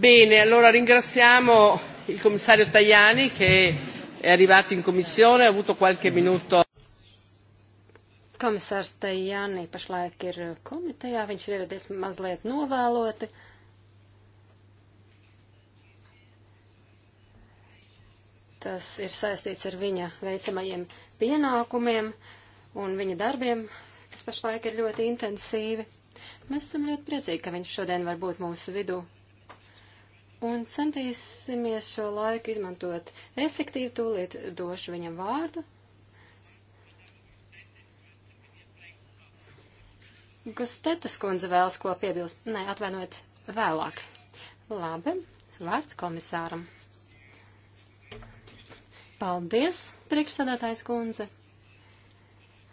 Bene, allora ringraziamo il commissario Tajani che è arrivato in commissione, ha avuto qualche minuto. Komisārs Tajani pašlaik ir komitejā, viņš ir ieradies mazliet novēloti. Tas ir saistīts ar viņa veicamajiem pienākumiem un viņa darbiem, kas pašlaik ir ļoti intensīvi. Mēs esam ļoti priecīgi, ka viņš šodien var būt mūsu vidū un centīsimies šo laiku izmantot efektīvi. Tūlīt došu viņam vārdu. Gustetas kundze vēlas ko piebilst. Nē, atvainojiet, vēlāk. Labi, vārds komisāram. Paldies, priekšsādātājs kundze.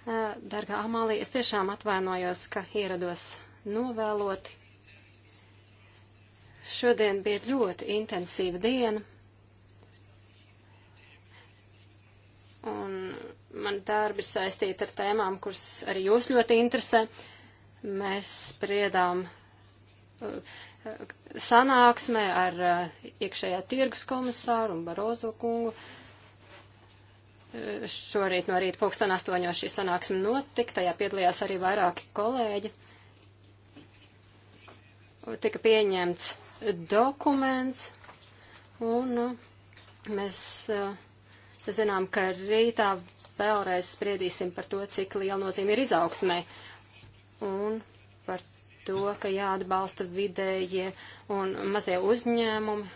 Dargā Amālija, es tiešām atvainojos, ka ierados novēloti Šodien bija ļoti intensīva diena. Un man darbi ir saistīti ar tēmām, kuras arī jūs ļoti interesē. Mēs spriedām uh, sanāksmē ar uh, iekšējā tirgus komisāru un Barozo kungu. Uh, šorīt no rīta pulksten astoņos šī sanāksme notika, tajā piedalījās arī vairāki kolēģi. Tika pieņemts dokuments, un nu, mēs eh, zinām, ka rītā vēlreiz spriedīsim par to, cik liela nozīme ir izaugsmē, un par to, ka jāatbalsta vidējie un mazie uzņēmumi.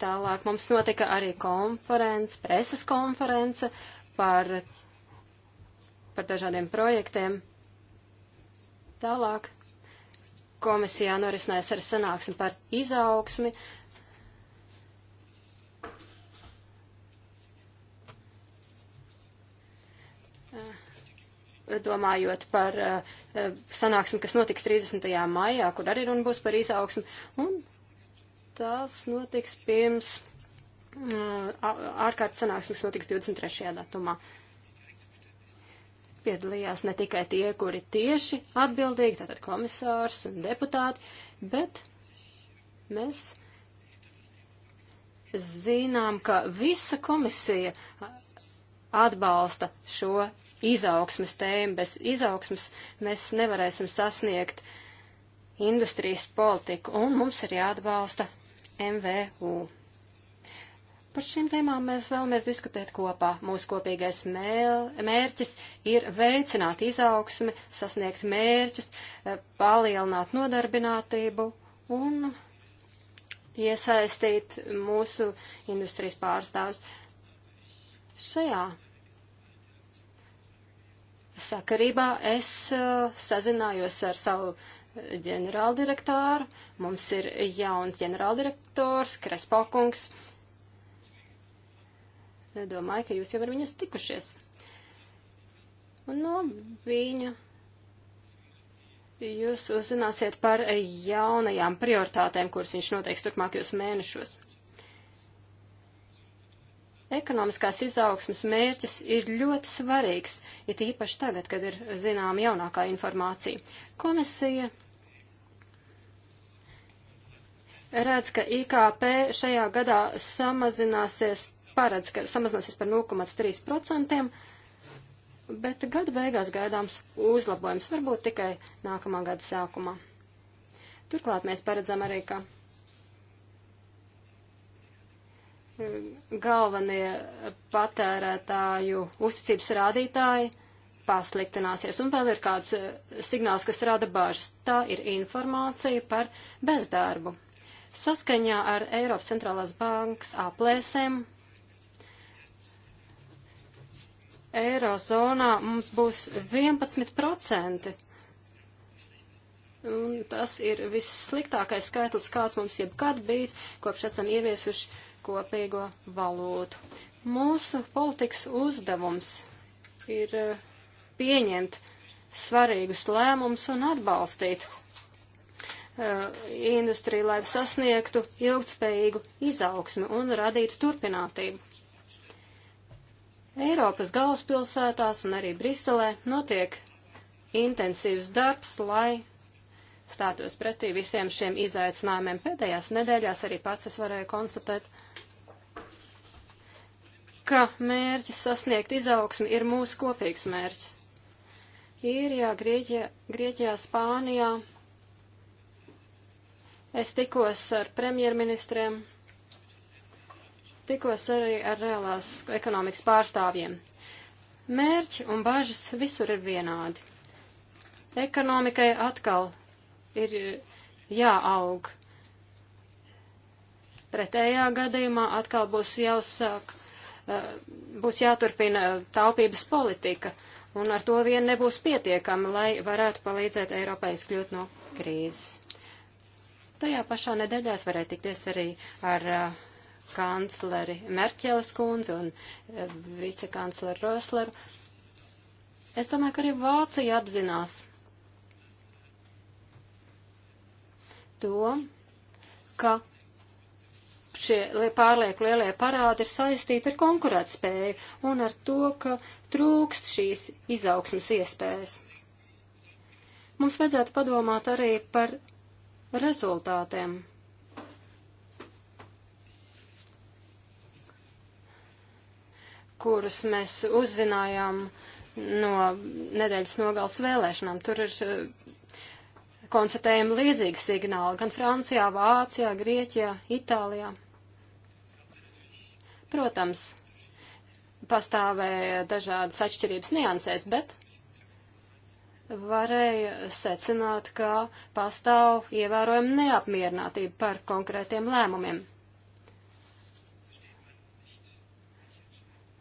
Tālāk mums notika arī konference, preses konference par, par dažādiem projektiem. Tālāk komisijā norisinājās arī sanāksme par izaugsmi. domājot par eh, sanāksmi, kas notiks 30. maijā, kur arī runa būs par izaugsmi, un tās notiks pirms mm, ārkārtas sanāksmes notiks 23. datumā piedalījās ne tikai tie, kuri tieši atbildīgi, tātad komisārs un deputāti, bet mēs zinām, ka visa komisija atbalsta šo izaugsmes tēmu. Bez izaugsmes mēs nevarēsim sasniegt industrijas politiku, un mums ir jāatbalsta MVU. Par šīm tēmām mēs vēlamies diskutēt kopā. Mūsu kopīgais mērķis ir veicināt izaugsmi, sasniegt mērķus, eh, palielināt nodarbinātību un iesaistīt mūsu industrijas pārstāvus. Šajā sakarībā es eh, sazinājos ar savu ģenerāldirektoru. Mums ir jauns ģenerāldirektors Krespokungs. Domāju, ka jūs jau ar viņas tikušies. Un no nu, viņa jūs uzzināsiet par jaunajām prioritātēm, kuras viņš noteiks turpmākajos mēnešos. Ekonomiskās izaugsmas mērķis ir ļoti svarīgs, it īpaši tagad, kad ir zinām jaunākā informācija. Komisija redz, ka IKP šajā gadā samazināsies paredz, ka samazināsies par 0,3%, bet gada beigās gaidāms uzlabojums varbūt tikai nākamā gada sākumā. Turklāt mēs paredzam arī, ka eh, galvenie patērētāju uzticības rādītāji pasliktināsies. Un vēl ir kāds eh, signāls, kas rada bažas. Tā ir informācija par bezdarbu. Saskaņā ar Eiropas centrālās bankas aplēsēm Eirozonā mums būs 11%. Un tas ir vissliktākais skaitlis, kāds mums jebkad bijis, kopš esam ieviesuši kopīgo valūtu. Mūsu politikas uzdevums ir eh, pieņemt svarīgus lēmumus un atbalstīt uh, industriju, lai sasniegtu ilgtspējīgu izaugsmi un radītu turpinātību. Eiropas galvaspilsētās un arī Briselē notiek intensīvs darbs, lai stātos pretī visiem šiem izaicinājumiem. Pēdējās nedēļās arī pats es varēju konstatēt, ka mērķis sasniegt izaugsmi ir mūsu kopīgs mērķis. Īrijā, Grieķijā, Grieķijā, Spānijā es tikos ar premjerministriem tikos arī ar reālās ekonomikas pārstāvjiem. Mērķi un bažas visur ir vienādi. Ekonomikai atkal ir jāaug. Pretējā gadījumā atkal būs jāuzsāk, eh, būs jāturpina taupības politika, un ar to vien nebūs pietiekami, lai varētu palīdzēt Eiropai izkļūt no krīzes. Tajā pašā nedēļā es varēju tikties arī ar uh, kancleri Merķeles kundzi un e, vicekancleri Rosleru. Es domāju, ka arī Vācija apzinās to, ka šie pārlieku lielie parādi ir saistīti ar konkurētspēju un ar to, ka trūkst šīs izaugsmas iespējas. Mums vajadzētu padomāt arī par rezultātiem kurus mēs uzzinājām no nedēļas nogals vēlēšanām. Tur ir eh, konstatējami līdzīgi signāli gan Francijā, Vācijā, Grieķijā, Itālijā. Protams, pastāvēja dažādas atšķirības niansēs, bet varēja secināt, ka pastāv ievērojama neapmierinātība par konkrētiem lēmumiem.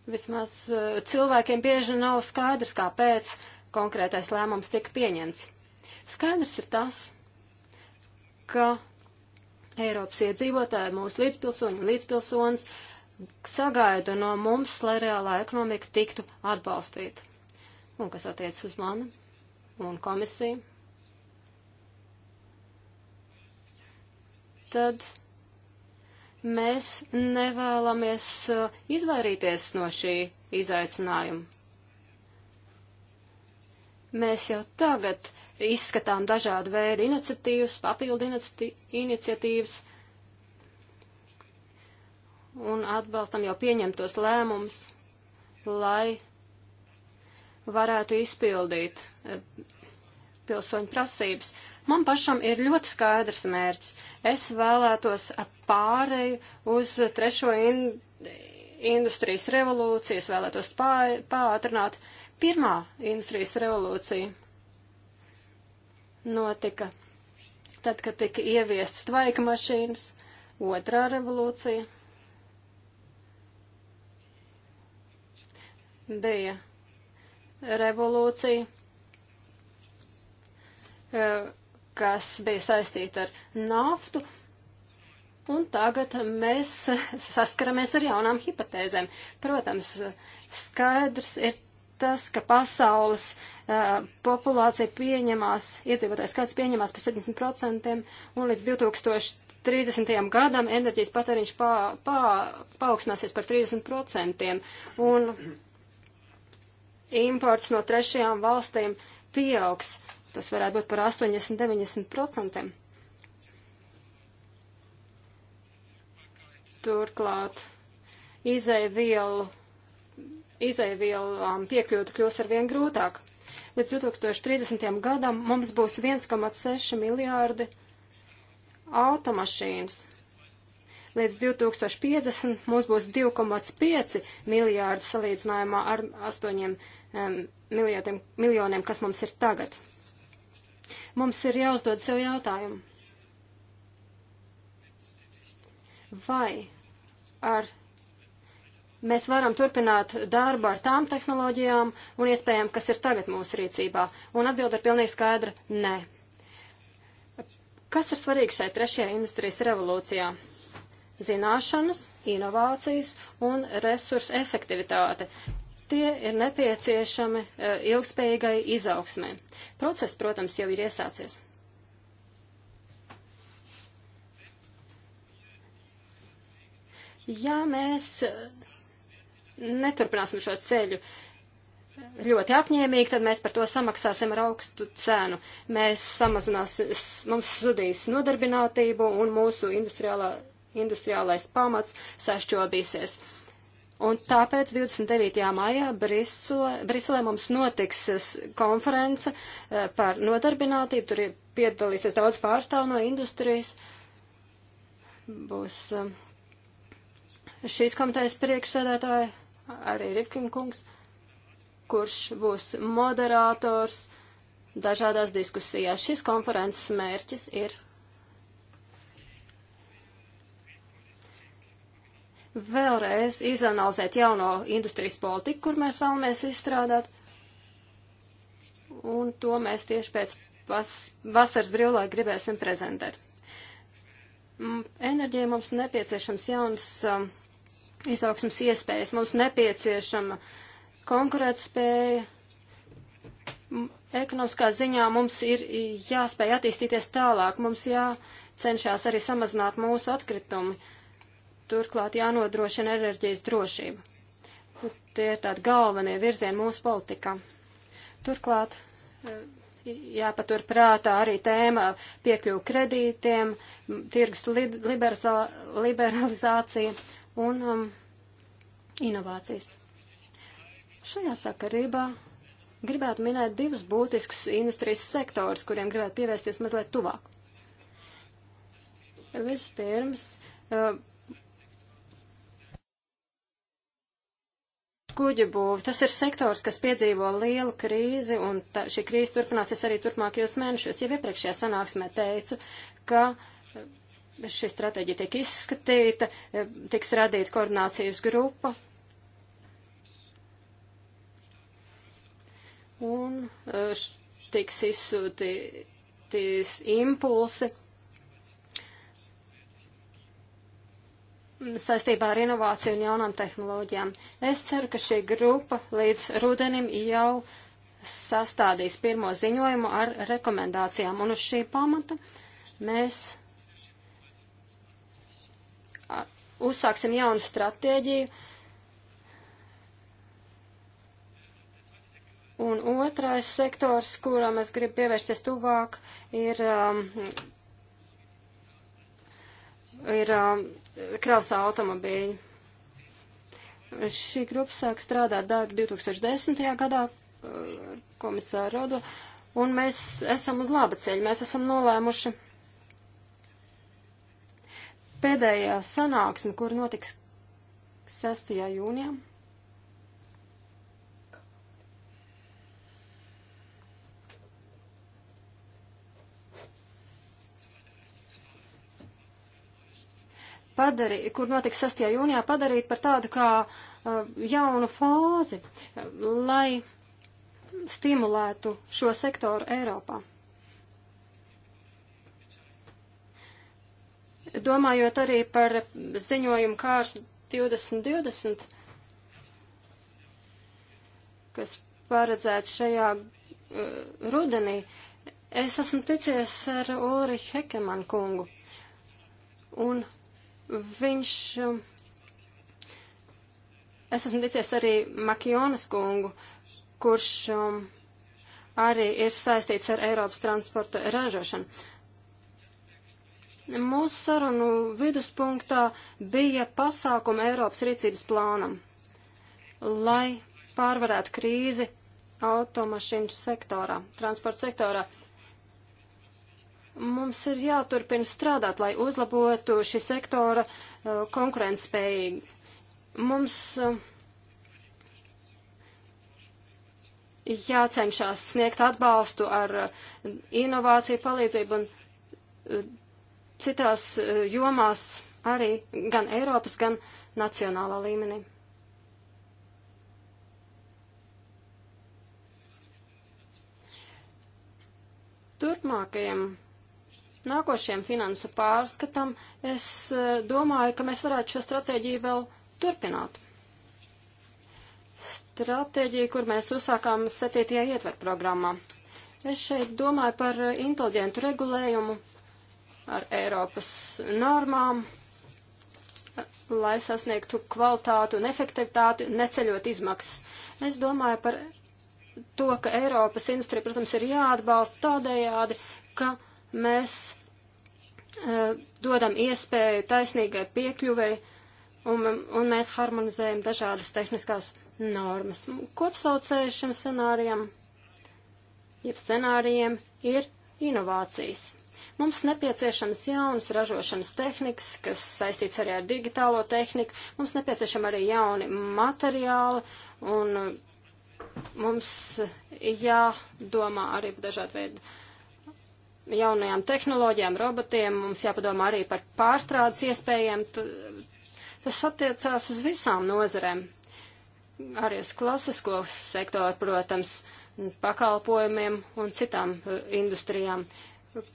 Vismaz eh, cilvēkiem bieži nav skaidrs, kāpēc konkrētais lēmums tika pieņemts. Skaidrs ir tas, ka Eiropas iedzīvotāji, mūsu līdzpilsoņi un līdzpilsonis sagaida no mums, lai reālā ekonomika tiktu atbalstīta. Un kas attiecas uz mani un komisiju, tad Mēs nevēlamies uh, izvairīties no šī izaicinājuma. Mēs jau tagad izskatām dažādu veidu iniciatīvas, papildu iniciatīvas un atbalstam jau pieņemtos lēmumus, lai varētu izpildīt uh, pilsoņu prasības. Man pašam ir ļoti skaidrs mērķis. Es vēlētos pāreju uz trešo in industrijas revolūciju, es vēlētos pā pātrināt. Pirmā industrijas revolūcija notika tad, kad tika ieviestas tvaika mašīnas, otrā revolūcija bija revolūcija, uh, kas bija saistīta ar naftu, un tagad mēs saskaramies ar jaunām hipotēzēm. Protams, skaidrs ir tas, ka pasaules uh, populācija pieņemās, iedzīvotājs skaits pieņemās par 70% un līdz 2030. gadam enerģijas patēriņš pā, pā, paaugstināsies par 30% un imports no trešajām valstīm pieaugs. Uh, Tas varētu būt par 80-90%. Turklāt izēvielu, izēvielām piekļūt kļūs ar vien grūtāk. Līdz 2030. gadam mums būs 1,6 miljārdi automašīnas. Līdz 2050 mums būs 2,5 miljārdi salīdzinājumā ar 8 um, miljoniem, miljoniem, kas mums ir tagad. Mums ir jāuzdod sev jautājumu. Vai ar mēs varam turpināt darbu ar tām tehnoloģijām un iespējām, kas ir tagad mūsu rīcībā? Un atbilde ir pilnīgi skaidra - nē. Kas ir svarīgi šai trešajā industrijas revolūcijā? Zināšanas, inovācijas un resursu efektivitāte. Tie ir nepieciešami eh, ilgspējīgai izaugsmē. Process, protams, jau ir iesācies. Ja mēs eh, neturpināsim šo ceļu eh, ļoti apņēmīgi, tad mēs par to samaksāsim ar augstu cenu. Mēs samazināsim, mums sudīs nodarbinātību un mūsu industriālais pamats sašķobīsies. Uh, Un tāpēc 29. maijā Briselē mums notiks konference eh, par nodarbinātību. Tur piedalīsies daudz pārstāv no industrijas. Būs eh, šīs komitejas priekšsēdētāja, arī Rifkina kungs, kurš būs moderators dažādās diskusijās. Šis konferences mērķis ir vēlreiz izanalizēt jauno industrijas politiku, kur mēs vēlamies izstrādāt. Un to mēs tieši pēc vas vasaras brīvlaika gribēsim prezentēt. Mm, enerģija mums nepieciešams jauns um, izaugsmas iespējas, mums nepieciešama konkurētspēja. Ekonomiskā ziņā mums ir jāspēj attīstīties tālāk, mums jācenšas arī samazināt mūsu atkritumi. Uh, Turklāt jānodrošina enerģijas drošība. Nu, tie ir tādi galvenie virzieni mūsu politikā. Turklāt eh, jāpatur prātā arī tēma piekļuvu kredītiem, tirgus liberalizācija un um, inovācijas. Šajā sakarībā gribētu minēt divus būtiskus industrijas sektorus, kuriem gribētu pievērsties mazliet tuvāk. Vispirms eh, kuģibūvi. Tas ir sektors, kas piedzīvo lielu krīzi, un ta, šī krīze turpināsies arī turpmākajos mēnešos. Jau iepriekšējā sanāksmē teicu, ka eh, šī stratēģija tiek izskatīta, eh, tiks radīta koordinācijas grupa. Un eh, tiks izsūtīti impulsi saistībā ar inovāciju un jaunām tehnoloģijām. Es ceru, ka šī grupa līdz rudenim jau sastādīs pirmo ziņojumu ar rekomendācijām, un uz šī pamata mēs uzsāksim jaunu stratēģiju. Un otrais sektors, kuram es gribu pievērsties tuvāk, ir um, ir um, krausā automobīļi. Šī grupa sāk strādāt darbu 2010. gadā, uh, komisāra Rodo, un mēs esam uz laba ceļa. Mēs esam nolēmuši pēdējā sanāksme, kur notiks 6. jūnijā. padarī, kur notiks 6. jūnijā, padarīt par tādu kā uh, jaunu fāzi, lai stimulētu šo sektoru Eiropā. Domājot arī par ziņojumu kārs 2020, kas paredzēts šajā uh, rudenī, es esmu ticies ar Ulrihu Hekemanu kungu. Un Viņš, um, es esmu ticies arī Makionas kungu, kurš um, arī ir saistīts ar Eiropas transporta ražošanu. Mūsu sarunu viduspunktā bija pasākuma Eiropas rīcības plānam, lai pārvarētu krīzi automašīnu sektorā, transporta sektorā. Mums ir jāturpina strādāt, lai uzlabotu šī sektora uh, konkurētspējīgi. Mums uh, jācenšas sniegt atbalstu ar uh, inovāciju palīdzību un uh, citās uh, jomās arī gan Eiropas, gan nacionālā līmenī. turpmākajam nākošiem finansu pārskatam, es eh, domāju, ka mēs varētu šo stratēģiju vēl turpināt. Stratēģija, kur mēs uzsākām 7. ietver programmā. Es šeit domāju par inteliģentu regulējumu ar Eiropas normām, lai sasniegtu kvalitāti un efektivitāti, neceļot izmaksas. Es domāju par to, ka Eiropas industrija, protams, ir jāatbalsta tādējādi, ka mēs Eh, dodam iespēju taisnīgai piekļuvei, un, un mēs harmonizējam dažādas tehniskās normas. Kopsaucēju šim scenārijam, jeb scenārijiem, ir inovācijas. Mums nepieciešams jaunas ražošanas tehnikas, kas saistīts arī ar digitālo tehniku, mums nepieciešama arī jauni materiāli, un mums jādomā arī par dažādu veidu uh, jaunajām tehnoloģijām, robotiem, mums jāpadomā arī par pārstrādes iespējām. Tas attiecās uz visām nozarēm, arī uz klasisko sektoru, protams, pakalpojumiem un citām e, industrijām.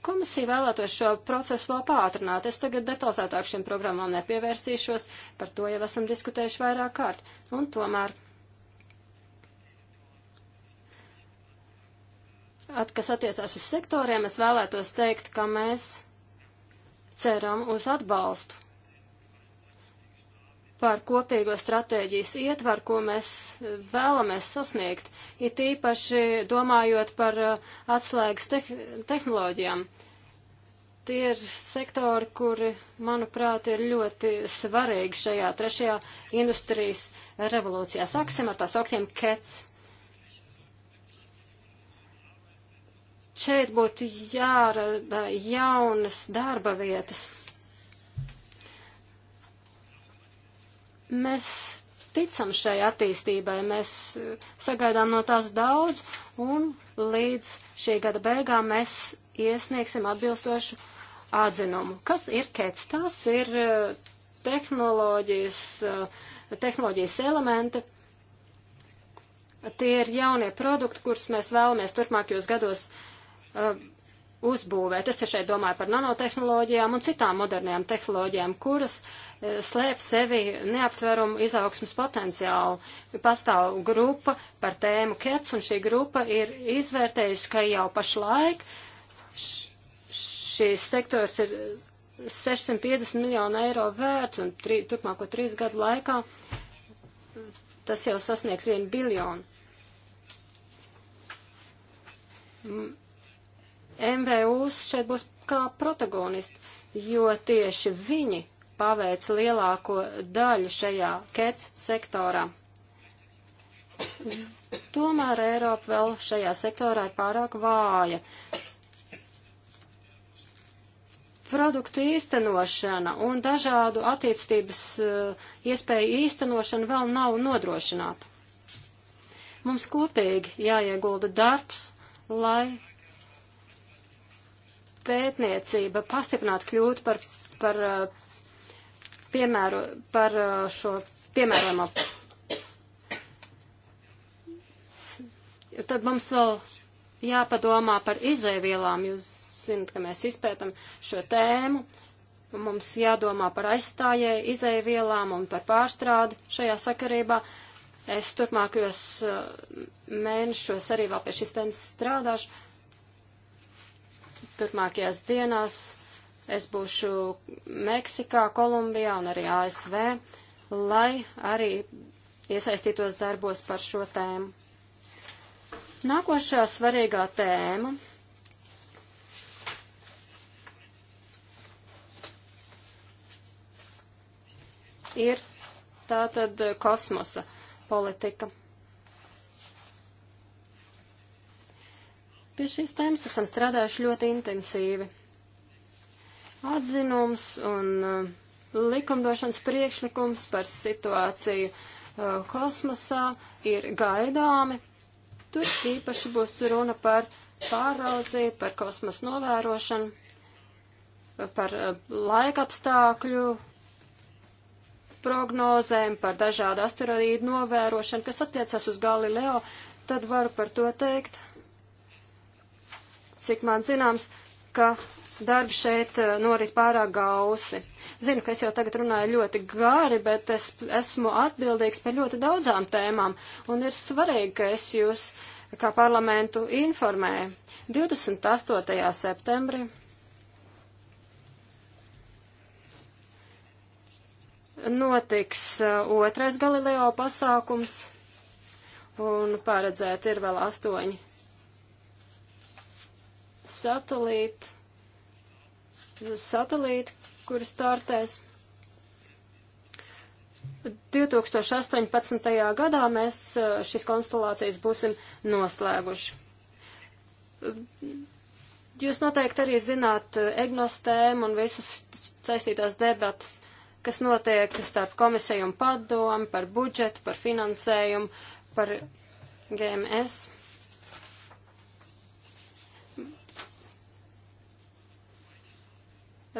Komisija vēlētos šo procesu vēl pātrināt. Es tagad detalizētāk šiem programmām nepievērsīšos, par to jau esam diskutējuši vairāk kārt. Un tomēr At, kas attiecās uz sektoriem, es vēlētos teikt, ka mēs ceram uz atbalstu par kopīgo stratēģijas ietvaru, ko mēs vēlamies sasniegt, it īpaši domājot par uh, atslēgas te tehnoloģijām. Tie ir sektori, kuri, manuprāt, ir ļoti svarīgi šajā trešajā industrijas revolūcijā. Sāksim ar tā sauktiem kets. šeit būtu jārada jaunas darba vietas. Mēs ticam šai attīstībai, mēs eh, sagaidām no tās daudz, un līdz šī gada beigām mēs iesniegsim atbilstošu atzinumu. Kas ir kets? Tas ir eh, tehnoloģijas, eh, tehnoloģijas elementi. Tie ir jaunie produkti, kurus mēs vēlamies turpmākajos gados uh, Uh, uzbūvēt. Es tiešai domāju par nanotehnoloģijām un citām modernajām tehnoloģijām, kuras uh, slēp sevi neaptverumu izaugsmas potenciālu. Pastāv grupa par tēmu KETS, un šī grupa ir izvērtējusi, ka jau pašlaik šīs sektors ir 650 miljonu eiro vērts, un tri, turpmāko trīs gadu laikā tas jau sasniegs vienu biljonu MVUs šeit būs kā protagonisti, jo tieši viņi paveic lielāko daļu šajā kec sektorā. Tomēr Eiropa vēl šajā sektorā ir pārāk vāja. Produktu īstenošana un dažādu attīstības uh, eh, iespēju īstenošana vēl nav nodrošināta. Mums kopīgi jāiegulda darbs, lai pētniecība pastiprināti kļūt par, par, uh, piemēru, par uh, šo piemērojamo. Tad mums vēl jāpadomā par izēvielām. Jūs zinat, ka mēs izpētam šo tēmu. Mums jādomā par aizstājēju izēvielām un par pārstrādi šajā sakarībā. Es turpmākajos uh, mēnešos arī vēl pie šīs tēmas strādāšu Turpmākajās dienās es būšu Meksikā, Kolumbijā un arī ASV, lai arī iesaistītos darbos par šo tēmu. Nākošā svarīgā tēma ir tātad kosmosa politika. Pie šīs tēmas esam strādājuši ļoti intensīvi. Atzinums un uh, likumdošanas priekšlikums par situāciju uh, kosmosā ir gaidāmi. Tur īpaši būs runa par pāraudzību, par kosmos novērošanu, par uh, laikapstākļu prognozēm, par dažādu asteroīdu novērošanu, kas attiecas uz Galileo, tad varu par to teikt, cik man zināms, ka darbs šeit eh, norit pārāk gausi. Zinu, ka es jau tagad runāju ļoti gāri, bet es esmu atbildīgs par ļoti daudzām tēmām, un ir svarīgi, ka es jūs kā parlamentu informēju. 28. septembri notiks eh, otrais Galileo pasākums, un paredzēt ir vēl astoņi satelīti, satelīti, kuri startēs. 2018. gadā mēs uh, šīs konstelācijas būsim noslēguši. Jūs noteikti arī zināt uh, egnostēmu un visas saistītās debatas, kas notiek starp komisiju un padomu par budžetu, par finansējumu, par GMS.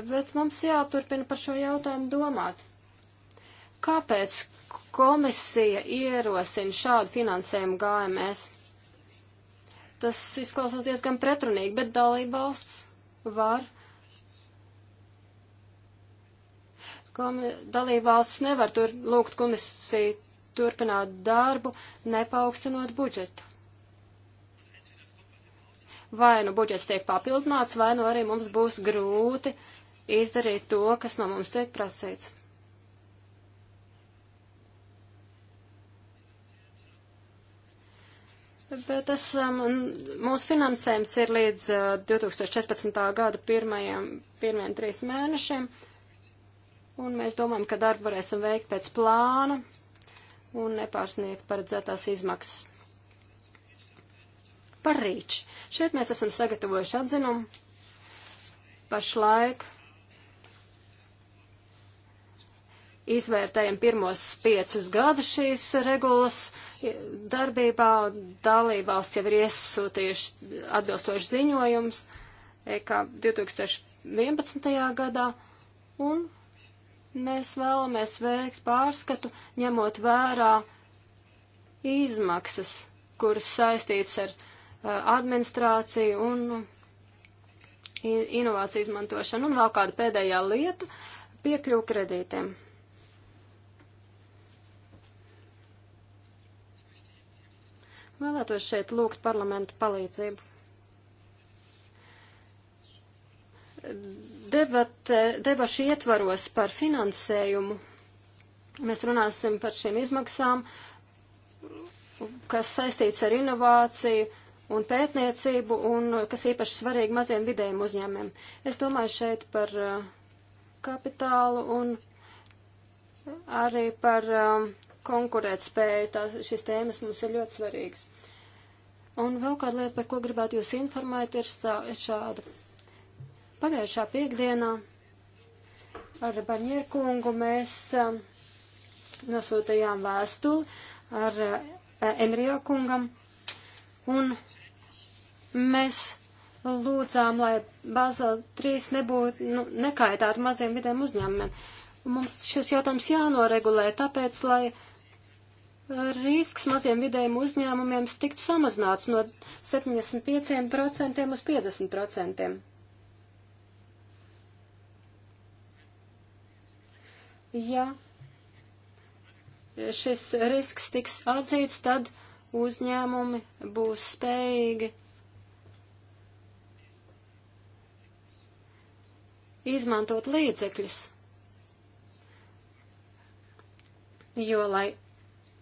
bet mums jāturpina par šo jautājumu domāt. Kāpēc komisija ierosina šādu finansējumu GMS? Tas izklausās diezgan pretrunīgi, bet dalībvalsts var. Komi dalībvalsts nevar tur lūgt komisiju turpināt darbu, nepaaugstinot budžetu vai nu budžets tiek papildināts, vai nu arī mums būs grūti izdarīt to, kas no mums tiek prasīts. Bet tas, um, mūsu finansējums ir līdz uh, 2014. gada pirmajiem, pirmajiem trīs mēnešiem, un mēs domājam, ka darbu varēsim veikt pēc plāna un nepārsniegt paredzētās izmaksas. Par rīču. Šeit mēs esam sagatavojuši atzinumu. Pašlaik izvērtējam pirmos piecus gadus šīs regulas darbībā. Dalībvalsts jau ir iesūtījuši atbilstoši ziņojums, kā 2011. gadā, un mēs vēlamies veikt pārskatu, ņemot vērā izmaksas, kuras saistīts ar uh, administrāciju un uh, inovāciju izmantošanu. Un vēl kāda pēdējā lieta - piekļuvu kredītiem. Vēlētos šeit lūgt parlamentu palīdzību. Debat, debaši ietvaros par finansējumu. Mēs runāsim par šīm izmaksām, kas saistīts ar inovāciju un pētniecību, un kas īpaši svarīgi maziem vidējiem uzņēmiem. Es domāju šeit par uh, kapitālu un arī par um, konkurētspēja, tā, šīs tēmas mums ir ļoti svarīgas. Un vēl kāda lieta, par ko gribētu jūs informēt, ir šāda. Pagājušā piekdienā ar Baņieru kungu mēs um, nosūtījām vēstuli ar uh, Enrijā kungam, un mēs lūdzām, lai Bāzela 3 nebūtu, nu, nekaitātu maziem vidiem uzņēmumiem. Mums šis jautājums jānoregulē, tāpēc, lai risks maziem vidējiem uzņēmumiem tiktu samazināts no 75% uz 50%. Ja šis risks tiks atzīts, tad uzņēmumi būs spējīgi izmantot līdzekļus, jo, lai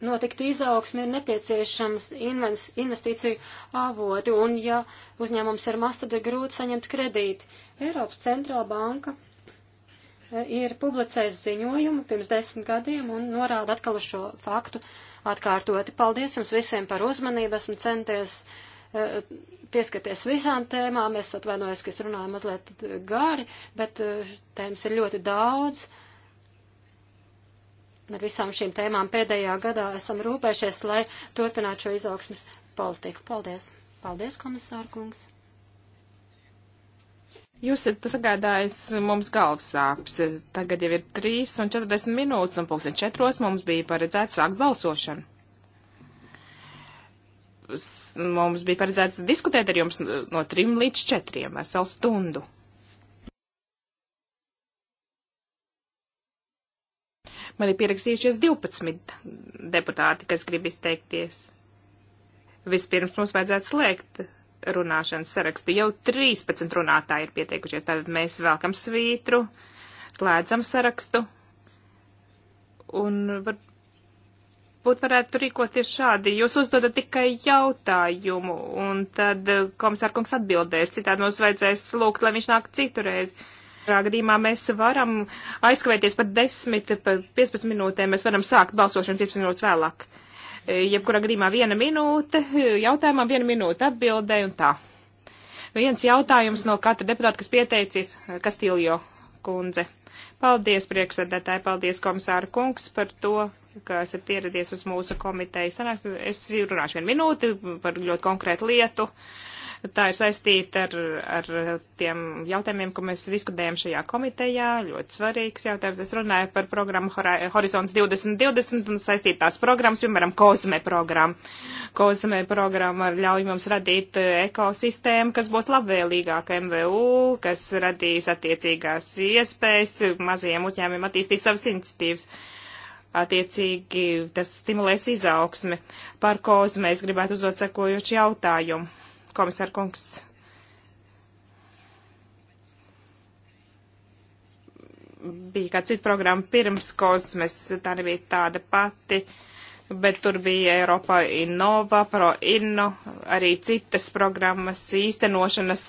notiktu izaugsmi, ir nepieciešams investīciju avoti, un ja uzņēmums ir maz, tad ir grūti saņemt kredīti. Eiropas centrāla banka e, ir publicējis ziņojumu pirms desmit gadiem un norāda atkal šo faktu atkārtoti. Paldies jums visiem par uzmanību, esmu centies e, pieskaties visām tēmām. Es atvainojos, ka es runāju mazliet gari, bet e, tēmas ir ļoti daudz ar visām šīm tēmām pēdējā gadā esam rūpējušies, lai turpinātu šo izaugsmas politiku. Paldies! Paldies, komisārkungs! Jūs esat sagādājis mums galvas sāpes. Tagad jau ir 3 un 40 minūtes, un pulksten 4 mums bija paredzēts sākt balsošanu. Mums bija paredzēts diskutēt ar jums no 3 līdz 4, veselu stundu. Man ir pierakstījušies 12 deputāti, kas grib izteikties. Vispirms mums vajadzētu slēgt runāšanas sarakstu. Jau 13 runātāji ir pieteikušies, tātad mēs velkam svītru, slēdzam sarakstu. Un var, varbūt varētu rīkoties šādi. Jūs uzdodat tikai jautājumu, un tad eh, komisārkungs atbildēs. Citādi mums vajadzēs lūgt, lai viņš nāk citurreiz. reizi gadījumā mēs varam aizkavēties pat 10, pat 15 minūtēm, mēs varam sākt balsošanu 15 minūtes vēlāk. E, jebkurā gadījumā viena minūte jautājumam, viena minūte atbildē un tā. Viens jautājums no katra deputāta, kas pieteicis Kastīljo kundze. Paldies, priekšsēdētāji, paldies, komisāra kungs, par to, ka esat ieradies uz mūsu komiteju. Sanāks, es runāšu vienu minūti par ļoti konkrētu lietu. Uh, Tā ir saistīta ar, ar tiem jautājumiem, ko mēs diskutējam šajā komitejā. Ļoti svarīgs jautājums. Es runāju par programmu Horizons 2020 un saistītās programmas, piemēram, Kozme programma. Kozme programma ļauj mums radīt eh, ekosistēmu, kas būs labvēlīgāka MVU, kas radīs attiecīgās iespējas mazajiem uzņēmumiem attīstīt savas iniciatīvas attiecīgi tas stimulēs izaugsmi. Par kozmē es gribētu uzdot sekojošu jautājumu komisārkungs. Bija kāda cita programma pirms kosmes, tā nebija tāda pati, bet tur bija Eiropa Innova, Pro Inno, arī citas programmas, īstenošanas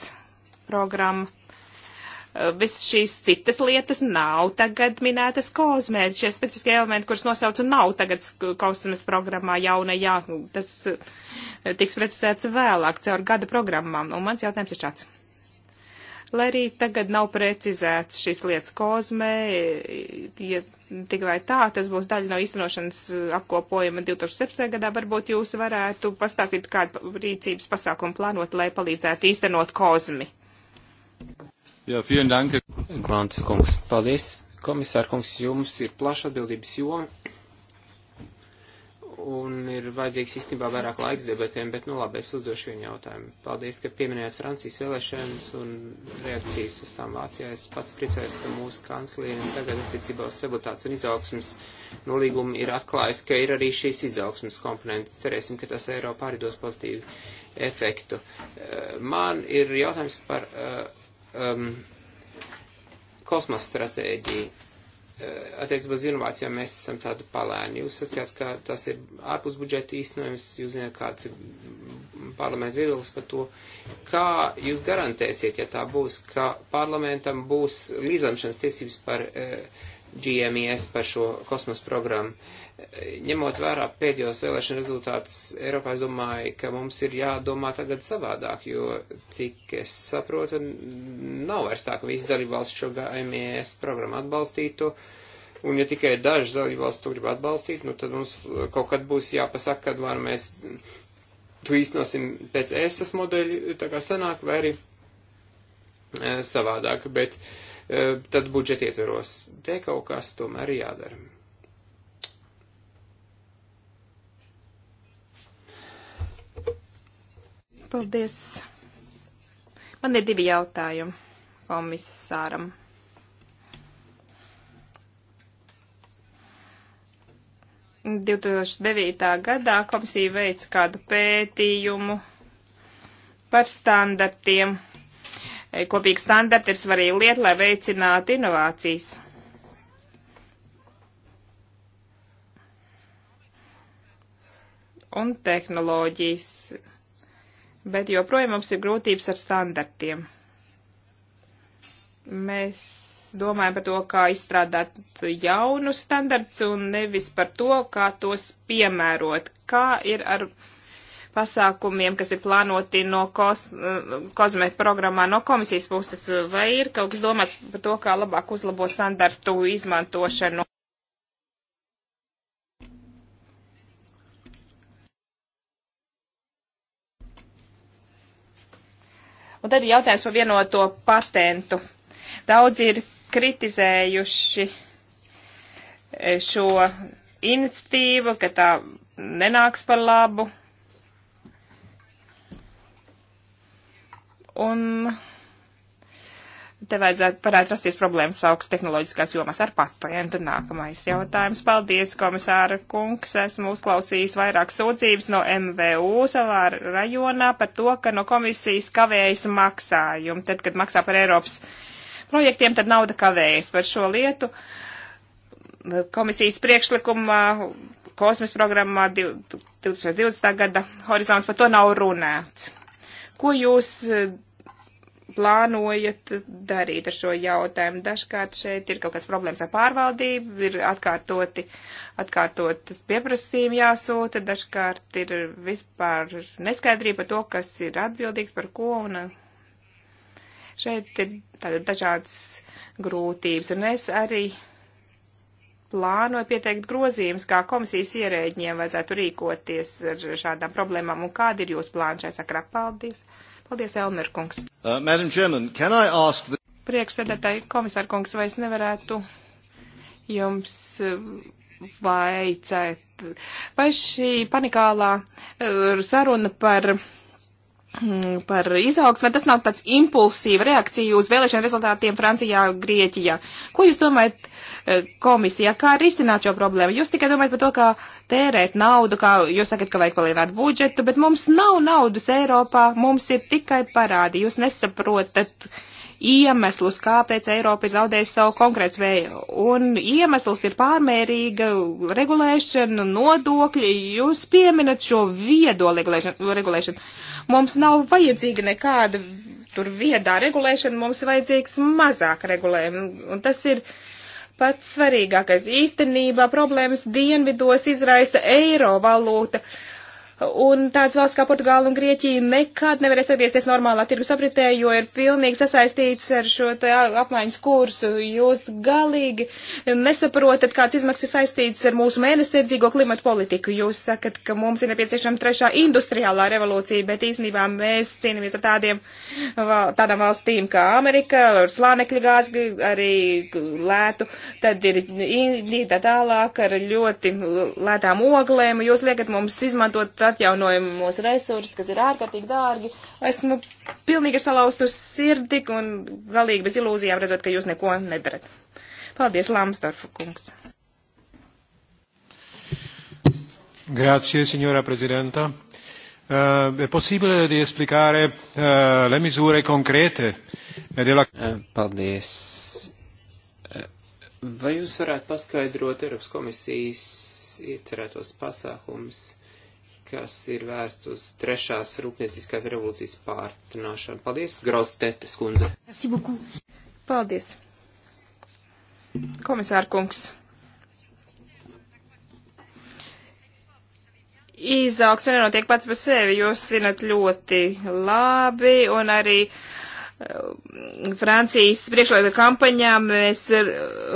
programma visas šīs citas lietas nav tagad minētas kosmē. Šie specifiskie elementi, kurus nosaucu, nav tagad kosmēs programmā jaunajā. Nu, tas eh, tiks precizēts vēlāk caur gada programmām. Un mans jautājums ir šāds. Lai arī tagad nav precizēts šīs lietas kosmē, eh, ja tik vai tā, tas būs daļa no īstenošanas eh, apkopojuma 2017. gadā, varbūt jūs varētu pastāstīt kādu rīcības pasākumu plānot, lai palīdzētu īstenot kosmi. Jā, vielen dank. Glantis kungs, paldies. Komisār kungs, jums ir plaša atbildības joma. Un ir vajadzīgs īstenībā vairāk laiks debatēm, bet nu labi, es uzdošu vienu jautājumu. Paldies, ka pieminējāt Francijas vēlēšanas un reakcijas uz tām Vācijā. Es pats priecājos, ka mūsu kanclīna tagad attiecībā uz stabilitātes un izaugsmas nolīgumu ir atklājis, ka ir arī šīs izaugsmas komponentes. Cerēsim, ka tas Eiropā arī dos pozitīvu efektu. Eh, man ir jautājums par. Uh, um, kosmosa stratēģiju. Uh, attiecībā uz inovācijām mēs esam tādu palēni. Jūs sacījāt, ka tas ir ārpus budžeta īstenojums, jūs zināt, kāds ir parlamenta viedoklis par to. Kā jūs garantēsiet, ja tā būs, ka parlamentam būs līdzlemšanas tiesības par uh, GMES par šo kosmos programmu. Ņemot vērā pēdējos vēlēšana rezultātus Eiropā, es domāju, ka mums ir jādomā tagad savādāk, jo, cik es saprotu, nav vairs tā, ka visi dalībvalsts šo GMES programmu atbalstītu. Un ja tikai daži dalībvalsts to grib atbalstīt, nu tad mums kaut kad būs jāpasaka, kad var mēs to īstenosim pēc ESAS modeļa, tā kā sanāk, vai arī e, savādāk. Bet, uh, E, tad budžeta ietveros. Te kaut kas tomēr jādara. Paldies. Man ir divi jautājumi komisāram. Un 2009. gadā komisija veica kādu pētījumu par standartiem Kopīgi standarti ir svarīga lieta, lai veicinātu inovācijas. Un tehnoloģijas. Bet joprojām mums ir grūtības ar standartiem. Mēs domājam par to, kā izstrādāt jaunus standarts un nevis par to, kā tos piemērot. Kā ir ar pasākumiem, kas ir plānoti no kos, kozmē programmā no komisijas puses, vai ir kaut kas domāts par to, kā labāk uzlabo standartu izmantošanu? Un tad ir jautājums par vienoto patentu. Daudz ir kritizējuši eh, šo iniciatīvu, ka tā nenāks par labu Un te vajadzētu varētu rasties problēmas augstas tehnoloģiskās jomas ar patentu. Nākamais jautājums. Paldies, komisāra kungs. Esmu uzklausījis vairāk sūdzības no MVU savā rajonā par to, ka no komisijas kavējas maksājumi. Tad, kad maksā par Eiropas projektiem, tad nauda kavējas par šo lietu. Komisijas priekšlikumā kosmas programmā 2020. gada horizonts par to nav runāts. Ko jūs plānojat darīt ar šo jautājumu? Dažkārt šeit ir kaut kāds problēmas ar pārvaldību, ir atkārtoti, atkārtotas pieprasījumi jāsūta, dažkārt ir vispār neskaidrība par to, kas ir atbildīgs par ko, un eh, šeit ir tāda dažādas grūtības, un es arī plānoju pieteikt grozījumus, kā komisijas ierēģiem vajadzētu rīkoties ar šādām problēmām, un kāda ir jūsu plāna šai sakrā? Paldies! Paldies, Elmer kungs. Uh, the... Priekšsēdētāji komisāra kungs, vai es nevarētu jums uh, vaicāt, vai šī panikālā uh, saruna par Mm, par izaugsmu, tas nav tāds impulsīva reakcija uz vēlēšanu rezultātiem Francijā, Grieķijā. Ko jūs domājat eh, komisijā, kā risināt šo problēmu? Jūs tikai domājat par to, kā tērēt naudu, kā jūs sakat, ka vajag palielināt budžetu, bet mums nav naudas Eiropā, mums ir tikai parādi. Jūs nesaprotat, uh, iemeslus, kāpēc Eiropa ir zaudējusi savu konkrētsvēju. Un iemesls ir pārmērīga regulēšana, nodokļi. Jūs pieminat šo viedo regulēšanu. Mums nav vajadzīga nekāda tur viedā regulēšana, mums ir vajadzīgs mazāk regulējuma. Un tas ir pats svarīgākais. Īstenībā problēmas dienvidos izraisa eiro valūta. Uh, Un tādas valsts kā Portugāla un Grieķija nekad nevarēs atgriezties normālā tirgus apritē, jo ir pilnīgi sasaistīts ar šo apmaiņas kursu. Jūs galīgi nesaprotat, kāds izmaksas saistīts ar mūsu mēnesirdzīgo klimatu politiku. Jūs sakat, ka mums ir nepieciešama trešā industriālā revolūcija, bet īstenībā mēs cīnāmies ar tādiem, tādām valstīm kā Amerika, ar slānekļa gāzi, arī lētu, tad ir Indija tā tālāk ar ļoti lētām oglēm. Jūs liekat mums izmantot atjaunojamos resursus, kas ir ārkārtīgi dārgi. Esmu pilnīgi salauztu sirdi un galīgi bez ilūzijām redzot, ka jūs neko nedarat. Paldies, Lamsdorfa kungs. Grazie, signora Presidenta. Uh, è possibile di esplicare uh, le misure concrete eh, della... Paldies. Vai jūs varētu paskaidrot Eiropas komisijas iecerētos pasākums kas ir vērsts uz trešās rūpnieciskās revolūcijas pārtināšanu. Paldies, Graustetes kundze. Paldies. Komisārkungs. Izaugsme nenotiek pats par sevi, jūs zinat ļoti labi, un arī uh, Francijas priekšlaida kampaņā mēs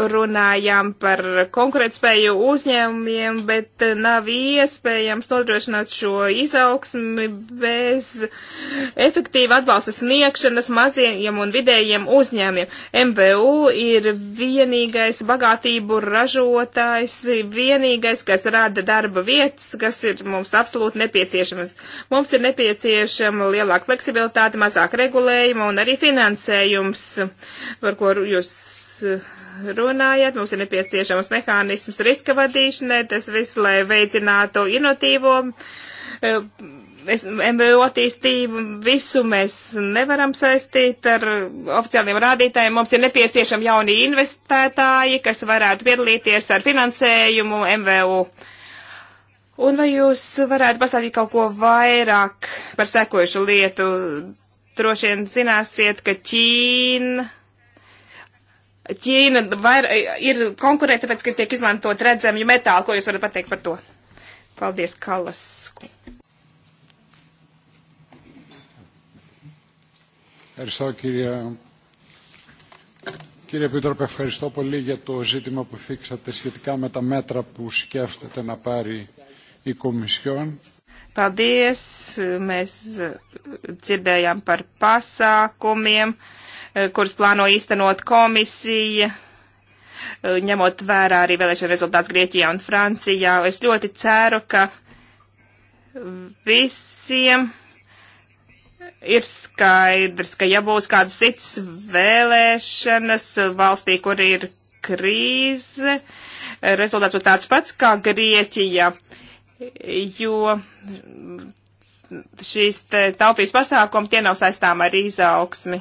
runājām par konkurētspēju uzņēmumiem, bet nav iespējams nodrošināt šo izaugsmi bez efektīva atbalsta sniegšanas mazajiem un vidējiem uzņēmiem. MVU ir vienīgais bagātību ražotājs, vienīgais, kas rada darba vietas, kas ir mums absolūti nepieciešamas. Mums ir nepieciešama lielāka fleksibilitāte, mazāk regulējuma un arī Arī finansējums, par ko jūs eh, runājat, mums ir nepieciešams mehānisms riska vadīšanai, tas viss, lai veicinātu inotīvo eh, es, MBO attīstību, visu mēs nevaram saistīt ar oficiāliem rādītājiem. Mums ir nepieciešami jauni investētāji, kas varētu piedalīties ar finansējumu MVU. Un vai jūs varētu pasakīt kaut ko vairāk par sekojušu lietu? Droši vien zināsiet, ka Ķīna. Ķīna var, ir konkurēta, tāpēc, ka tiek izmantot redzamju metālu. Ko jūs varat pateikt par to? Paldies, Kalas. Ευχαριστώ κύριε, κύριε Επίτροπε, ευχαριστώ πολύ για το ζήτημα που θίξατε σχετικά με τα μέτρα που σκέφτεται να πάρει η Κομισιόν. Paldies! Mēs dzirdējām par pasākumiem, kurus plāno īstenot komisija, ņemot vērā arī vēlēšana rezultāts Grieķijā un Francijā. Es ļoti ceru, ka visiem ir skaidrs, ka ja būs kādas cits vēlēšanas valstī, kur ir krīze, rezultāts būs tāds pats kā Grieķija. Uh, jo šīs taupības pasākumi tie nav saistām ar izaugsmi.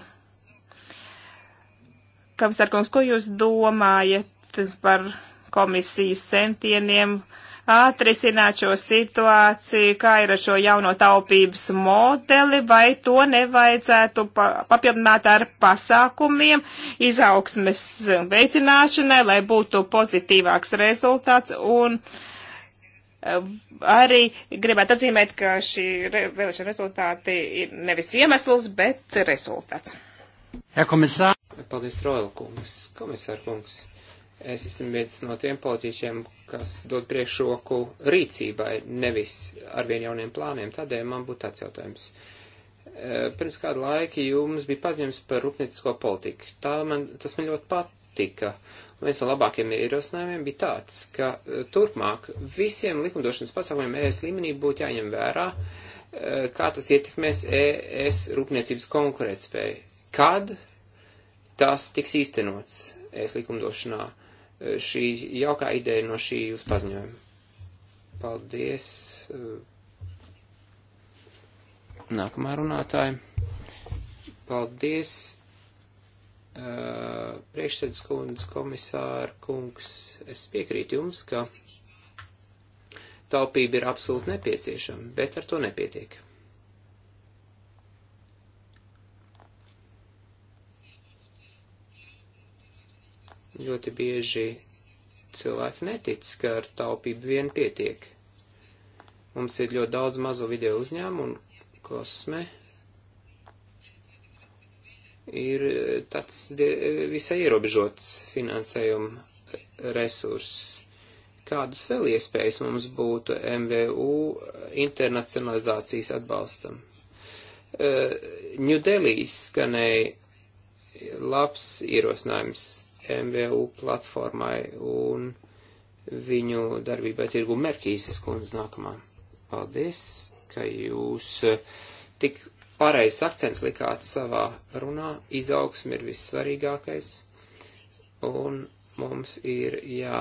Kavsarkungs, ko jūs domājat par komisijas centieniem atrisināt šo situāciju, kā ir ar šo jauno taupības modeli, vai to nevajadzētu pa papildināt ar pasākumiem izaugsmes veicināšanai, lai būtu pozitīvāks rezultāts un uh, Arī gribētu atzīmēt, ka šī vēlēšana rezultāti ir nevis iemesls, bet rezultāts. Jā, komisār. Paldies, Royal kungs, komisār kungs. Es esmu viens no tiem politiķiem, kas dod priekšroku rīcībai, nevis ar vien jauniem plāniem. Tādēļ man būtu tāds jautājums. E, pirms kādu laiku jums bija paziņojums par rūpniecisko politiku. Tā man, tas man ļoti patika viens no labākajiem ierosinājumiem bija tāds, ka e, turpmāk visiem likumdošanas pasākumiem ES līmenī būtu jāņem vērā, e, kā tas ietekmēs ES rūpniecības konkurētspēju. Kad tas tiks īstenots ES likumdošanā? E, šī jaukā ideja no šī jūs paziņojuma. Paldies. Nākamā runātāja. Paldies Eh, priekšsēdus kundze, komisāra kungs, es piekrītu jums, ka taupība ir absolūti nepieciešama, bet ar to nepietiek. Ļoti bieži cilvēki netic, ka ar taupību vien pietiek. Mums ir ļoti daudz mazo video uzņēmumu un kosme ir e, tāds visai ierobežots finansējuma resurss. Kādas vēl iespējas mums būtu MVU internacionalizācijas atbalstam? Ņudelī e, uh, skanēja labs ierosinājums MVU platformai un viņu darbībai tirgu Merkīses kundze nākamā. Paldies, ka jūs e, tik pareizs akcents likāt savā runā, izaugsmi ir vissvarīgākais, un mums ir jā,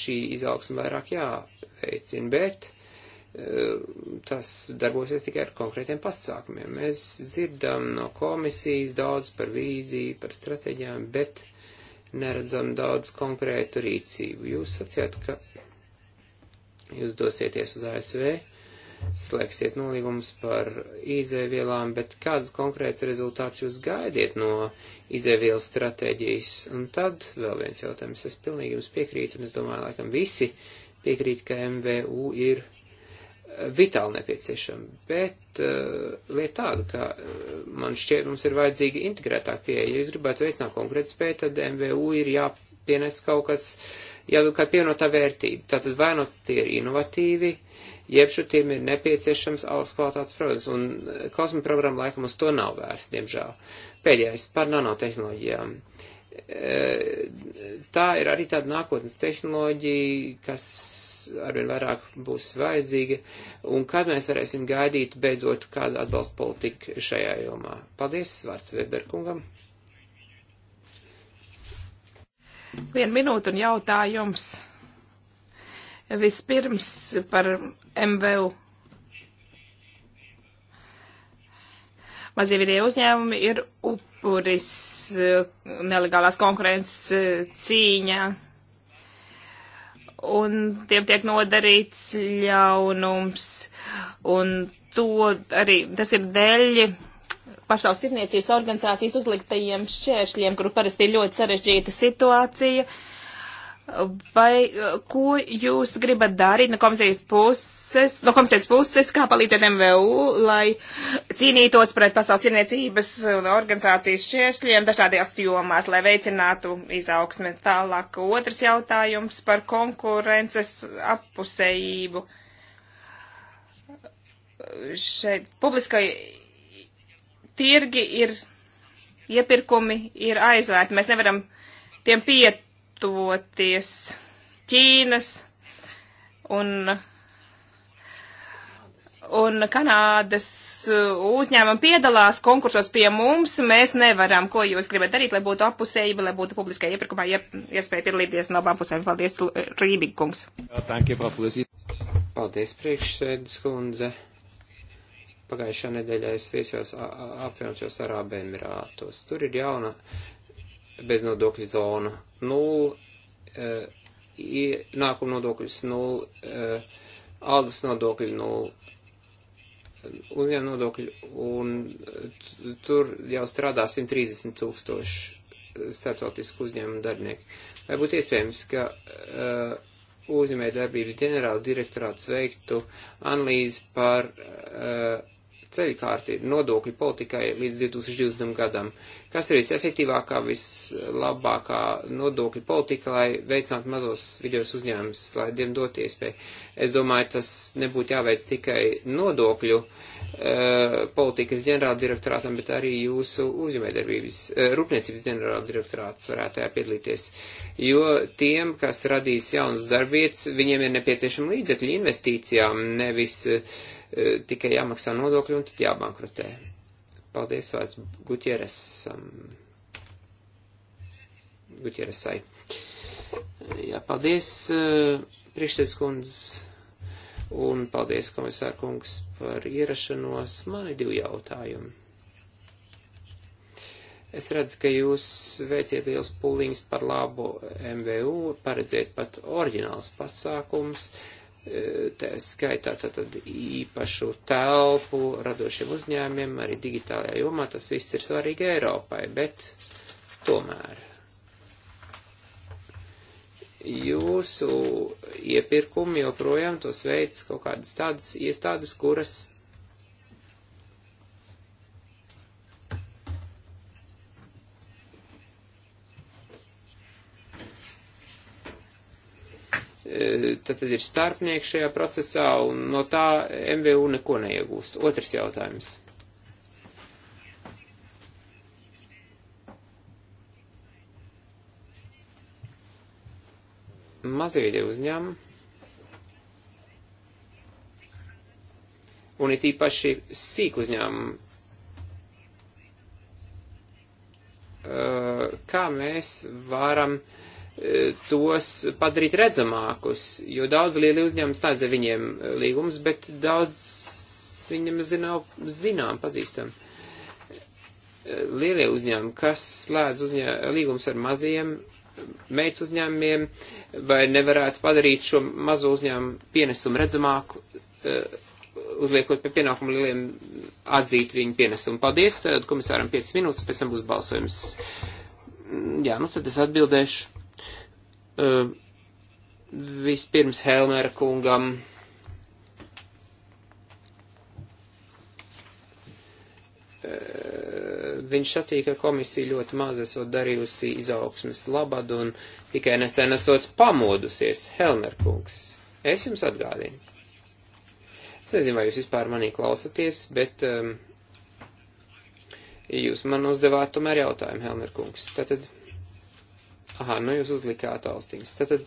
šī izaugsme vairāk jāveicina, bet eh, tas darbosies tikai ar konkrētiem pasākumiem. Mēs dzirdam no komisijas daudz par vīziju, par stratēģijām, bet neredzam daudz konkrētu rīcību. Jūs sacījāt, ka jūs dosieties uz ASV, slēgsiet nolīgumus par izēvielām, bet kādus konkrēts rezultāts jūs gaidiet no izēvielas stratēģijas? Un tad vēl viens jautājums. Es pilnīgi jums piekrītu, un es domāju, laikam visi piekrīt, ka MVU ir eh, vitāli nepieciešama, bet uh, lieta tāda, ka uh, man šķiet mums ir vajadzīga integrētāka pieeja. Ja jūs gribētu veicināt konkrētu spēju, tad MVU ir jāpienes kaut kas, jādod kā pievienotā vērtība. Tātad vai no nu tie ir inovatīvi, uh, Jebšu tiem ir nepieciešams augsts kvalitātes produkts, un eh, kosmu programma laikam uz to nav vērsts, diemžēl. Pēdējais par nanotehnoloģijām. Eh, tā ir arī tāda nākotnes tehnoloģija, kas arvien vairāk būs vajadzīga, un kad mēs varēsim gaidīt beidzot kādu atbalstu politiku šajā jomā. Paldies, vārds Weberkungam. Vienu minūtu un jautājums. Vispirms par MVU. Mazie vidēji uzņēmumi ir upuris eh, nelegālās konkurences eh, cīņā un tiem tiek nodarīts ļaunums. Un to arī tas ir dēļ Pasaules tirniecības organizācijas uzliktajiem šķēršļiem, kuru parasti ir ļoti sarežģīta situācija. Uh, Vai ko jūs gribat darīt no komisijas puses, no komisijas puses kā palīdzēt MVU, lai cīnītos pret pasaules tirniecības un organizācijas šķēršļiem dažādajās jomās, lai veicinātu izaugsmi tālāk? Otrs jautājums par konkurences appusējību. Šeit publiskai tirgi ir, iepirkumi ir aizvērti. Mēs nevaram tiem piet tuvoties Ķīnas un un Kanādas uh, uzņēmumi piedalās konkursos pie mums, mēs nevaram, ko jūs gribat darīt, lai būtu apusējība, lai būtu publiskajā iepirkumā iespēja piedalīties no abām pusēm. Paldies, Rībīgi kungs. Paldies, priekšsēdus kundze. Pagājušā nedēļā es viesījos apvienotajos Arābu Emirātos. Tur ir jauna beznodokļu zonu, nulle eh, ienākuma nodokļus, nulle eh, algas nodokļu, nulle uzņēmuma nodokļu, un eh, tur jau strādā 130 tūkstoši startautisku uzņēmumu darbinieku. Vai būtu iespējams, ka uh, uzņēmēja darbības ģenerāla direktorāts veiktu analīzi par uh, ceļkārti nodokļu politikai līdz 2020. gadam. Kas ir visefektīvākā, vislabākā nodokļu politika, lai veicinātu mazos vidējos uzņēmumus, lai diem dot iespēju? Es domāju, tas nebūtu jāveic tikai nodokļu eh, politikas ģenerāldirektorātam, bet arī jūsu uzņēmējdarbības, eh, rūpniecības ģenerāldirektorāts varētu tajā piedalīties. Jo tiem, kas radīs jaunas darbvietas, viņiem ir nepieciešama līdzekļi investīcijām, nevis uh, eh, E, tikai jāmaksā nodokļi un tad jābankrotē. Paldies vārds Gutieresam. Gutieresai. Jā, paldies e, priekšsēdus kundz un paldies komisāra kungs par ierašanos. Man ir divi jautājumi. Es redzu, ka jūs veiciet liels pūliņus par labu MVU, paredzēt pat oriģināls pasākums. Uh, tā skaitā tātad īpašu telpu radošiem uzņēmiem, arī digitālajā jomā, tas viss ir svarīgi Eiropai, bet tomēr. Jūsu iepirkumi joprojām tos veids kaut kādas tādas iestādes, kuras Eh, tad ir starpnieks šajā procesā un no tā MVU neko neiegūst. Otrs jautājums. Mazie video uzņēmumi. un it īpaši sīk uzņēmumu. Eh, kā mēs varam uh, tos padarīt redzamākus, jo daudz lieli uzņēmumi slēdz ar viņiem līgumus, bet daudz viņam zinām, zinām pazīstam. Lielie uzņēmumi, kas slēdz uzņē, līgumus ar maziem meitas uzņēmumiem, vai nevarētu padarīt šo mazo uzņēmumu pienesumu redzamāku, eh, uzliekot pie pienākumu lieliem atzīt viņu pienesumu. Paldies, tad komisāram 5 minūtes, pēc tam būs balsojums. Jā, nu tad es atbildēšu Uh, vispirms Helmera kungam. Eh, viņš sacīja, ka komisija ļoti maz esot darījusi izaugsmes labad un tikai nesen esot pamodusies, Helmer kungs. Es jums atgādīju. Es nezinu, vai jūs vispār manī klausaties, bet um, jūs man uzdevāt tomēr jautājumu, Helmer kungs. Tātad. Aha, nu jūs uzlikāt austiņas. Tātad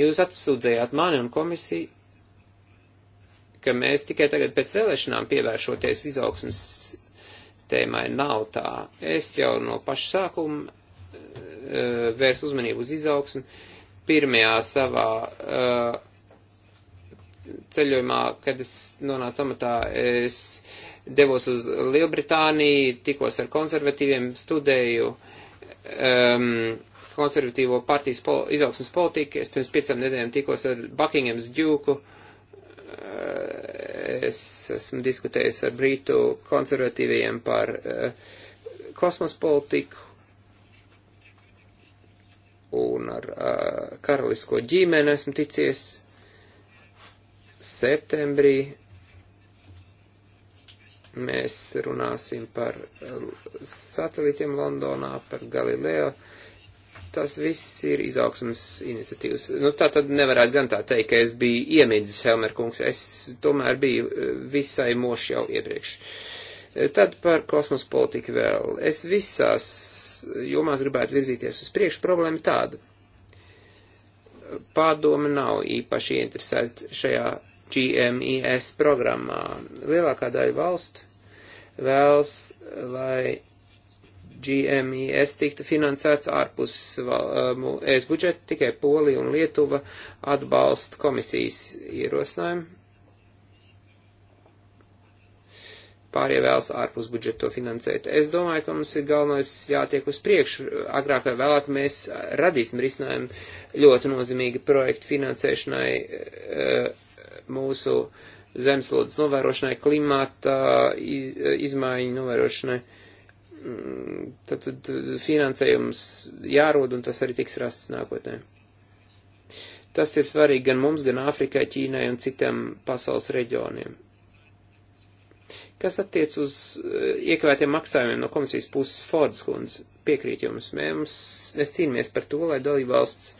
jūs apsūdzējāt mani un komisiju, ka mēs tikai tagad pēc vēlēšanām pievēršoties izaugsmas tēmai nav tā. Es jau no paša sākuma uh, vērs uzmanību uz izaugsmu. Pirmajā savā uh, ceļojumā, kad es nonācu amatā, es devos uz Lielbritāniju, tikos ar konservatīviem, studēju uh, um, konservatīvo partijas pol izaugsmas politiku. Es pirms piecām nedēļām tikos ar Buckinghams ģūku. Uh, es esmu diskutējis ar brītu konservatīviem par uh, kosmos politiku un ar uh, karalisko ģimeni esmu ticies septembrī Mēs runāsim par eh, satelītiem Londonā, par Galileo. Tas viss ir izaugsmas iniciatīvas. Nu, tā tad nevarētu gan tā teikt, ka es biju iemiedzis Helmerkungs. Es tomēr biju eh, visai moši jau iepriekš. Eh, tad par kosmos politiku vēl. Es visās jomās gribētu virzīties uz priekšu. Problēma tāda padome nav īpaši interesēta šajā GMES programmā. Lielākā daļa valstu vēlas, lai GMES tiktu finansēts ārpus um, ES budžeta, tikai Polija un Lietuva atbalsta komisijas ierosinājumu. Pārējie vēlas ārpus budžeta to finansēt. Es domāju, ka mums ir galvenais jātiek uz priekšu. Agrāk vai vēlāk mēs radīsim risinājumu ļoti nozīmīgi projektu finansēšanai eh, mūsu uh, zemeslodes novērošanai, klimata izmaiņu novērošanai. Mm, tad, tad finansējums jārod un tas arī tiks rasts nākotnē. Tas ir svarīgi gan mums, gan Āfrikai, Ķīnai un citiem pasaules reģioniem. Kas attiec uz eh, iekavētiem maksājumiem no komisijas puses, Fords kundze, piekrīt jums. Mēs, mēs cīnāmies par to, lai dalībvalsts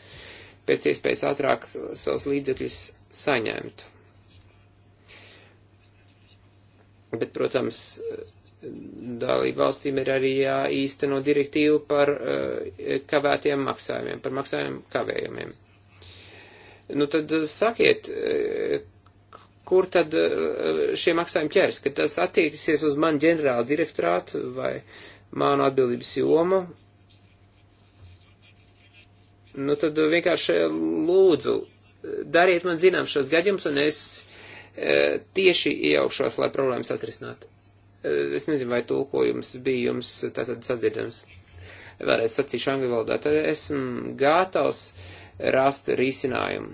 pēc iespējas ātrāk savus līdzekļus saņemtu. Bet, protams, dalību valstīm ir arī jāīsteno direktīva par eh, kavētiem maksājumiem, par maksājumiem kavējumiem. Nu tad sakiet, eh, kur tad eh, šie maksājumi ķers, ka tas attieksies uz manu ģenerālu direktorātu vai manu atbildības jomu. Nu tad vienkārši lūdzu, dariet man zinām šos gadījumus un es tieši iejaukšos, lai problēmas atrisinātu. Es nezinu, vai tulkojums bija jums tātad sadzirdams. Vēlreiz sacīšu angļu valodā, tad esmu gatavs rast risinājumu.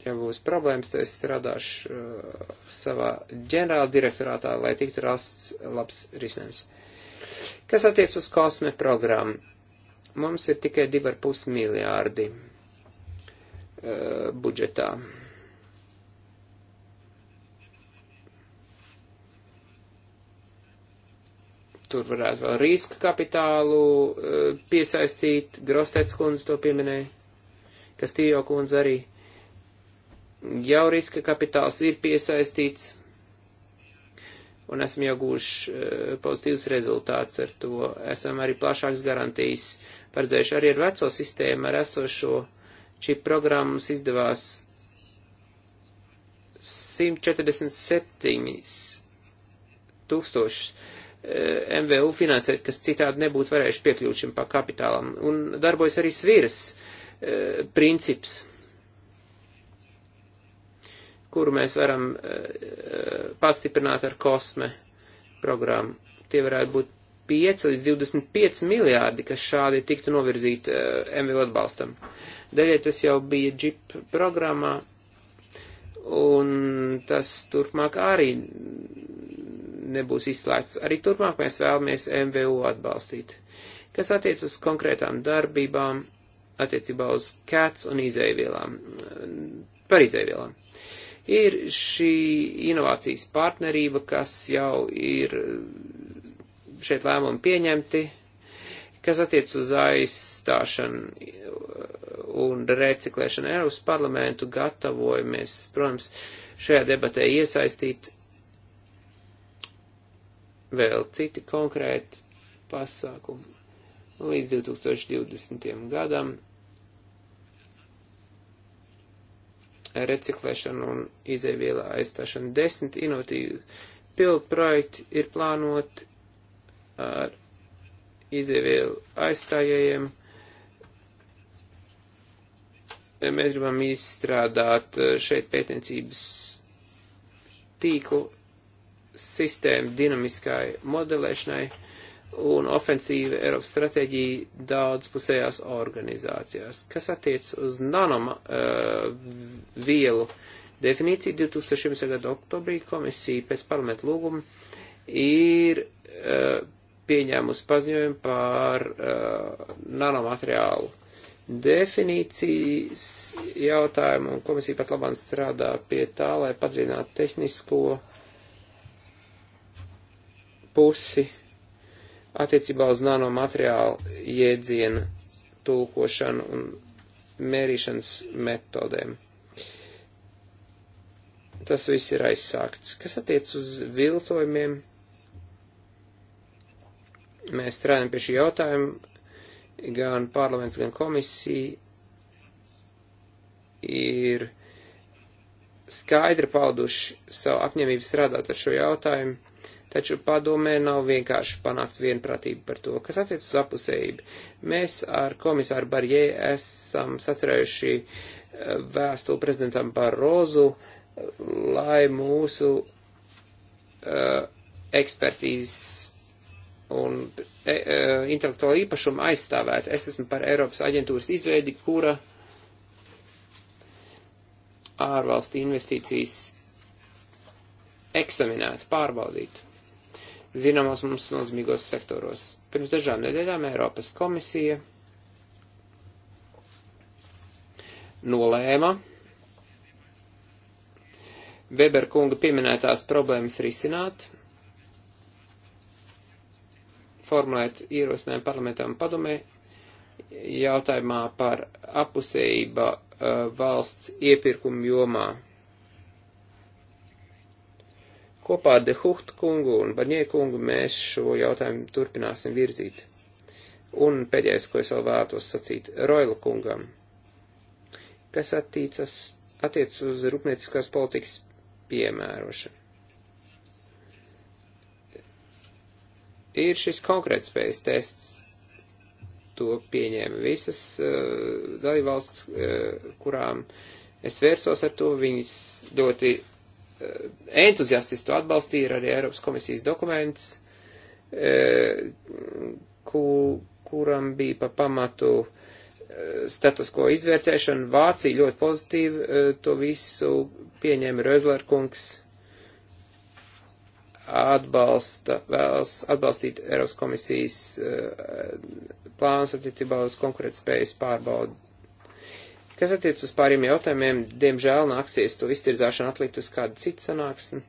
Ja būs problēmas, tad es strādāšu uh, savā ģenerāla direktorātā, lai tiktu rasts labs risinājums. Kas attiec uz kosme programmu? Mums ir tikai 2,5 miljārdi budžetā. Tur varētu vēl riska kapitālu e, piesaistīt, Grostets kundze to pieminēja, kas Tījo kundze arī. Jau riska kapitāls ir piesaistīts, un esam jau gūši e, pozitīvs rezultāts ar to. Esam arī plašāks garantijas paredzējuši arī ar veco sistēmu, ar esošo. So Šī programma mums izdevās 147 tūkstošus eh, MVU finansēt, kas citādi nebūtu varējuši piekļūt šim pa kapitālam. Un darbojas arī sviras eh, princips, kuru mēs varam eh, pastiprināt ar kosme programmu. Tie varētu būt 5 līdz 25 miljārdi, kas šādi tiktu novirzīti uh, eh, MVU atbalstam. Daļai tas jau bija GIP programmā, un tas turpmāk arī nebūs izslēgts. Arī turpmāk mēs vēlamies MVU atbalstīt. Kas attiec uz konkrētām darbībām, attiecībā uz cats un izēvielām, par izēvielām. Ir šī inovācijas partnerība, kas jau ir šeit lēmumi pieņemti, kas attiec uz aizstāšanu un reciklēšanu Eiropas parlamentu, gatavojamies, protams, šajā debatē iesaistīt vēl citi konkrēti pasākumi līdz 2020. gadam. Reciklēšana un izēviela aizstāšana desmit inovatīvi pilotprojekti ir plānoti ar izievielu aizstājējiem. Mēs gribam izstrādāt eh, šeit pētniecības tīklu sistēmu dinamiskai modelēšanai un ofensīva Eiropas stratēģija daudzpusējās organizācijās. Kas attiec uz nanoma uh, vielu definīciju 2017. gada oktobrī komisija pēc parlamentu lūguma ir uh, pieņēmusi paziņojumu par uh, nanomateriālu definīcijas jautājumu, un komisija pat labāk strādā pie tā, lai padzinātu tehnisko pusi attiecībā uz nanomateriālu jēdzienu tulkošanu un mērīšanas metodēm. Tas viss ir aizsākts. Kas attiec uz viltojumiem? Mēs strādājam pie šī jautājuma, gan parlaments, gan komisija ir skaidri pauduši savu apņemību strādāt ar šo jautājumu, taču padomē nav vienkārši panākt vienprātību par to, kas attiec uz apusējību. Mēs ar komisāru Barjē esam sacerējuši eh, vēstuli prezidentam Barrozu, eh, lai mūsu uh, ekspertīzes un e, e, intelektuāla īpašuma aizstāvēt. Es esmu par Eiropas aģentūras izveidi, kura ārvalstu investīcijas eksaminētu, pārbaudītu zināmos mums nozīmīgos sektoros. Pirms dažām nedēļām Eiropas komisija nolēma Weber kunga pieminētās problēmas risināt, formulēt ierosinājumu parlamentam padomē jautājumā par apusējība uh, valsts iepirkumu jomā. Kopā ar Dehucht kungu un Baņie kungu mēs šo jautājumu turpināsim virzīt. Un pēdējais, ko es vēl vēlētos sacīt Roila kungam, kas attīcas, attiec uz rūpnieciskās politikas piemērošanu. ir šis konkrētspējas tests. To pieņēma visas uh, dalībvalsts, uh, kurām es vērsos ar to. Viņas ļoti uh, entuziastiski to atbalstīja, ir arī Eiropas komisijas dokuments, uh, ku, kuram bija pa pamatu uh, status quo izvērtēšana. Vācija ļoti pozitīvi uh, to visu pieņēma Rözlerkungs. kungs atbalsta, vēlas atbalstīt Eiropas komisijas eh, plāns attiecībā uz konkurētspējas pārbaudu. Kas attiec uz pāriem jautājumiem, diemžēl nāksies to iztirzāšanu atlikt uz kādu citu sanāksmi,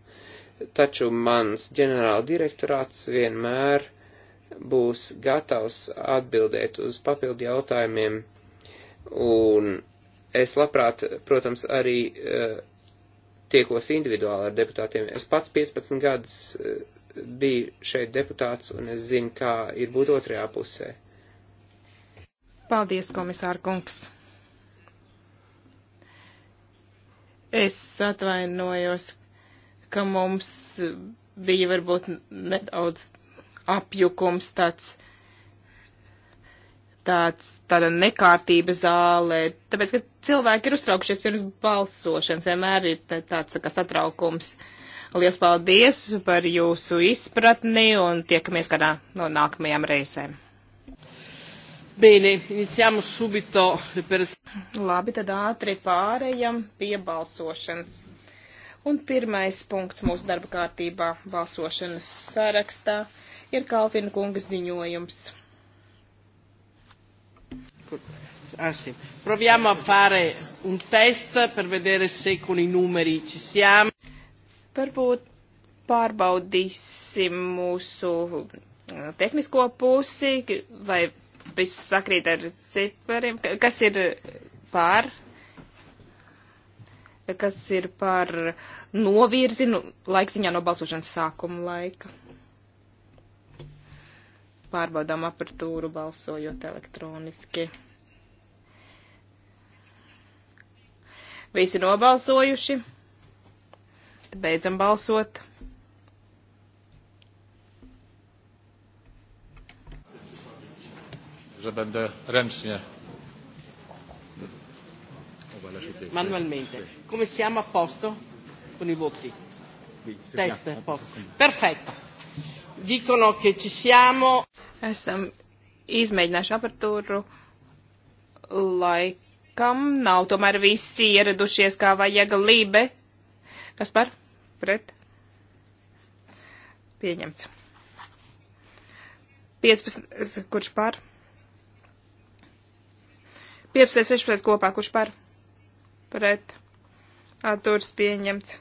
taču mans ģenerāla direktorāts vienmēr būs gatavs atbildēt uz papildu jautājumiem, un es labprāt, protams, arī uh, tiekos individuāli ar deputātiem. Es pats 15 gadus eh, biju šeit deputāts, un es zinu, kā ir būt otrajā pusē. Paldies, komisāra kungs! Es atvainojos, ka mums bija varbūt nedaudz apjukums tāds tāds, tāda nekārtība zālē, tāpēc, ka cilvēki ir uztraukšies pirms balsošanas, vienmēr ir tāds tā kā satraukums. Lielas paldies par jūsu izpratni un tiekamies kādā no nākamajām reizēm. Bene, iniciamo subito per... Labi, tad ātri pārējam pie balsošanas. Un pirmais punkts mūsu darba kārtībā balsošanas sarakstā ir Kalvina kungas ziņojums. Ah, sì. Proviamo a fare un test per vedere se con i numeri ci siamo. Varbūt pārbaudīsim mūsu eh, tehnisko pusi, vai viss sakrīt ar cipariem, kas ir pār, kas ir pār novirzi nu, laikziņā no balsošanas sākuma laika pārbaudām apatūru balsojot elektroniski. Visi nobalsojuši. Tad beidzam balsot. że będę ręcznie. Manualmente. Come siamo a posto con i voti? Test, posto. Perfetto. Dicono che ci siamo esam izmēģinājuši aparatūru laikam. Nav tomēr visi ieradušies, kā vajag lībe. Kas par? Pret? Pieņemts. 15. Kurš par? 15, 16 kopā. Kurš par? Pret. Atturs pieņemts.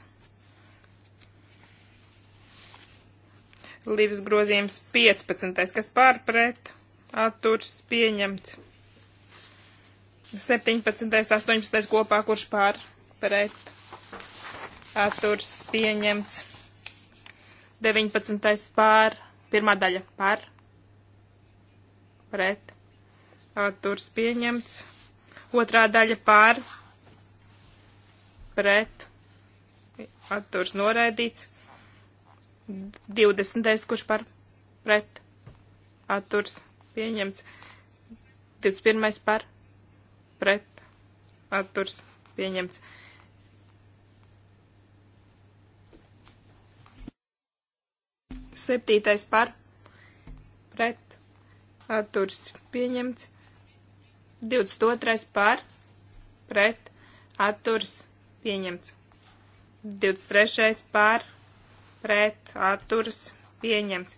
Līvas grozījums 15. kas pārpret atturs pieņemts. 17. 18. kopā, kurš pārpret atturs pieņemts. 19. pār, pirmā daļa pār, pret, atturs pieņemts. Otrā daļa pār, pret, atturs noraidīts. 20. kurš par pret atturs pieņemts. 21. par pret atturs pieņemts. Septītais par pret atturs pieņemts. 22. par pret atturs pieņemts. 23. par pret pret atturs pieņemts.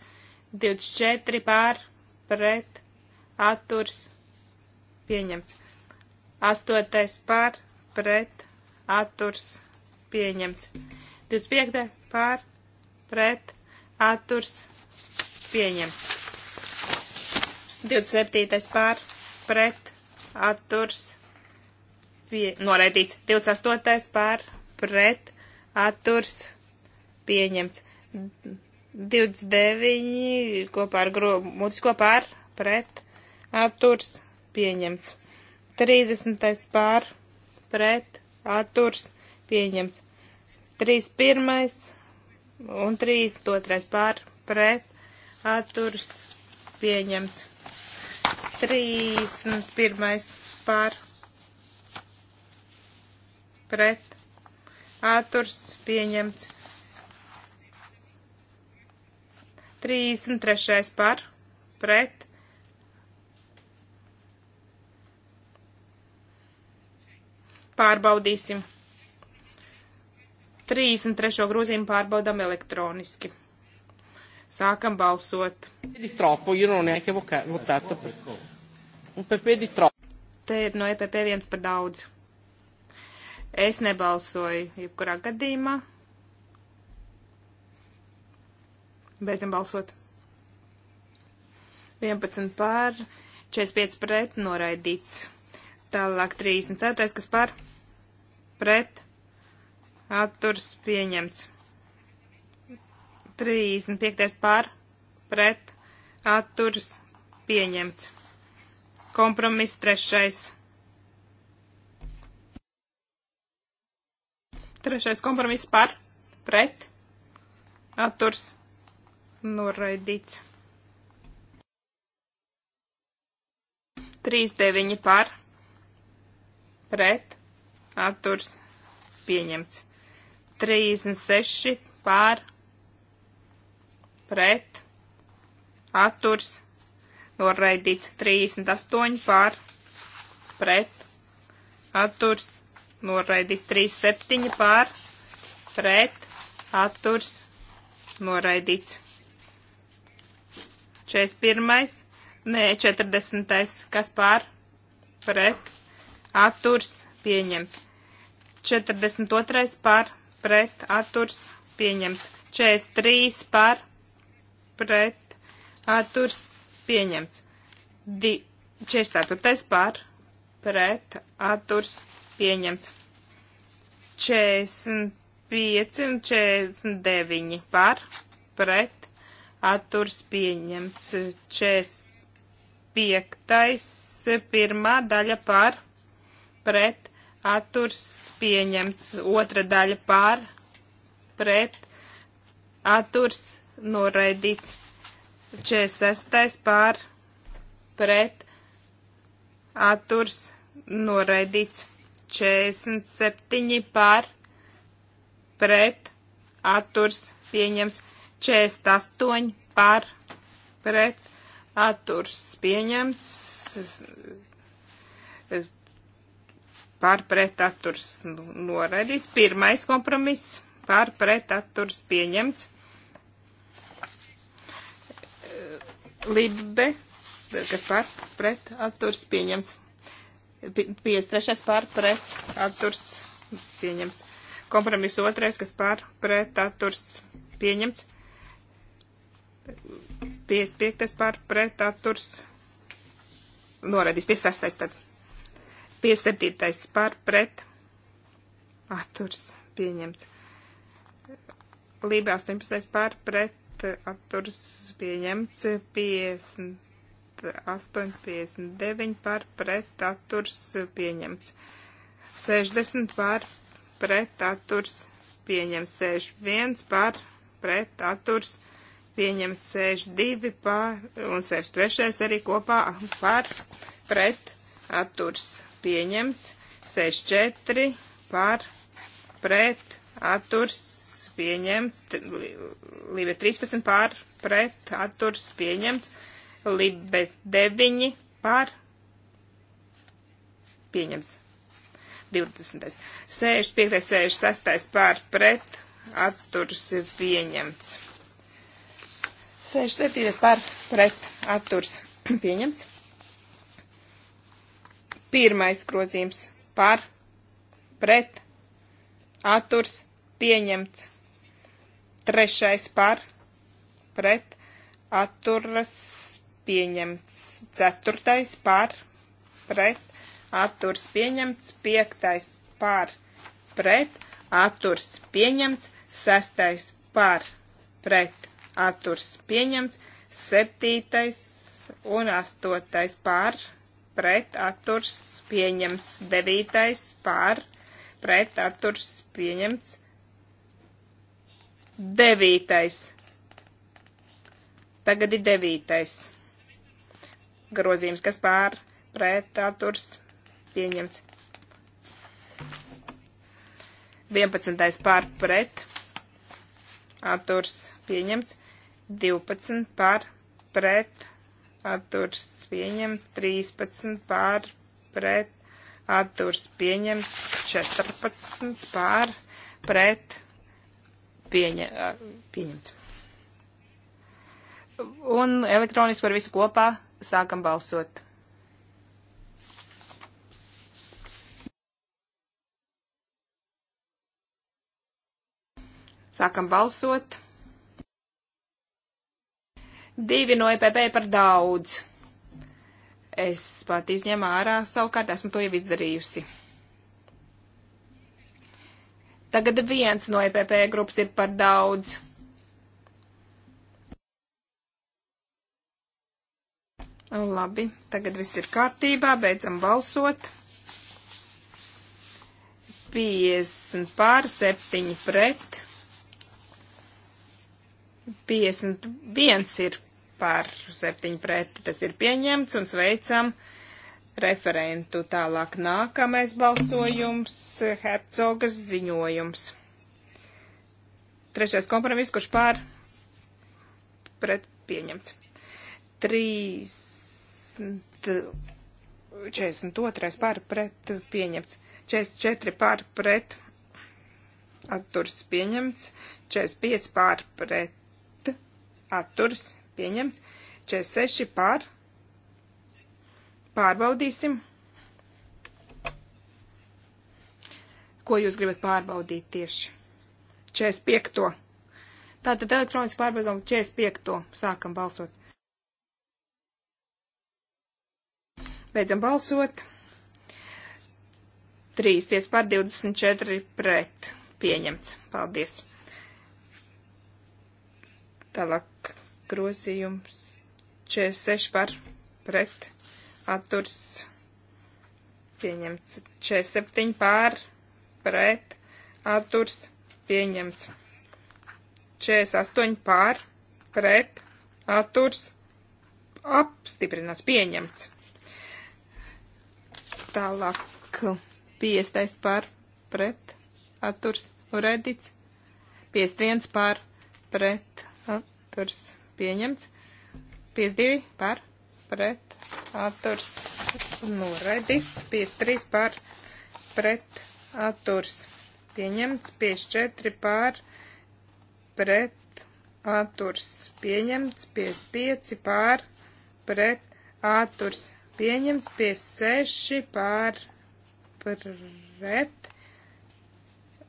24 pār pret atturs pieņemts. 8 pār pret atturs pieņemts. 25 pār pret atturs pieņemts. 27 pār pret atturs pieņemts pie, noraidīts 28. pār pret atturs pieņemts. 29 kopā ar mutisko pār pret atturs pieņemts. 30 pār pret atturs pieņemts. 31 un 32 pār pret atturs pieņemts. 31 pār pret atturs pieņemts. 33. par pret. Pārbaudīsim. 33. grozījumu pārbaudām elektroniski. Sākam balsot. Te ir no EPP viens par daudz. Es nebalsoju, jebkurā gadījumā. Beidzam balsot. 11 pār, 45 pret, noraidīts. Tālāk 34, kas pār, pret, atturs pieņemts. 35 pār, pret, atturs pieņemts. Kompromiss trešais. Trešais kompromiss par, pret, atturs pieņemts noraidīts. 3-9 par, pret, atturs, pieņemts. 36 par, pret, atturs, noraidīts. 38 par, pret, atturs, noraidīts. 37 par, pret, atturs, noraidīts. 41. Nē, 40. Kas pār? Pret. Atturs. Pieņemts. 42. Pār. Pret. Atturs. Pieņemts. 43. Pār. Pret. Atturs. Pieņemts. Di 44. Pār. Pret. Atturs. Pieņemts. 45 un 49 par pret atturs pieņemts. 45. pirmā daļa par pret atturs pieņemts. Otra daļa par pret atturs noraidīts. 46. par pret atturs noraidīts. 47 par pret atturs pieņems 48 par pret atturs pieņemts, par pret atturs noraidīts, pirmais kompromiss par pret atturs pieņemts. Libe, kas par pret atturs pieņemts. 53. par pret atturs pieņemts. Kompromiss otrais, kas par pret atturs pieņemts. 55. par pret atturs noraidīts. 56. tad. 57. par pret atturs pieņemts. Lībē 18. par pret atturs pieņemts. 50. 8,59 par pret atturs pieņemts. 60 par pret atturs pieņemts. 61 par pret atturs pieņemts pieņem 62 pār un 63 arī kopā pār pret atturs pieņemts, 64 pār pret atturs pieņemts, Libe 13 pār pret atturs pieņemts, Libe 9 pār pieņems. 20. 65. 66. pār pret atturs pieņemts. 67 par pret atturs pieņemts. Pirmais grozījums par pret atturs pieņemts. Trešais par pret atturas pieņemts. Ceturtais par pret atturs pieņemts. Piektais par pret atturs pieņemts. Sestais par pret atturs pieņemts, septītais un astotais pār, pret atturs pieņemts, devītais pār, pret atturs pieņemts, devītais. Tagad ir devītais grozījums, kas pār, pret atturs pieņemts. 11. pār pret atturs pieņemts. 12 par pret atturs pieņemt, 13 par pret atturs pieņemt, 14 par pret pieņem, pieņemts. Un elektroniski par visu kopā sākam balsot. Sākam balsot. Divi no EPP par daudz. Es pat izņemu ārā, savukārt esmu to jau izdarījusi. Tagad viens no EPP grupas ir par daudz. Labi, tagad viss ir kārtībā, beidzam balsot. 50 pār 7 pret. 51 ir par 7 pret, tas ir pieņemts un sveicam referentu. Tālāk nākamais balsojums, Hercogas ziņojums. Trešais kompromiss, kurš pār pret pieņemts. 3, 42 pār pret pieņemts. 44 pār pret atturs pieņemts. 45 pār pret atturas pieņemts. 46 par. Pārbaudīsim. Ko jūs gribat pārbaudīt tieši? 45. To. Tātad elektroniski pārbaudām 45. To. Sākam balsot. Beidzam balsot. 3, 5 pār 24 pret. Pieņemts. Paldies. Tālāk grozījums 46 par pret atturs pieņemts. 47 par pret atturs pieņemts. 48 par pret atturs apstiprināts pieņemts. Tālāk 50 par pret atturs uredīts. 51 par pret atturs atturs pieņemts. 52 par pret atturs noraidīts. 53 par pret atturs pieņemts. 54 par pret atturs pieņemts. 55 par pret atturs pieņemts. 56 par pret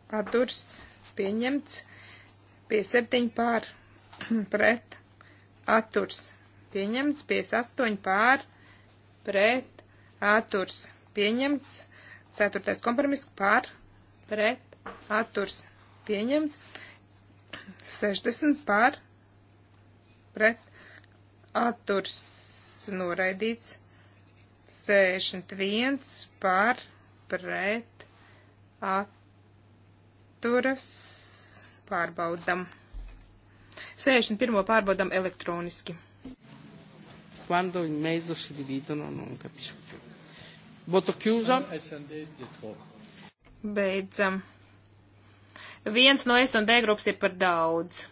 atturs pieņemts. 57 par pret pret atturs pieņemts, 58 pār pret atturs pieņemts, 4. kompromiss pār pret atturs pieņemts, 60 pār pret atturs noraidīts, 61 pār pret atturas pārbaudam. 61. pārbaudam elektroniski. Quando in mezzo si dividono non capisco più. Voto chiuso. Beidzam. Viens no S un D grupas ir par daudz.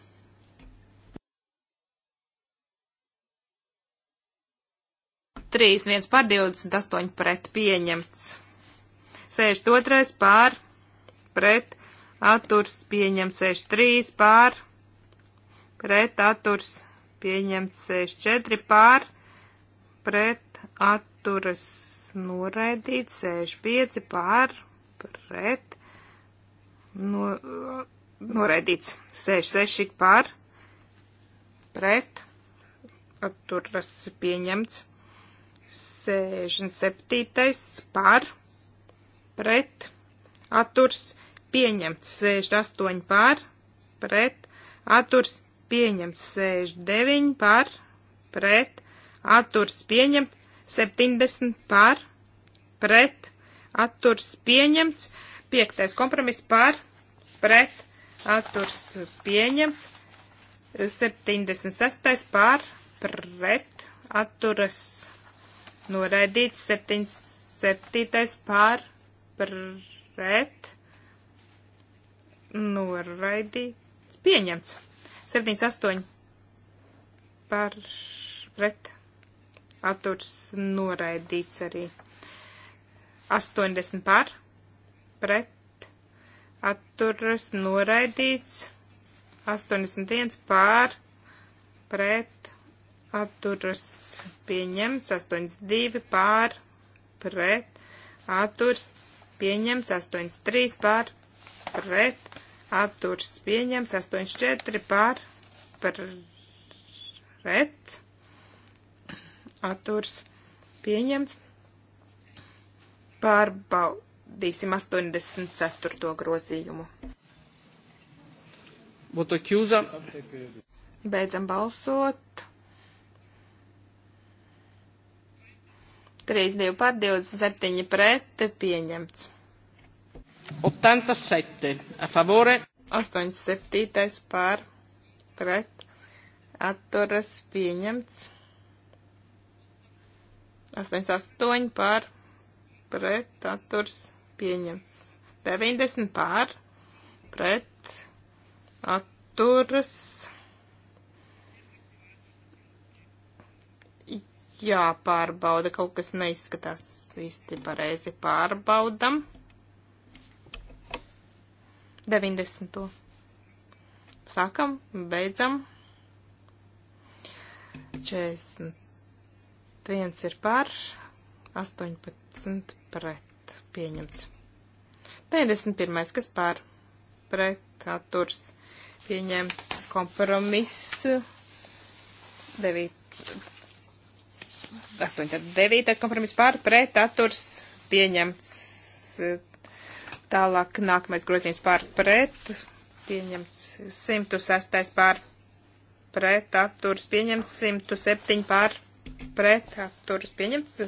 Trīs, viens pār 28 pret pieņemts. 62 pār pret atturs pieņemts. 63 pār pret pret atturs pieņemts 64 pār, pret atturas noraidīts 65 pār, pret no, noraidīts 66 pār, pret atturas pieņemts 67 pār, pret, atturs, pieņemts, 68 pār, pret, atturs, pieņemts 69 par, pret, atturs pieņemts 70 par, pret, atturs pieņemts, 5. kompromiss par, pret, atturs pieņemts, 76. par, pret, atturas noraidīts, 77. par, pret, noraidīts, pieņemts. 78 par pret atturs noraidīts arī. 80 par pret atturas noraidīts. 81 pār pret atturas pieņemts, 82 pār pret atturs pieņemts, 83 pār pret atturs pieņemts, 84 par, pret, atturs pieņemts, pārbaudīsim 84. grozījumu. Voto Kjūza. Beidzam balsot. 32 par 27 pret pieņemts. 87 a favore. 87. pār pret atturas pieņemts. 88 pār pret atturas pieņemts. 90 pār pret atturas. Jāpārbauda, kaut kas neizskatās īsti pareizi. Pārbaudam. 90. Sākam, beidzam. 41 ir par, 18 pret pieņemts. 91. kas par, pret atturs pieņemts kompromiss. 9. 8. 9. kompromiss par, pret atturs pieņemts. Tālāk nākamais grozījums pār pret, pieņemts 106 pār pret, atturs pieņemts 107 pār pret, atturs pieņemts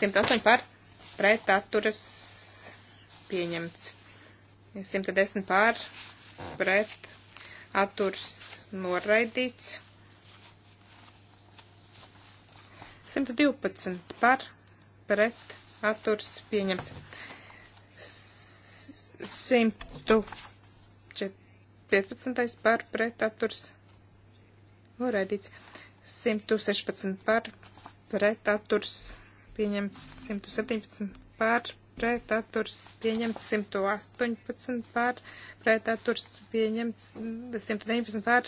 108 pār pret, atturs pieņemts 110 pār pret, atturs noraidīts 112 pār pret, atturs pieņemts 115 par pretaturs noraidīts. 116 par pretaturs pieņemts. 117 par pretaturs pieņemts. 118 par pretaturs pieņemts. 119 par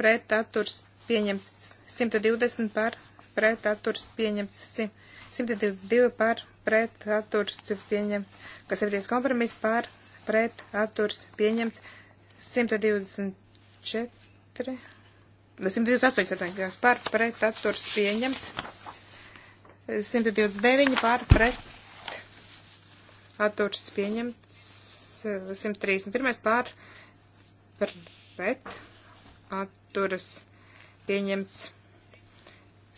pretaturs pieņemts. 120 par pretaturs pieņemts. 122 par pretaturs pieņemts. Kas ir kompromiss par pretaturs pieņemts pret atturs pieņemts 124. 128 par pret atturs pieņemts. 129 par pret atturs pieņemts. 131 par pret atturs pieņemts.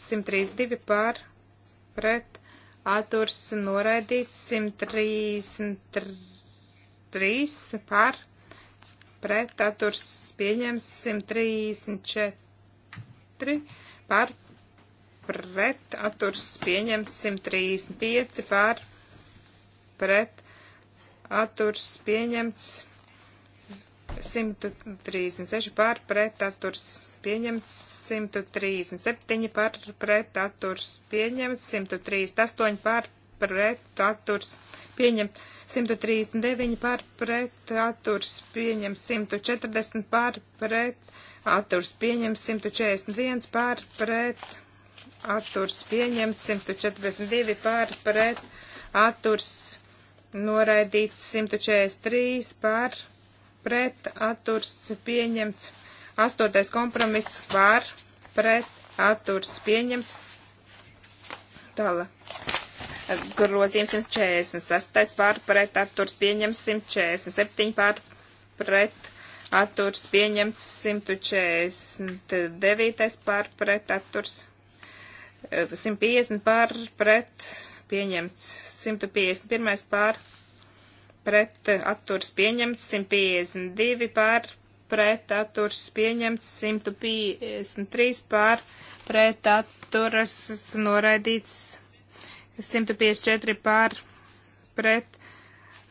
132 par pret atturs noraidīts. 133 103 par pret atturs pieņemts 134 par pret atturs pieņemts 135 par pret atturs pieņemts 136 par pret atturs pieņemts 137 par pret atturs pieņemts 138 par pret atturs pieņemts 139 par pret atturs pieņem 140 par pret atturs pieņem 141 par pret atturs pieņem 142 par pret atturs noraidīts 143 par pret atturs pieņemts 8. kompromiss par pret atturs pieņemts tālāk grozījums 146 pār pret atturs pieņemts 147 pār pret atturs pieņemts 149 pār pret atturs 150 e, pār pret pieņemts 151 pār pret atturs pieņemts 152 pār pret atturs pieņemts 153 pār pret atturs noraidīts 154 pār pret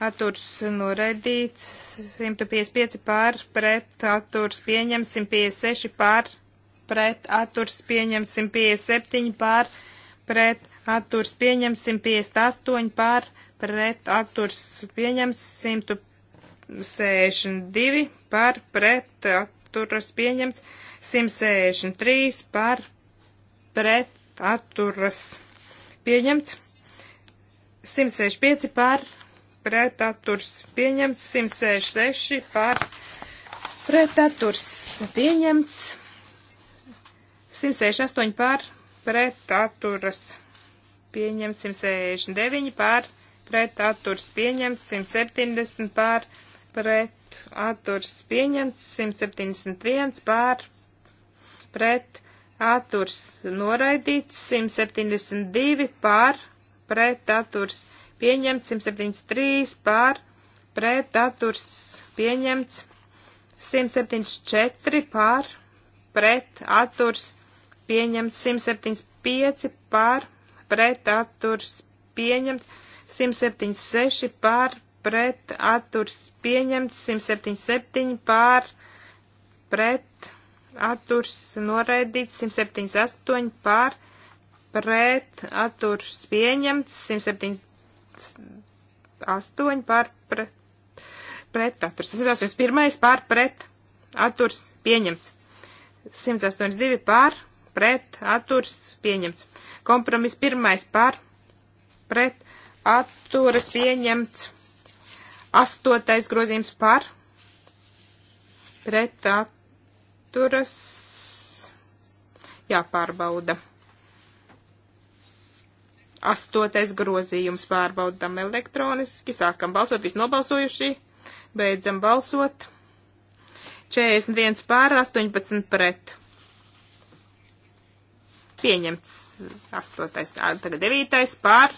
atturs noraidīts, 155 pār pret atturs pieņems, 156 pār pret atturs pieņems, 157 pār pret atturs pieņems, 158 pār pret atturs pieņems, 162 pār pret atturas pieņems, 163 pār pret atturas pieņems pieņemts. 165 pār pretaturs pieņemts. 166 pār pretaturs pieņemts. 168 pār pretaturas pieņemts. 169 pār pretaturs pieņemts. 170 pār pretaturs pieņemts. 171 pār pretaturs atturs noraidīts, 172 pār pret atturs pieņemts, 173 pār pret atturs pieņemts, 174 pār pret atturs pieņemts, 175 pār pret atturs pieņemts, 176 pār pret atturs pieņemts, 177 pār pret atturs noraidīts, 178 pār pret atturs pieņemts, 178 pār pret, pret atturs. Tas ir vēl pirmais pār pret atturs pieņemts. 182 pār pret atturs pieņemts. Kompromis pirmais pār pret atturas pieņemts. Astotais grozījums pār pret atturs atturas jāpārbauda. Astotais grozījums pārbaudam elektroniski, sākam balsot, visi nobalsojuši, beidzam balsot. 41 pār 18 pret. Pieņemts 8. tagad 9. pār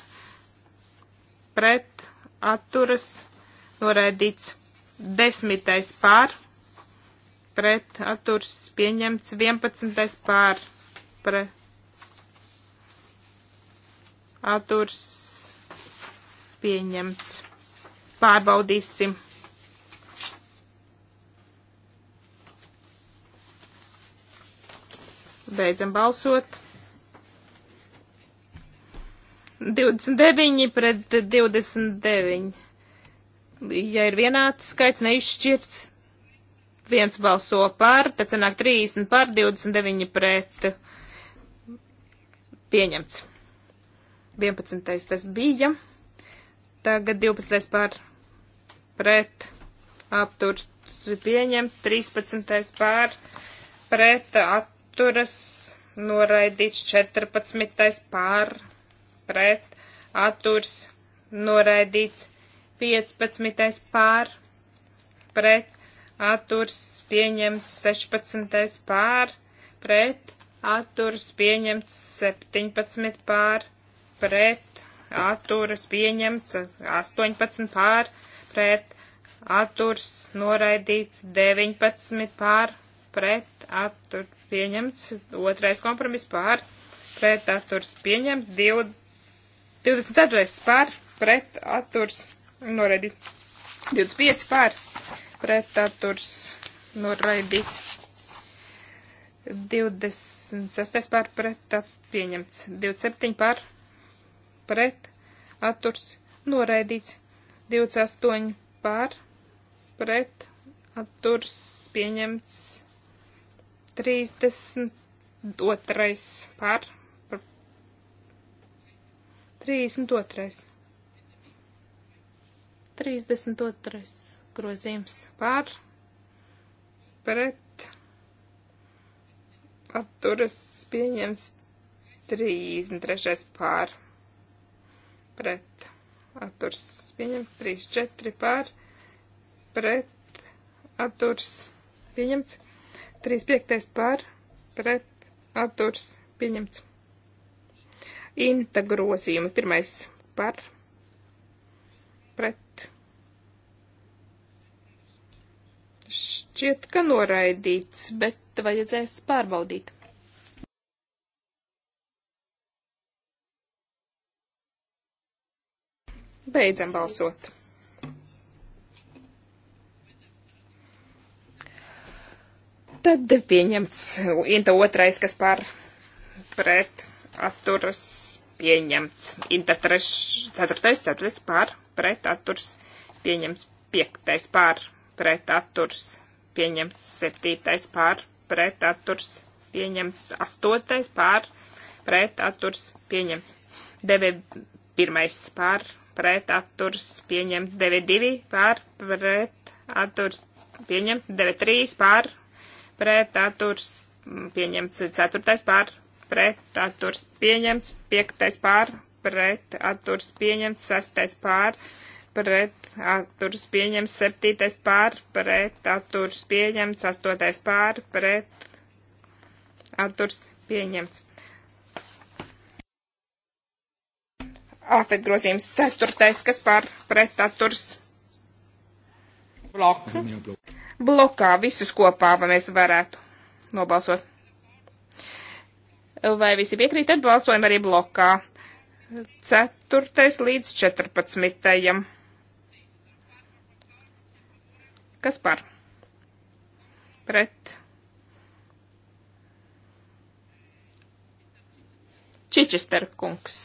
pret atturas noraidīts 10. pār pret atturs pieņemts 11. pār pret atturs pieņemts. Pārbaudīsim. Beidzam balsot. 29 pret 29. Ja ir vienāds skaits neizšķirts, viens balso par, tad sanāk 30 par, 29 pret. Pieņemts. 11. tas bija. Tagad 12. par, pret, apturs pieņemts. 13. par, pret, atturas, noraidīts. 14. par, pret, atturas, noraidīts. 15. par, pret, atturs pieņemts 16. pār, pret atturs pieņemts 17. pār, pret atturs pieņemts 18. pār, pret atturs noraidīts 19. pār, pret atturs pieņemts otrais kompromiss pār, pret atturs pieņemts 24. pār, pret atturs noraidīts 25. pār pretaturs noraidīts. 26 pār pret pieņemts, 27 pār pret atturs noraidīts, 28 pār pret atturs pieņemts, 32 pār 32. 32 grozījums par pret atturas pieņems 33 par pret atturas pieņems 34 par pret atturas pieņemts 35 par pret atturas pieņemts. Inta grozījumi pirmais par Šķiet, ka noraidīts, bet vajadzēs pārbaudīt. Beidzam balsot. Tad pieņemts Inta otrais, kas par pret atturas pieņemts. Inta treš, ceturtais, ceturtais par pret atturas pieņemts. Piektais par pretaturs pieņemts 7. pār pretaturs pieņemts 8. pār pretaturs pieņemts 9. 1. pār pretaturs pieņemts 9. 2. pār pretaturs pieņemts 9. 3. pār pretaturs pieņemts 4. pār pretaturs pieņemts 5. pār pretaturs pieņemts 6. pār pretaturs pret atturs pieņemts, septītais pār pret atturs pieņemts, astotais pār pret atturs pieņemts. Āfet grozījums ceturtais, kas pār pret atturs blok. blokā visus kopā, vai mēs varētu nobalsot. Vai visi piekrīt, tad balsojam arī blokā. Ceturtais līdz četrpadsmitajam. Kas par? Pret. Čičester kungs.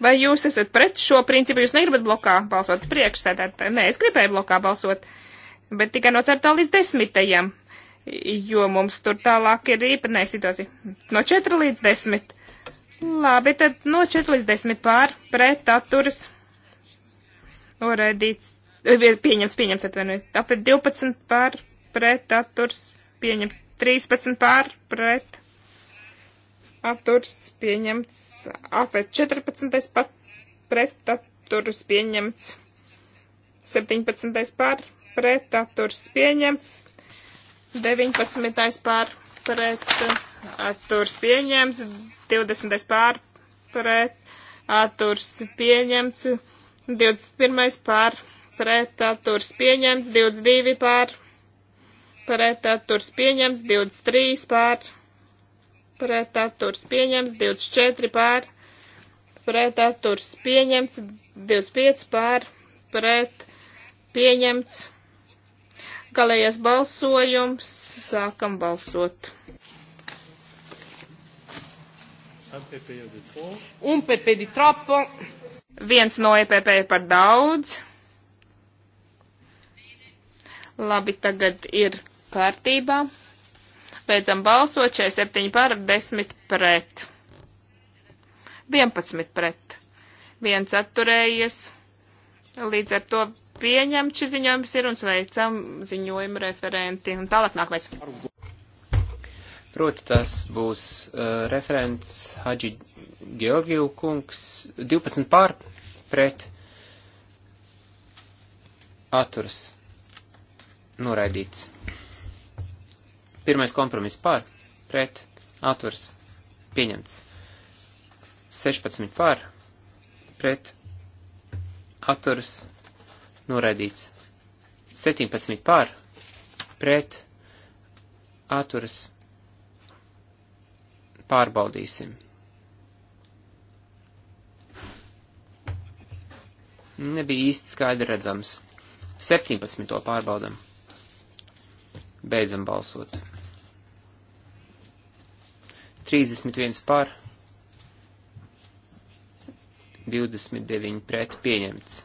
Vai jūs esat pret šo principu? Jūs negribat blokā balsot priekšsēdētāji? Nē, es gribēju blokā balsot, bet tikai no 4. līdz 10. Jo mums tur tālāk ir īpatnēja situācija. No 4 līdz 10. Labi, tad no 4 līdz 10 pār pret atturas. Noraidīts pieņems, pieņems atvainojiet, apret 12 pār pret atturs, pieņem 13 pār pret atturs, pieņemts apret 14 pat pret atturs, pieņemts 17 pār pret atturs, pieņemts 19 pār pret atturs, pieņemts 20 pār pret atturs, pieņemts 21 pār pret pretaturs pieņemts, 22 pār, pretaturs pieņemts, 23 pār, pretaturs pieņemts, 24 pār, pretaturs pieņemts, 25 pār, pret pieņemts. Galējais balsojums, sākam balsot. Un PP di troppo. Viens no EPP par daudz. Labi, tagad ir kārtībā. Beidzam balsot 47 par 10 pret. 11 pret. Viens atturējies. Līdz ar to pieņemt šis ziņojums ir un sveicam ziņojumu referenti. Un tālāk nākamais. Proti tas būs uh, referents Hadži Georgiju kungs 12 pār pret atturas noraidīts. Pirmais kompromiss pār, pret, atvars, pieņemts. 16 pār, pret, atvars, noraidīts. 17 pār, pret, atvars, pārbaudīsim. Nebija īsti skaidri redzams. 17. pārbaudam. Beidzam balsot. 31 par, 29 pret pieņemts.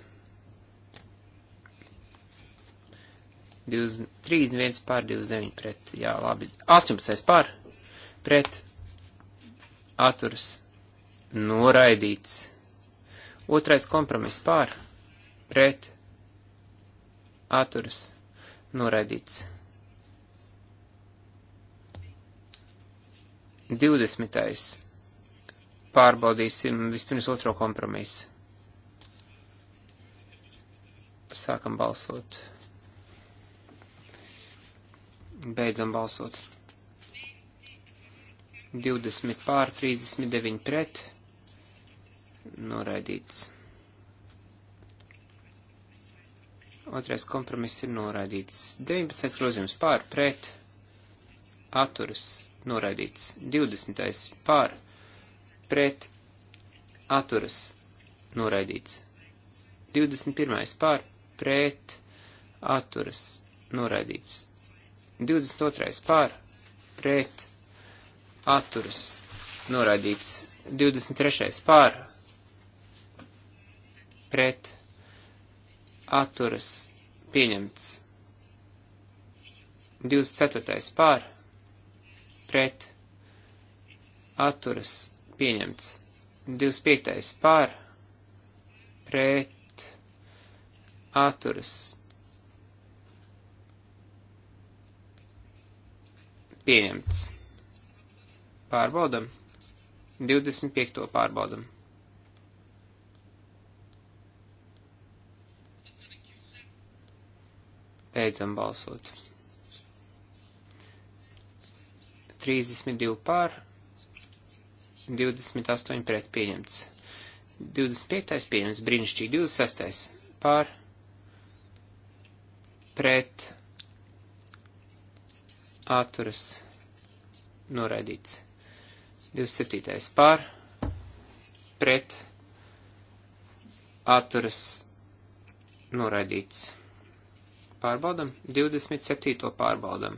20, 31 par, 29 pret, jā, labi. 18 par, pret, atturs, noraidīts. Otrais kompromiss par, pret, atturs, noraidīts. 20. Pārbaudīsim vispirms otro kompromisu. Sākam balsot. Beidzam balsot. 20 pār 39 pret. Noraidīts. Otrais kompromiss ir noraidīts. 19. grozījums pār pret. Atturas noraidīts. 20. par pret atturas noraidīts. 21. par pret atturas noraidīts. 22. par pret atturas noraidīts. 23. par pret atturas pieņemts. 24. par pret pret atturas pieņemts. 25. par pret atturas pieņemts. Pārbaudam. 25. pārbaudam. Beidzam balsot. 32 pār, 28 pret pieņemts. 25. pieņemts brīnišķīgi, 26. pār, pret, atturas, noraidīts. 27. pār, pret, atturas, noraidīts. Pārbaudam, 27. pārbaudam.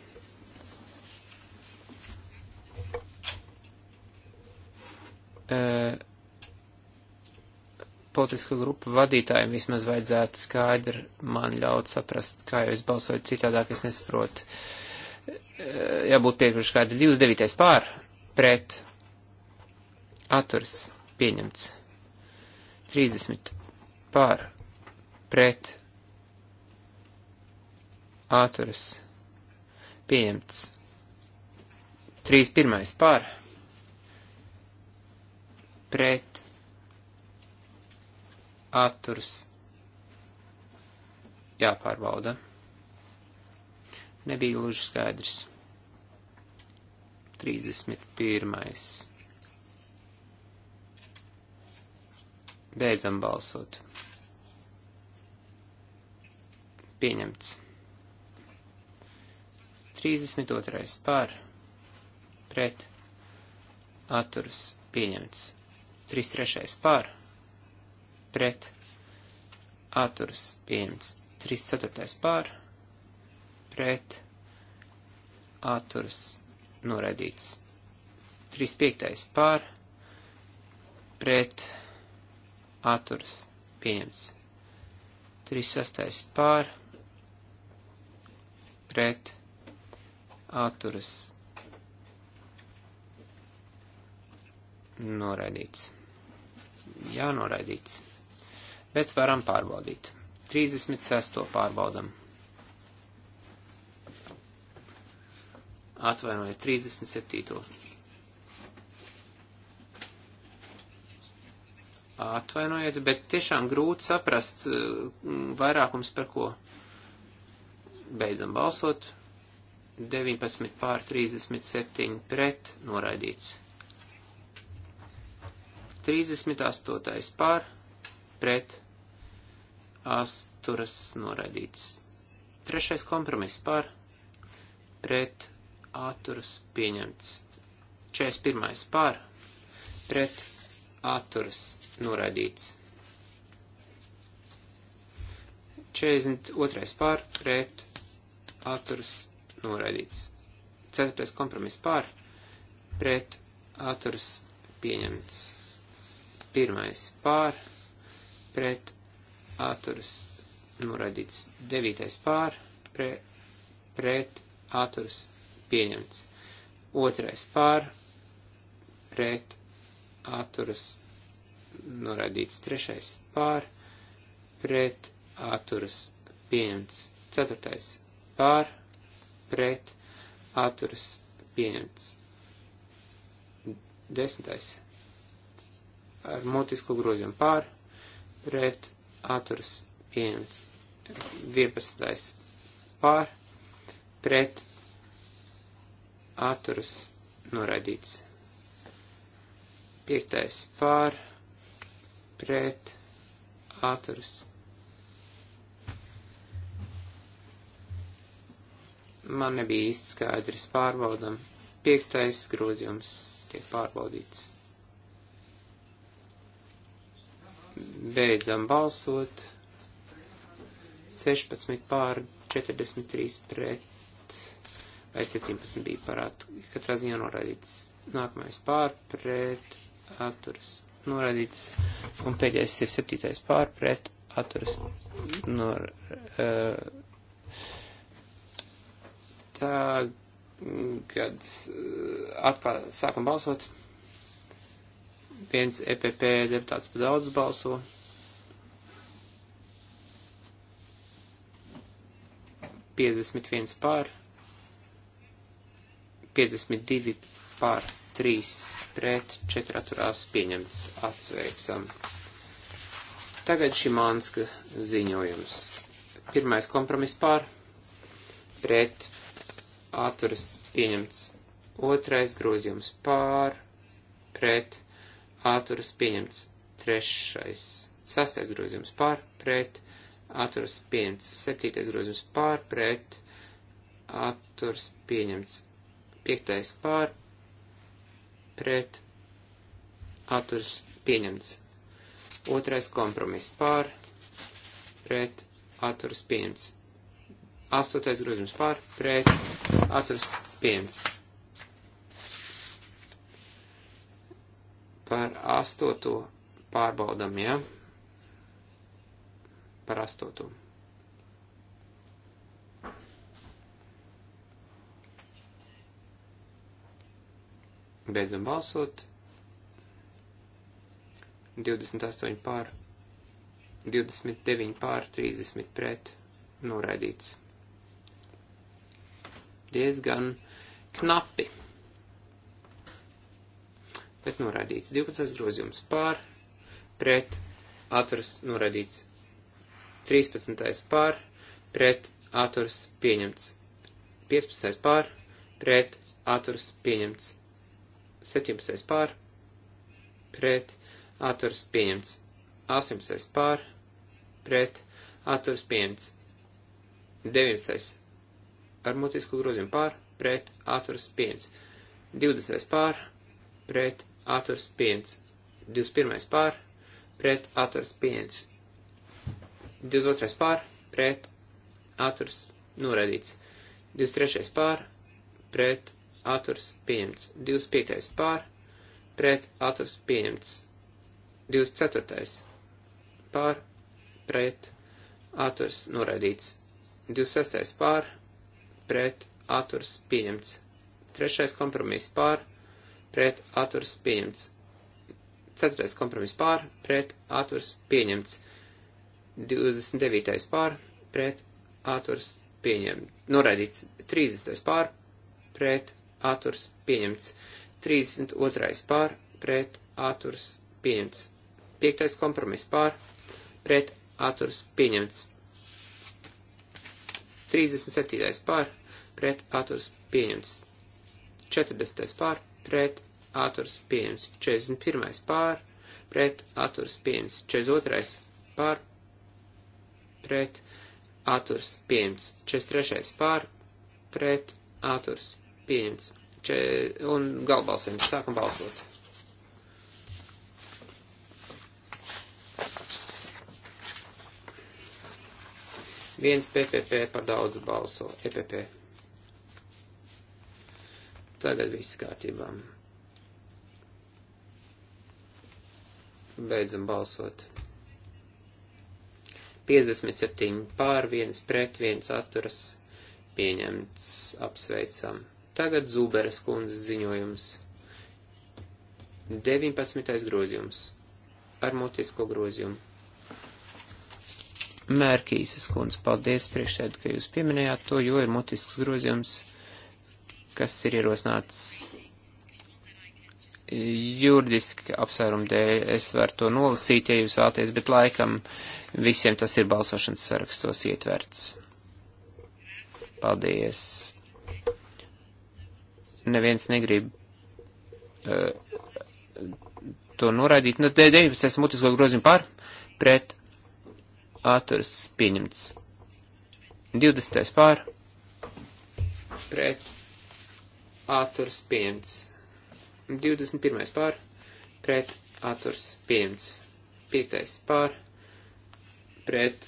Eh, politisko grupu vadītājiem vismaz vajadzētu skaidri man ļaut saprast, kā jau es balsoju citādāk, es nesaprotu. Eh, jābūt piekrišu skaidri 29. pār, pret, atturs, pieņemts. 30. pār, pret, atturs, pieņemts. 31. pār, pret pret atturs jāpārbauda. Nebija gluži skaidrs. 31. Beidzam balsot. Pieņemts. 32. pār pret atturs pieņemts. 3 trešais par, pret, atturas pieņemts, 3 ceturtais par, pret, atturas noraidīts, 3 piektais par, pret, atturas pieņemts, 3 sastais par, pret, atturas noraidīts. Jā, noraidīts. Bet varam pārbaudīt. 36. pārbaudam. Atvainojiet, 37. Atvainojiet, bet tiešām grūti saprast mm, vairākums par ko. Beidzam balsot. 19 pār 37 pret noraidīts. 38. pār pret asturas noraidīts. Trešais kompromiss pār pret atturas pieņemts. 41. pār pret atturas noraidīts. 42. pār pret atturas noraidīts. 4. kompromiss pār pret atturas pieņemts. Pirmais pār, pret atturas noraidīts. Devītais pār, pre, pret atturas pieņemts. Otrais pār, pret atturas noraidīts. Trešais pār, pret atturas pieņemts. Ceturtais pār, pret atturas pieņemts. Desmitais ar motisko grozījumu pār, pret, atturas pieņemts. 11. pār, pret, atturas noraidīts. 5. pār, pret, atturas. Man nebija īsti skaidrs pārbaudam. 5. grozījums tiek pārbaudīts. Beidzam balsot. 16 pār 43 pret vai 17 bija parāt. Katrā ziņā norādīts nākamais pār pret atturas norādīts un pēdējais ir 7. pār pret atturas nor, uh, tā, kad atkal sākam balsot viens EPP deputāts pa daudz balso. Piecdesmit viens pār, piecdesmit divi pār, trīs pret, četri atturās pieņemts atsveicam. Tagad šī Mānska ziņojums. Pirmais kompromiss pār, pret, atturas pieņemts. Otrais grozījums pār, pret, atturas pieņemts. Trešais, sastais grozījums pār, pret, atturas pieņemts. Septītais grozījums pār, pret, atturas pieņemts. Piektais pār, pret, atturas pieņemts. Otrais kompromiss pār, pret, atturas pieņemts. Astotais grozījums pār, pret, atturas pieņemts. Par astoto pārbaudam, jā? Ja? Par astoto. Beidzam balsot. 28 pār, 29 pār, 30 pret, noraidīts. Diezgan knapi bet noraidīts. 12. grozījums pār, pret, atturas noraidīts. 13. pār, pret, atturas pieņemts. 15. pār, pret, atturas pieņemts. 17. pār, pret, atturas pieņemts. 18. pār, pret, atturas pieņemts. 19. ar mutisku grozījumu pār, pret, atturas pieņemts. 20. pār, pret, atturs pieņemts. 21. pār, pret atturs pieņemts. 22. pār, pret atturs noraidīts. 23. pār, pret atturs pieņemts. 25. pār, pret atturs pieņemts. 24. pār, pret atturs noraidīts. 26. pār, pret atturs pieņemts. 3. kompromiss pār, pret atturs pieņemts. Ceturtais kompromiss pār, pret atturs pieņemts. 29. pār, pret atturs pieņemts. Noraidīts 30. pār, pret atturs pieņemts. 32. pār, pret atturs pieņemts. 5. kompromiss pār, pret atturs pieņemts. 37. pār, pret atturs pieņemts. 40. pār, pret atturs pieņems 41. pār, pret atturs pieņems 42. pār, pret atturs pieņems 43. pār, pret atturs pieņems un galbalsojums. Sākam balsot. Viens PPP par daudz balso. EPP. Tagad viss kārtībā. Beidzam balsot. 57 pār 1 pret 1 atturas pieņemts apsveicam. Tagad Zūberes kundzes ziņojums. 19. grozījums. Ar mutisko grozījumu. Mērkīsas kundze, paldies priekšēd, ka jūs pieminējāt to, jo ir mutisks grozījums kas ir ierosināts juridiski apsvērumu dēļ. Es varu to nolasīt, ja jūs vēlaties, bet laikam visiem tas ir balsošanas sarakstos ietverts. Paldies. Neviens negrib uh, to noraidīt. Nu, 19. esmu mutisko grozījumu par, pret, atturs pieņemts. 20. pār, pret, atturs pieņemts. 21. pār, pret atturs pieņemts. 5. pār, pret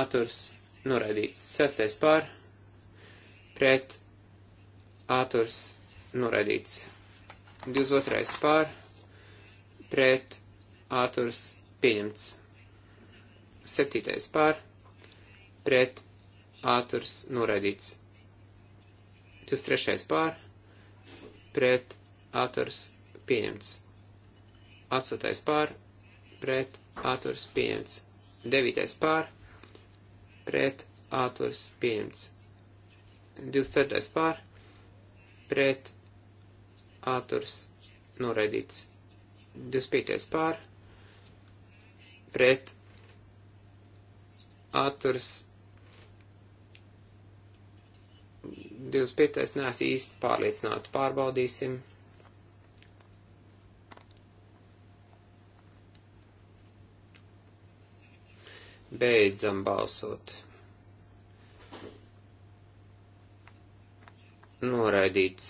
atturs noraidīts. 6. pār, pret atturs noraidīts. 22. pār, pret atturs pieņemts. 7. pār, pret atturs noraidīts. 23. pār, pret atturs pieņemts. 8. pār pret atturs pieņemts. 9. pār pret atturs pieņemts. 24. pār pret atturs noraidīts. 25. pār pret atturs pieņemts 25. nēs īsti pārliecināti. Pārbaudīsim. Beidzam balsot. Noraidīts.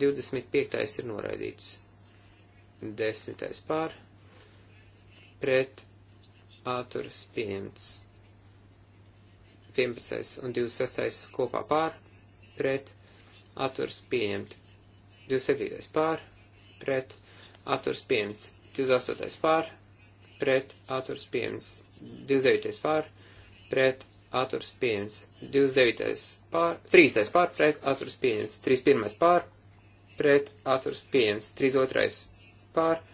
25. ir noraidīts. 10. pār. Pret. Āturs pieņemts. 11. un 26. kopā pār, pret, atturs pieņemti. 27. pār, pret, atturs pieņemts. 28. pār, pret, atturs pieņemts. 29. pār, pret, atturs pieņemts. 29. pār, 3. pār, pret, atturs pieņemts. 31. pār, pret, atturs pieņemts. 32. pār,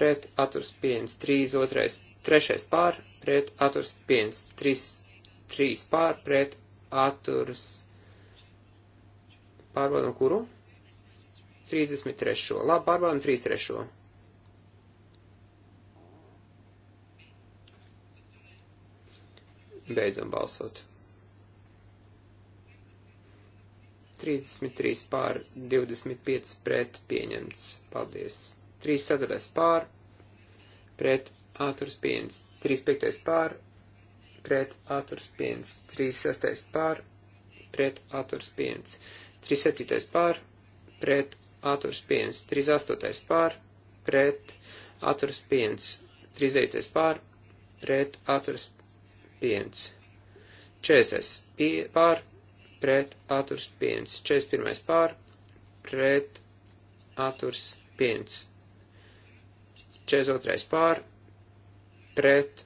pret, atturs pieņemts. 32. 3. pār, pret, atturs pieņemts. 3. 3 pār pret atturas pārbaudam kuru? 33. Labi, pārbaudam 33. Beidzam balsot. 33 pār 25 pret pieņemts. Paldies. 3 ceturtais pār pret ātrs pieņemts. 35 pār pret atturs pieņemts. 36. pār pret atturs pieņemts. 37. pār pret atturs pieņemts. 38. pār pret atturs pieņemts. 39. pār pret atturs pieņemts. 40. pār pret atturs pieņemts. 41. pār pret atturs pieņemts. 42. pār pret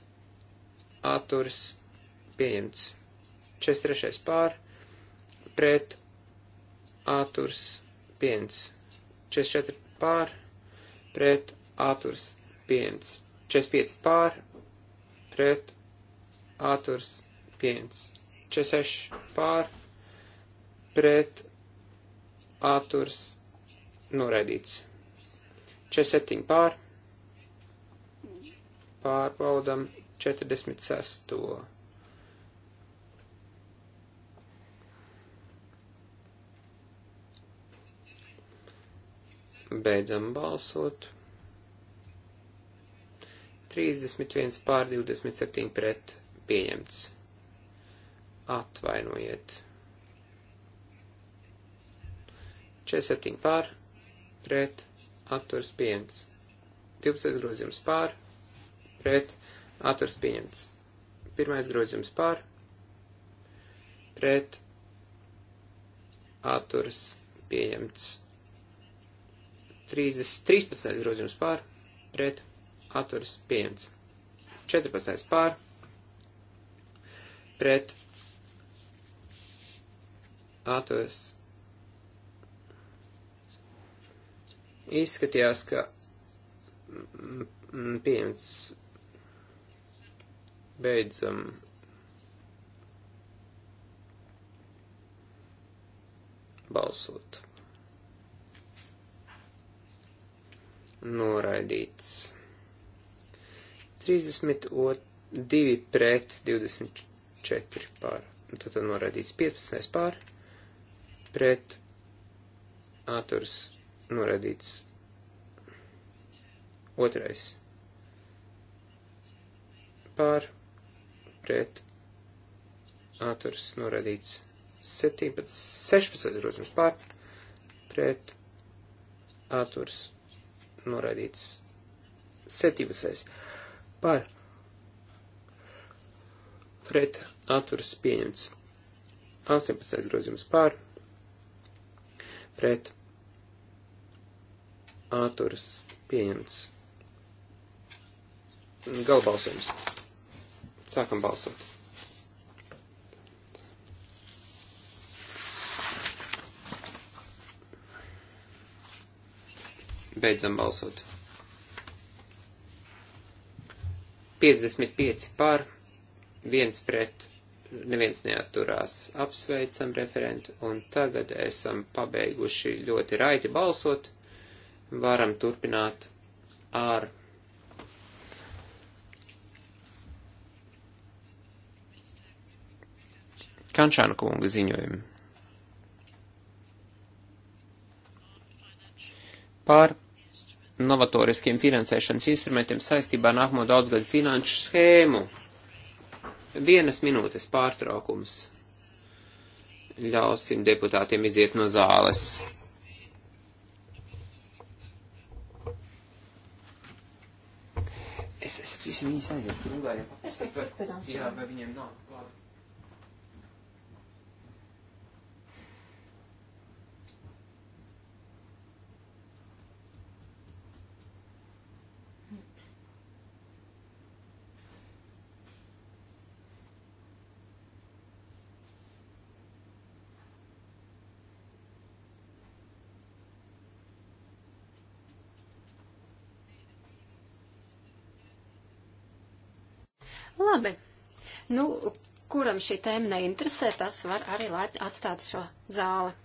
atturas pieņemts. 43. pār pret atturas pieņemts. 44. pār pret atturas pieņemts. 45. pār pret atturas pieņemts. 46. pār pret atturas noraidīts. 47 pār, pārbaudam 46. Beidzam balsot. 31 pār 27 pret pieņemts. Atvainojiet. 47 pār pret atturs pieņemts. 12 grozījums pār pret Atturs pieņemts. Pirmais grozījums pār. Pret. Atturs pieņemts. 30, 13. grozījums pār. Pret. Atturs pieņemts. 14. pār. Pret. Atturs. Izskatījās, ka mm, mm, pieņemts Beidzam. Balsot. Noraidīts. 32 pret 24 pār. Tad noraidīts 15 pār. Pret atturs noraidīts otrais pār pret atturs norādīts 17, 16 grozījums pār pret atturs norādīts 17 pār pret atturs pieņemts 18 grozījums pār pret atturs pieņemts galbalsojums. Sākam balsot. Beidzam balsot. 55 par, 1 pret, neviens neaturās. Apsveicam referentu un tagad esam pabeiguši ļoti raiti balsot. Varam turpināt ar Kančāna kunga ziņojumu. Par novatoriskiem finansēšanas instrumentiem saistībā ar nākamo daudzgadu finanšu schēmu. Vienas minūtes pārtraukums. Ļausim deputātiem iziet no zāles. Es, es visiem viņus aizietu. Nu, Jā, vai viņiem nav? Labi. labi. Nu, kuram šī tēma neinteresē, tas var arī atstāt šo zāli.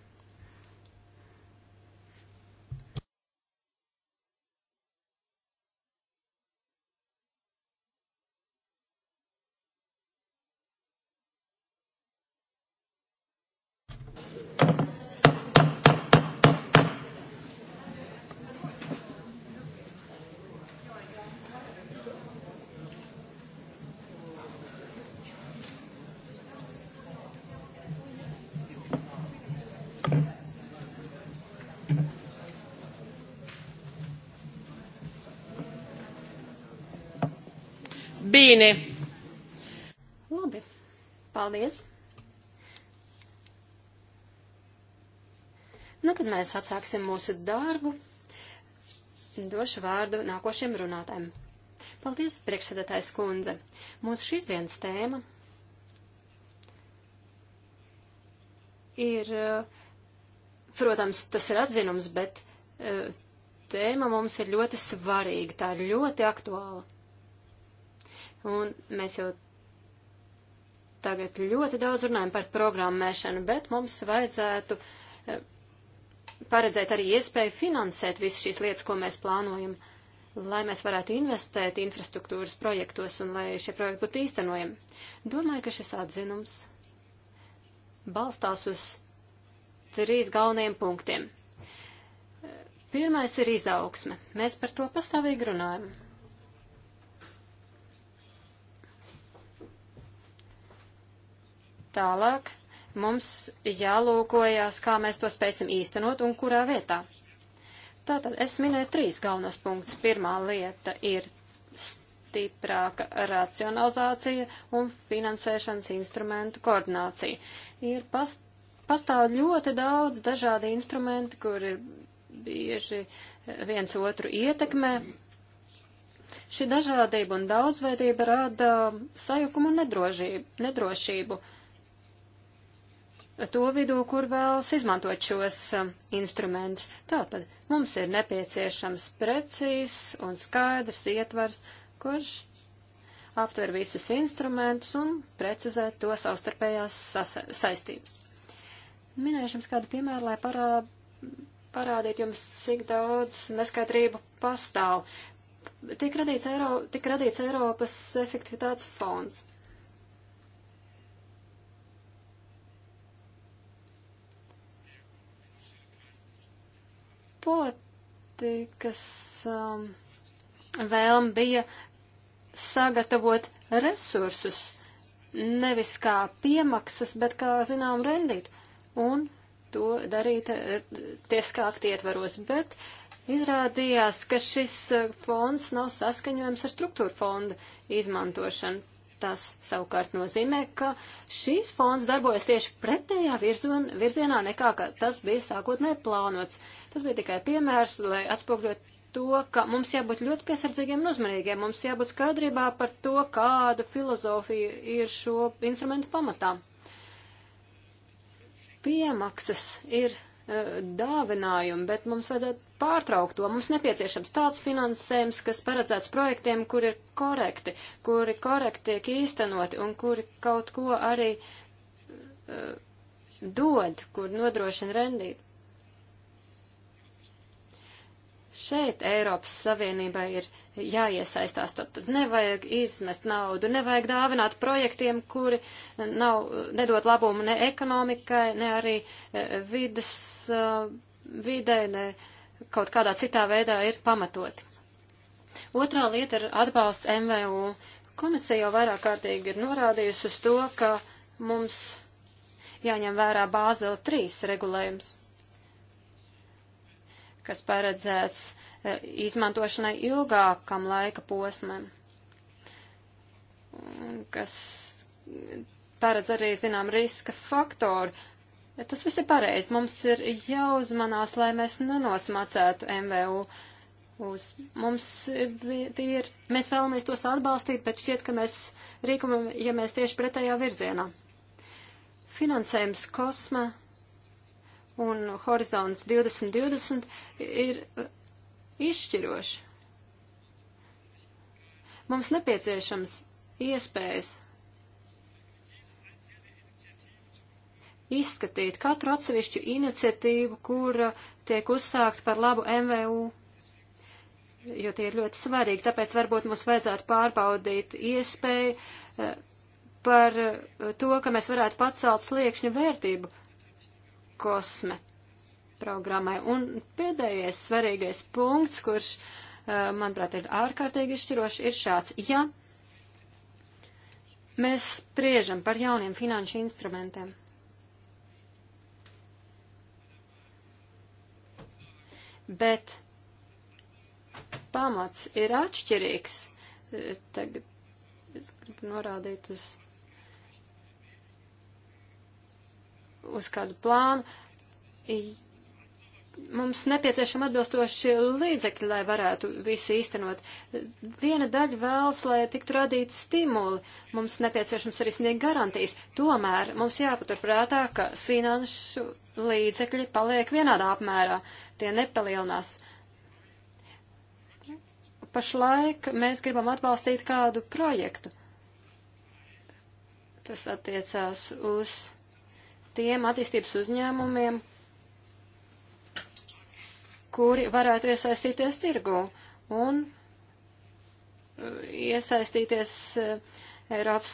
Bīni. Labi, paldies. Nu, tad mēs atsāksim mūsu darbu. Došu vārdu nākošiem runātājiem. Paldies, priekšsēdētājs kundze. Mūsu šīs dienas tēma ir, protams, tas ir atzinums, bet eh, tēma mums ir ļoti svarīga, tā ir ļoti aktuāla. Un mēs jau tagad ļoti daudz runājam par programmēšanu, bet mums vajadzētu eh, paredzēt arī iespēju finansēt visas šīs lietas, ko mēs plānojam, lai mēs varētu investēt infrastruktūras projektos un lai šie projekti būtu īstenojami. Domāju, ka šis atzinums balstās uz trīs galvenajiem punktiem. Pirmais ir izaugsme. Mēs par to pastāvīgi runājam. Tālāk mums jālūkojās, kā mēs to spēsim īstenot un kurā vietā. Tātad es minēju trīs galvenos punktus. Pirmā lieta ir stiprāka racionalizācija un finansēšanas instrumentu koordinācija. Ir past, pastāv ļoti daudz dažādi instrumenti, kuri bieži eh, viens otru ietekmē. Šī dažādība un daudzveidība rada sajukumu un nedrošību to vidū, kur vēlas izmantot šos um, instrumentus. Tātad mums ir nepieciešams precīzs un skaidrs ietvars, kurš aptver visus instrumentus un precizē to savstarpējās saistības. Minēšams kādu piemēru, lai parā, parādītu jums, cik daudz neskaidrību pastāv. Tiek radīts, Eiro, tiek radīts Eiropas efektivitātes fonds. politikas um, vēlme bija sagatavot resursus, nevis kā piemaksas, bet kā, zinām, rendīt. Un to darīt eh, tieskākti ietvaros, bet izrādījās, ka šis eh, fonds nav saskaņojams ar struktūra fonda izmantošanu. Tas savukārt nozīmē, ka šīs fonds darbojas tieši pretējā virzienā nekā tas bija sākotnē plānots. Tas bija tikai piemērs, lai atspogļot to, ka mums jābūt ļoti piesardzīgiem un uzmanīgiem. Mums jābūt skaidrībā par to, kāda filozofija ir šo instrumentu pamatā. Piemaksas ir uh, dāvinājumi, bet mums vajadzētu pārtraukt to. Mums nepieciešams tāds finansējums, kas paredzēts projektiem, kur ir korekti, kuri korekti tiek īstenoti un kuri kaut ko arī uh, dod, kur nodrošina rendību. Šeit Eiropas Savienībai ir jāiesaistās, tad, tad nevajag izmest naudu, nevajag dāvināt projektiem, kuri nav, nedod labumu ne ekonomikai, ne arī e, vidas, e, vidē, ne kaut kādā citā veidā ir pamatoti. Otrā lieta ir atbalsts MVU. Komisija jau vairāk kārtīgi ir norādījusi uz to, ka mums jāņem vērā Bāzela 3 regulējums kas paredzēts e, izmantošanai ilgākam laika posmam, kas paredz arī, zinām, riska faktoru. E, tas viss ir pareizi. Mums ir jāuzmanās, lai mēs nenosmacētu MVU. Uz. Mums ir, mēs vēlamies tos atbalstīt, bet šķiet, ka mēs rīkumamies ja tieši pretējā virzienā. Finansējums kosma un horizons 2020 ir uh, izšķiroši. Mums nepieciešams iespējas izskatīt katru atsevišķu iniciatīvu, kura tiek uzsākt par labu MVU, jo tie ir ļoti svarīgi. Tāpēc varbūt mums vajadzētu pārbaudīt iespēju uh, par uh, to, ka mēs varētu pacelt sliekšņu vērtību kosme programmai. Un pēdējais svarīgais punkts, kurš, eh, manuprāt, ir ārkārtīgi izšķiroši, ir šāds. Ja mēs spriežam par jauniem finanšu instrumentiem, bet pamats ir atšķirīgs. Eh, tagad es gribu norādīt uz uz kādu plānu. Mums nepieciešama atbilstoši līdzekļi, lai varētu visu īstenot. Viena daļa vēlas, lai tiktu radīti stimuli. Mums nepieciešams arī sniegt garantijas. Tomēr mums jāpaturprātā, ka finanšu līdzekļi paliek vienādā apmērā. Tie nepalielinās pašlaik mēs gribam atbalstīt kādu projektu. Tas attiecās uz tiem attīstības uzņēmumiem, kuri varētu iesaistīties tirgu un eh, iesaistīties eh, Eiropas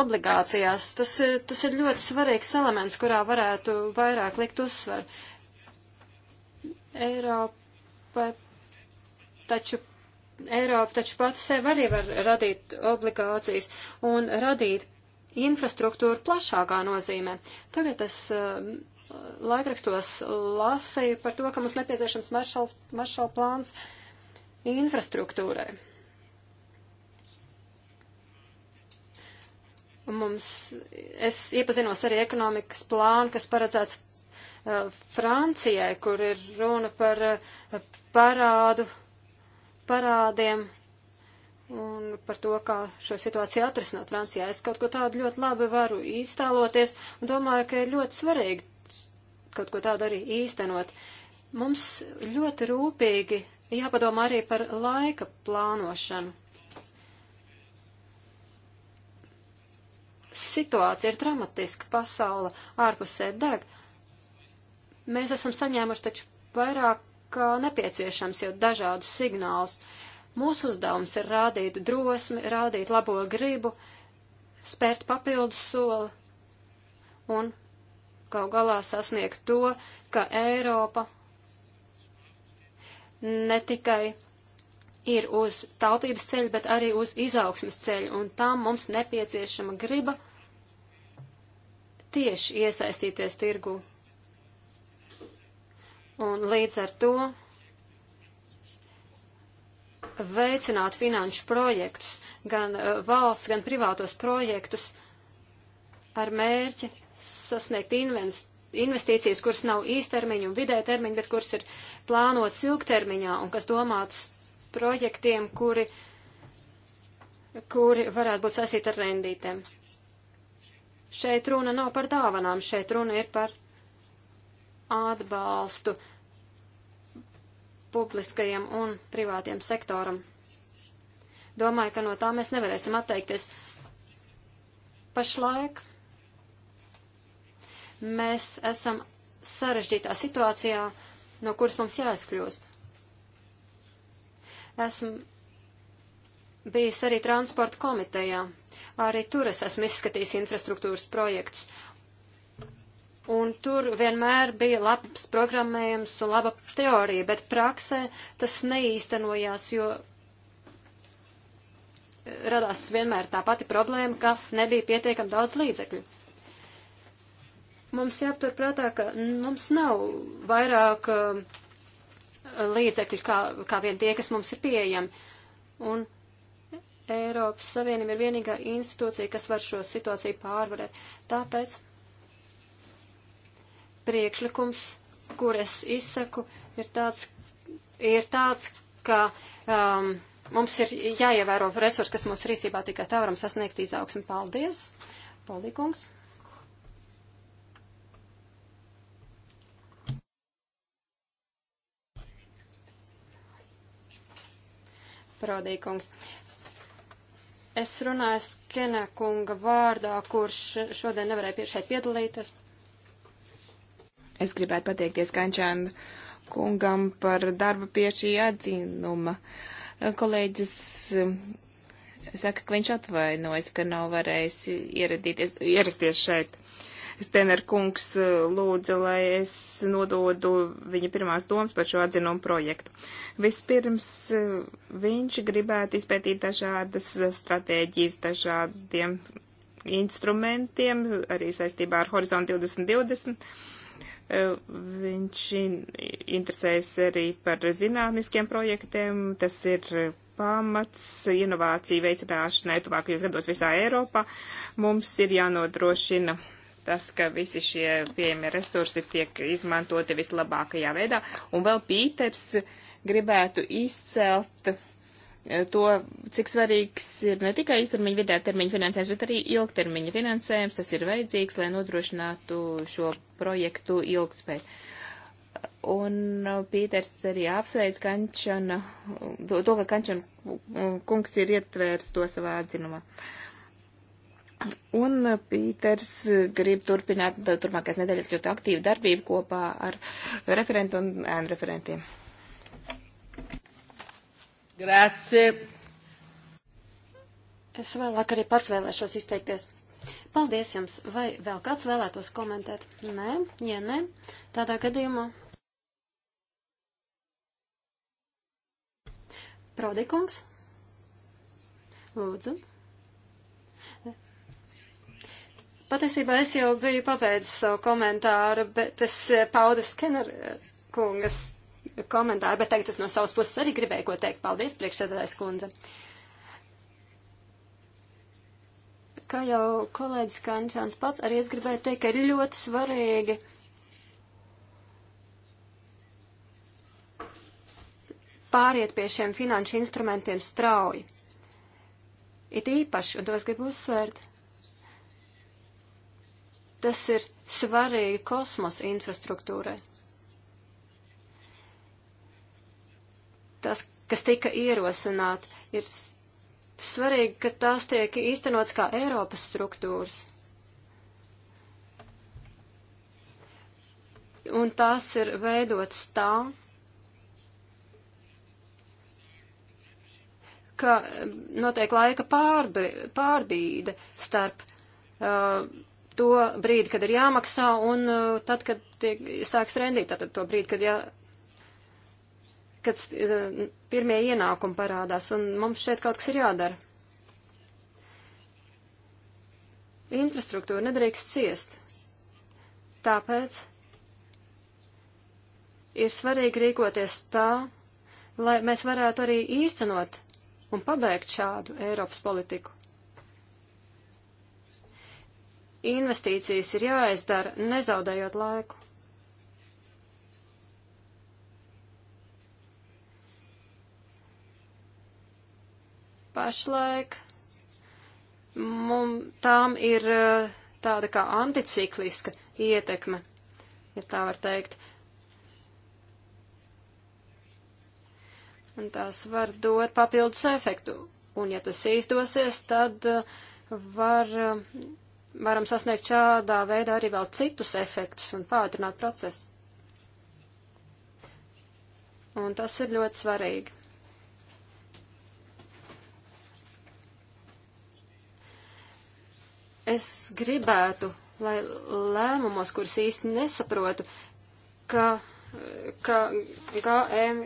obligācijās. Tas, eh, tas ir ļoti svarīgs elements, kurā varētu vairāk likt uzsvaru. Eiropa taču Eiropa taču pati sev arī var radīt obligācijas un radīt infrastruktūru plašākā nozīmē. Tagad es um, laikrakstos lasīju par to, ka mums nepieciešams maršala plāns infrastruktūrai. Mums, es iepazinos arī ekonomikas plānu, kas paredzēts uh, Francijai, kur ir runa par uh, parādu parādiem un par to, kā šo situāciju atrisināt Francijā. Es kaut ko tādu ļoti labi varu iztēloties un domāju, ka ir ļoti svarīgi kaut ko tādu arī īstenot. Mums ļoti rūpīgi jāpadomā arī par laika plānošanu. Situācija ir dramatiska, pasaula ārpusē deg. Mēs esam saņēmuši taču vairāk kā nepieciešams jau dažādus signālus. Mūsu uzdevums ir rādīt drosmi, rādīt labo gribu, spērt papildus soli un kaut galā sasniegt to, ka Eiropa ne tikai ir uz taupības ceļa, bet arī uz izaugsmas ceļa, un tam mums nepieciešama griba tieši iesaistīties tirgu un līdz ar to veicināt finanšu projektus, gan uh, valsts, gan privātos projektus ar mērķi sasniegt investīcijas, kuras nav īstermiņa un vidē termiņa, bet kuras ir plānotas ilgtermiņā un kas domāts projektiem, kuri, kuri varētu būt saistīti ar rendītēm. Šeit runa nav par dāvanām, šeit runa ir par atbalstu publiskajiem un privātiem sektoram. Domāju, ka no tā mēs nevarēsim atteikties. Pašlaik mēs esam sarežģītā situācijā, no kuras mums jāizkļūst. Esmu bijis arī transporta komitejā. Arī tur es esmu izskatījis infrastruktūras projektus un tur vienmēr bija labs programmējums un laba teorija, bet praksē tas neīstenojās, jo eh, radās vienmēr tā pati problēma, ka nebija pietiekam daudz līdzekļu. Mums jāaptur prātā, ka mums nav vairāk uh, līdzekļu kā, kā vien tie, kas mums ir pieejami. Un Eiropas Savienība ir vienīgā institūcija, kas var šo situāciju pārvarēt. Tāpēc priekšlikums, kur es izsaku, ir tāds, ir tāds ka um, mums ir jāievēro resursi, kas mūsu rīcībā tikai tā varam sasniegt izaugsmi. Paldies! Paldies! Prodīkungs. Es runāju Skena kunga vārdā, kurš šodien nevarēja šeit piedalīties, Es gribētu pateikties Kančānu kungam par darbu pie šī atzinuma. Kolēģis eh, saka, ka viņš atvainojas, ka nav varējis ierasties šeit. Stener kungs eh, lūdza, lai es nododu viņa pirmās domas par šo atzinumu projektu. Vispirms eh, viņš gribētu izpētīt dažādas stratēģijas dažādiem instrumentiem, arī saistībā ar Horizontu 2020 Viņš interesējas arī par zinātniskiem projektiem. Tas ir pamats inovāciju veicināšanai tuvākajos gados visā Eiropā. Mums ir jānodrošina tas, ka visi šie pieejamie resursi tiek izmantoti vislabākajā veidā. Un vēl Pīters gribētu izcelt Eh, to, cik svarīgs ir ne tikai īstermiņa vidē termiņa finansējums, bet arī ilgtermiņa finansējums. Tas ir vajadzīgs, lai nodrošinātu šo projektu ilgspēju. Un eh, Pīters arī apsveic Kančana, to, to, ka Kančana eh, kungs ir ietvērs to savā atzinumā. Un Pīters grib turpināt turpmākās nedēļas ļoti aktīvu darbību kopā ar referentu un ēnu referentiem. Grācie! Es vēlāk arī pats vēlēšos izteikties. Paldies jums! Vai vēl kāds vēlētos komentēt? Nē, ja nē, tādā gadījumā. Prodikungs? Lūdzu. Patiesībā es jau biju pabeidzis savu komentāru, bet es eh, paudu Skener eh, kungas komentāru, bet tagad es no savas puses arī gribēju ko teikt. Paldies, priekšsēdētājs kundze. Kā jau kolēģis Kančāns pats arī es gribēju teikt, ka ir ļoti svarīgi. pāriet pie šiem finanšu instrumentiem strauji. It īpaši, un tos gribu uzsvērt, tas ir svarīgi kosmosa infrastruktūrai. tas, kas tika ierosināt, ir svarīgi, ka tās tiek īstenots kā Eiropas struktūras. Un tās ir veidotas tā, ka notiek laika pārbri, pārbīde starp uh, to brīdi, kad ir jāmaksā, un uh, tad, kad tiek, sāks rendīt, tad to brīdi, kad jā, kad eh, pirmie ienākumi parādās, un mums šeit kaut kas ir jādara. Infrastruktūra nedrīkst ciest. Tāpēc ir svarīgi rīkoties tā, lai mēs varētu arī īstenot un pabeigt šādu Eiropas politiku. Investīcijas ir jāizdara, nezaudējot laiku. pašlaik mum, tām ir eh, tāda kā anticikliska ietekme, ja tā var teikt. Un tās var dot papildus efektu. Un ja tas izdosies, tad eh, var, eh, varam sasniegt šādā veidā arī vēl citus efektus un pātrināt procesu. Un tas ir ļoti svarīgi. Es gribētu, lai lēmumos, kurus īsti nesaprotu, ka, ka GM,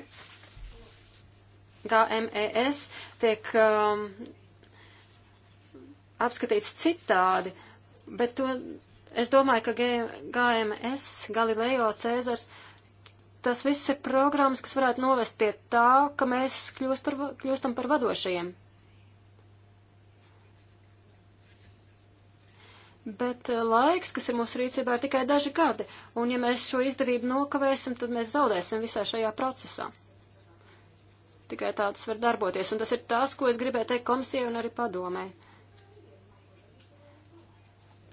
GMES tiek um, apskatīts citādi, bet to, es domāju, ka GMS, e Galileo Cēzars, tas viss ir programmas, kas varētu novest pie tā, ka mēs kļūst par, kļūstam par vadošajiem Bet eh, laiks, kas ir mūsu rīcībā, ir tikai daži gadi, un ja mēs šo izdarību nokavēsim, tad mēs zaudēsim visā šajā procesā. Tikai tāds var darboties, un tas ir tās, ko es gribēju teikt komisijai un arī padomē.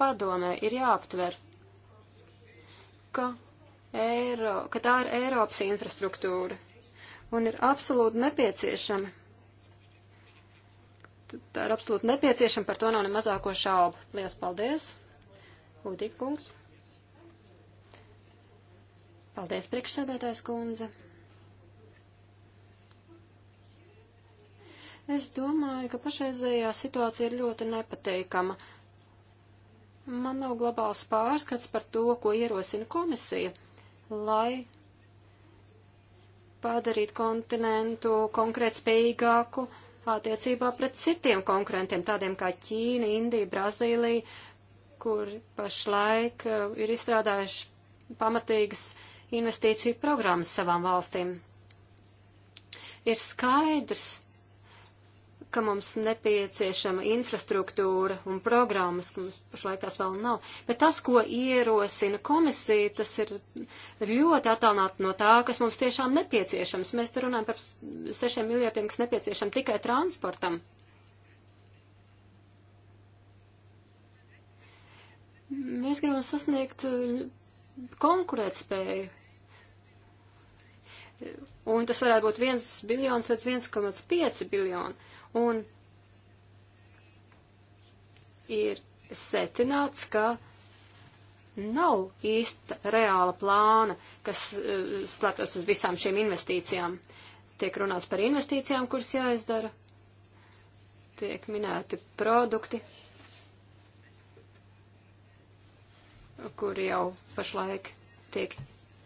Padomē ir jāaptver, ka, Eiro, ka tā ir Eiropas infrastruktūra, un ir absolūti nepieciešama tā ir absolūti nepieciešama, par to nav ne mazāko šaubu. Lielas paldies, Udīk kungs. Paldies, priekšsēdētājs kundze. Es domāju, ka pašreizējā situācija ir ļoti nepateikama. Man nav globāls pārskats par to, ko ierosina komisija, lai padarītu kontinentu konkrēt spējīgāku attiecībā pret citiem konkurentiem, tādiem kā Ķīna, Indija, Brazīlija, kur pašlaik uh, ir izstrādājuši pamatīgas investīciju programmas savām valstīm. Ir skaidrs, ka mums nepieciešama infrastruktūra un programmas, ka mums pašlaik tās vēl nav. Bet tas, ko ierosina komisija, tas ir ļoti attālināt no tā, kas mums tiešām nepieciešams. Mēs te runājam par sešiem miljardiem, kas nepieciešam tikai transportam. Mēs gribam sasniegt uh, konkurētspēju. Un tas varētu būt 1 biljons līdz 1,5 biljonu un ir secināts, ka nav īsta reāla plāna, kas eh, slēptos uz visām šīm investīcijām. Tiek runāts par investīcijām, kuras jāizdara, tiek minēti produkti, kuri jau pašlaik tiek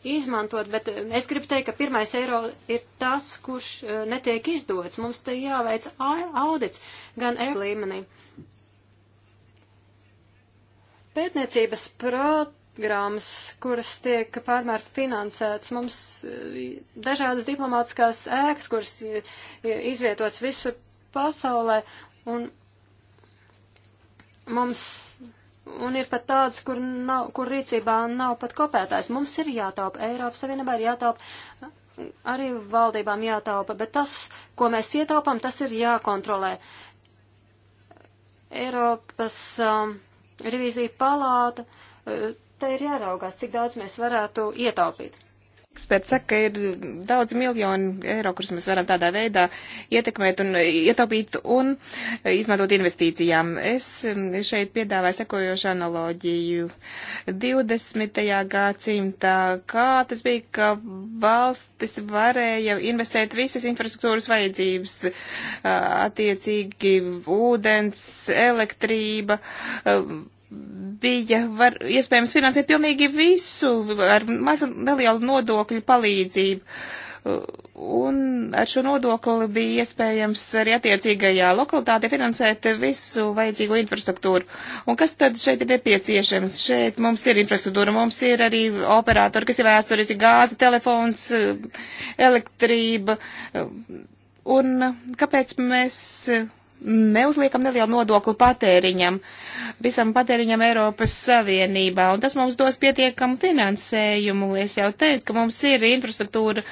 izmantot, bet eh, es gribu teikt, ka pirmais eiro ir tas, kurš eh, netiek izdots. Mums te jāveic audits gan eiro līmenī. Pētniecības programmas, kuras tiek pārmēr finansētas, mums eh, dažādas diplomātiskās ēkas, kuras izvietotas visur pasaulē, un mums Un ir pat tāds, kur, nav, kur rīcībā nav pat kopētājs. Mums ir jātaupa Eiropas Savienībā, ir jātaupa arī valdībām jātaupa, bet tas, ko mēs ietaupam, tas ir jākontrolē. Eiropas um, revīzija palāta, uh, te ir jāraugās, cik daudz mēs varētu ietaupīt. Eksperts saka, ka ir daudz miljonu eiro, kurus mēs varam tādā veidā ietekmēt un ietaupīt un izmantot investīcijām. Es mm, šeit piedāvāju sekojošu analoģiju. 20. gadsimtā, kā tas bija, ka valstis varēja investēt visas infrastruktūras vajadzības, attiecīgi ūdens, elektrība, bija var, iespējams finansēt pilnīgi visu ar mazu nelielu nodokļu palīdzību. Un ar šo nodokli bija iespējams arī attiecīgajā lokalitāte finansēt visu vajadzīgo infrastruktūru. Un kas tad šeit ir nepieciešams? Šeit mums ir infrastruktūra, mums ir arī operatori, kas ir vēsturiski gāze, telefons, elektrība. Un kāpēc mēs neuzliekam nelielu nodokli patēriņam, visam patēriņam Eiropas Savienībā, un tas mums dos pietiekamu finansējumu. Es jau teicu, ka mums ir infrastruktūra,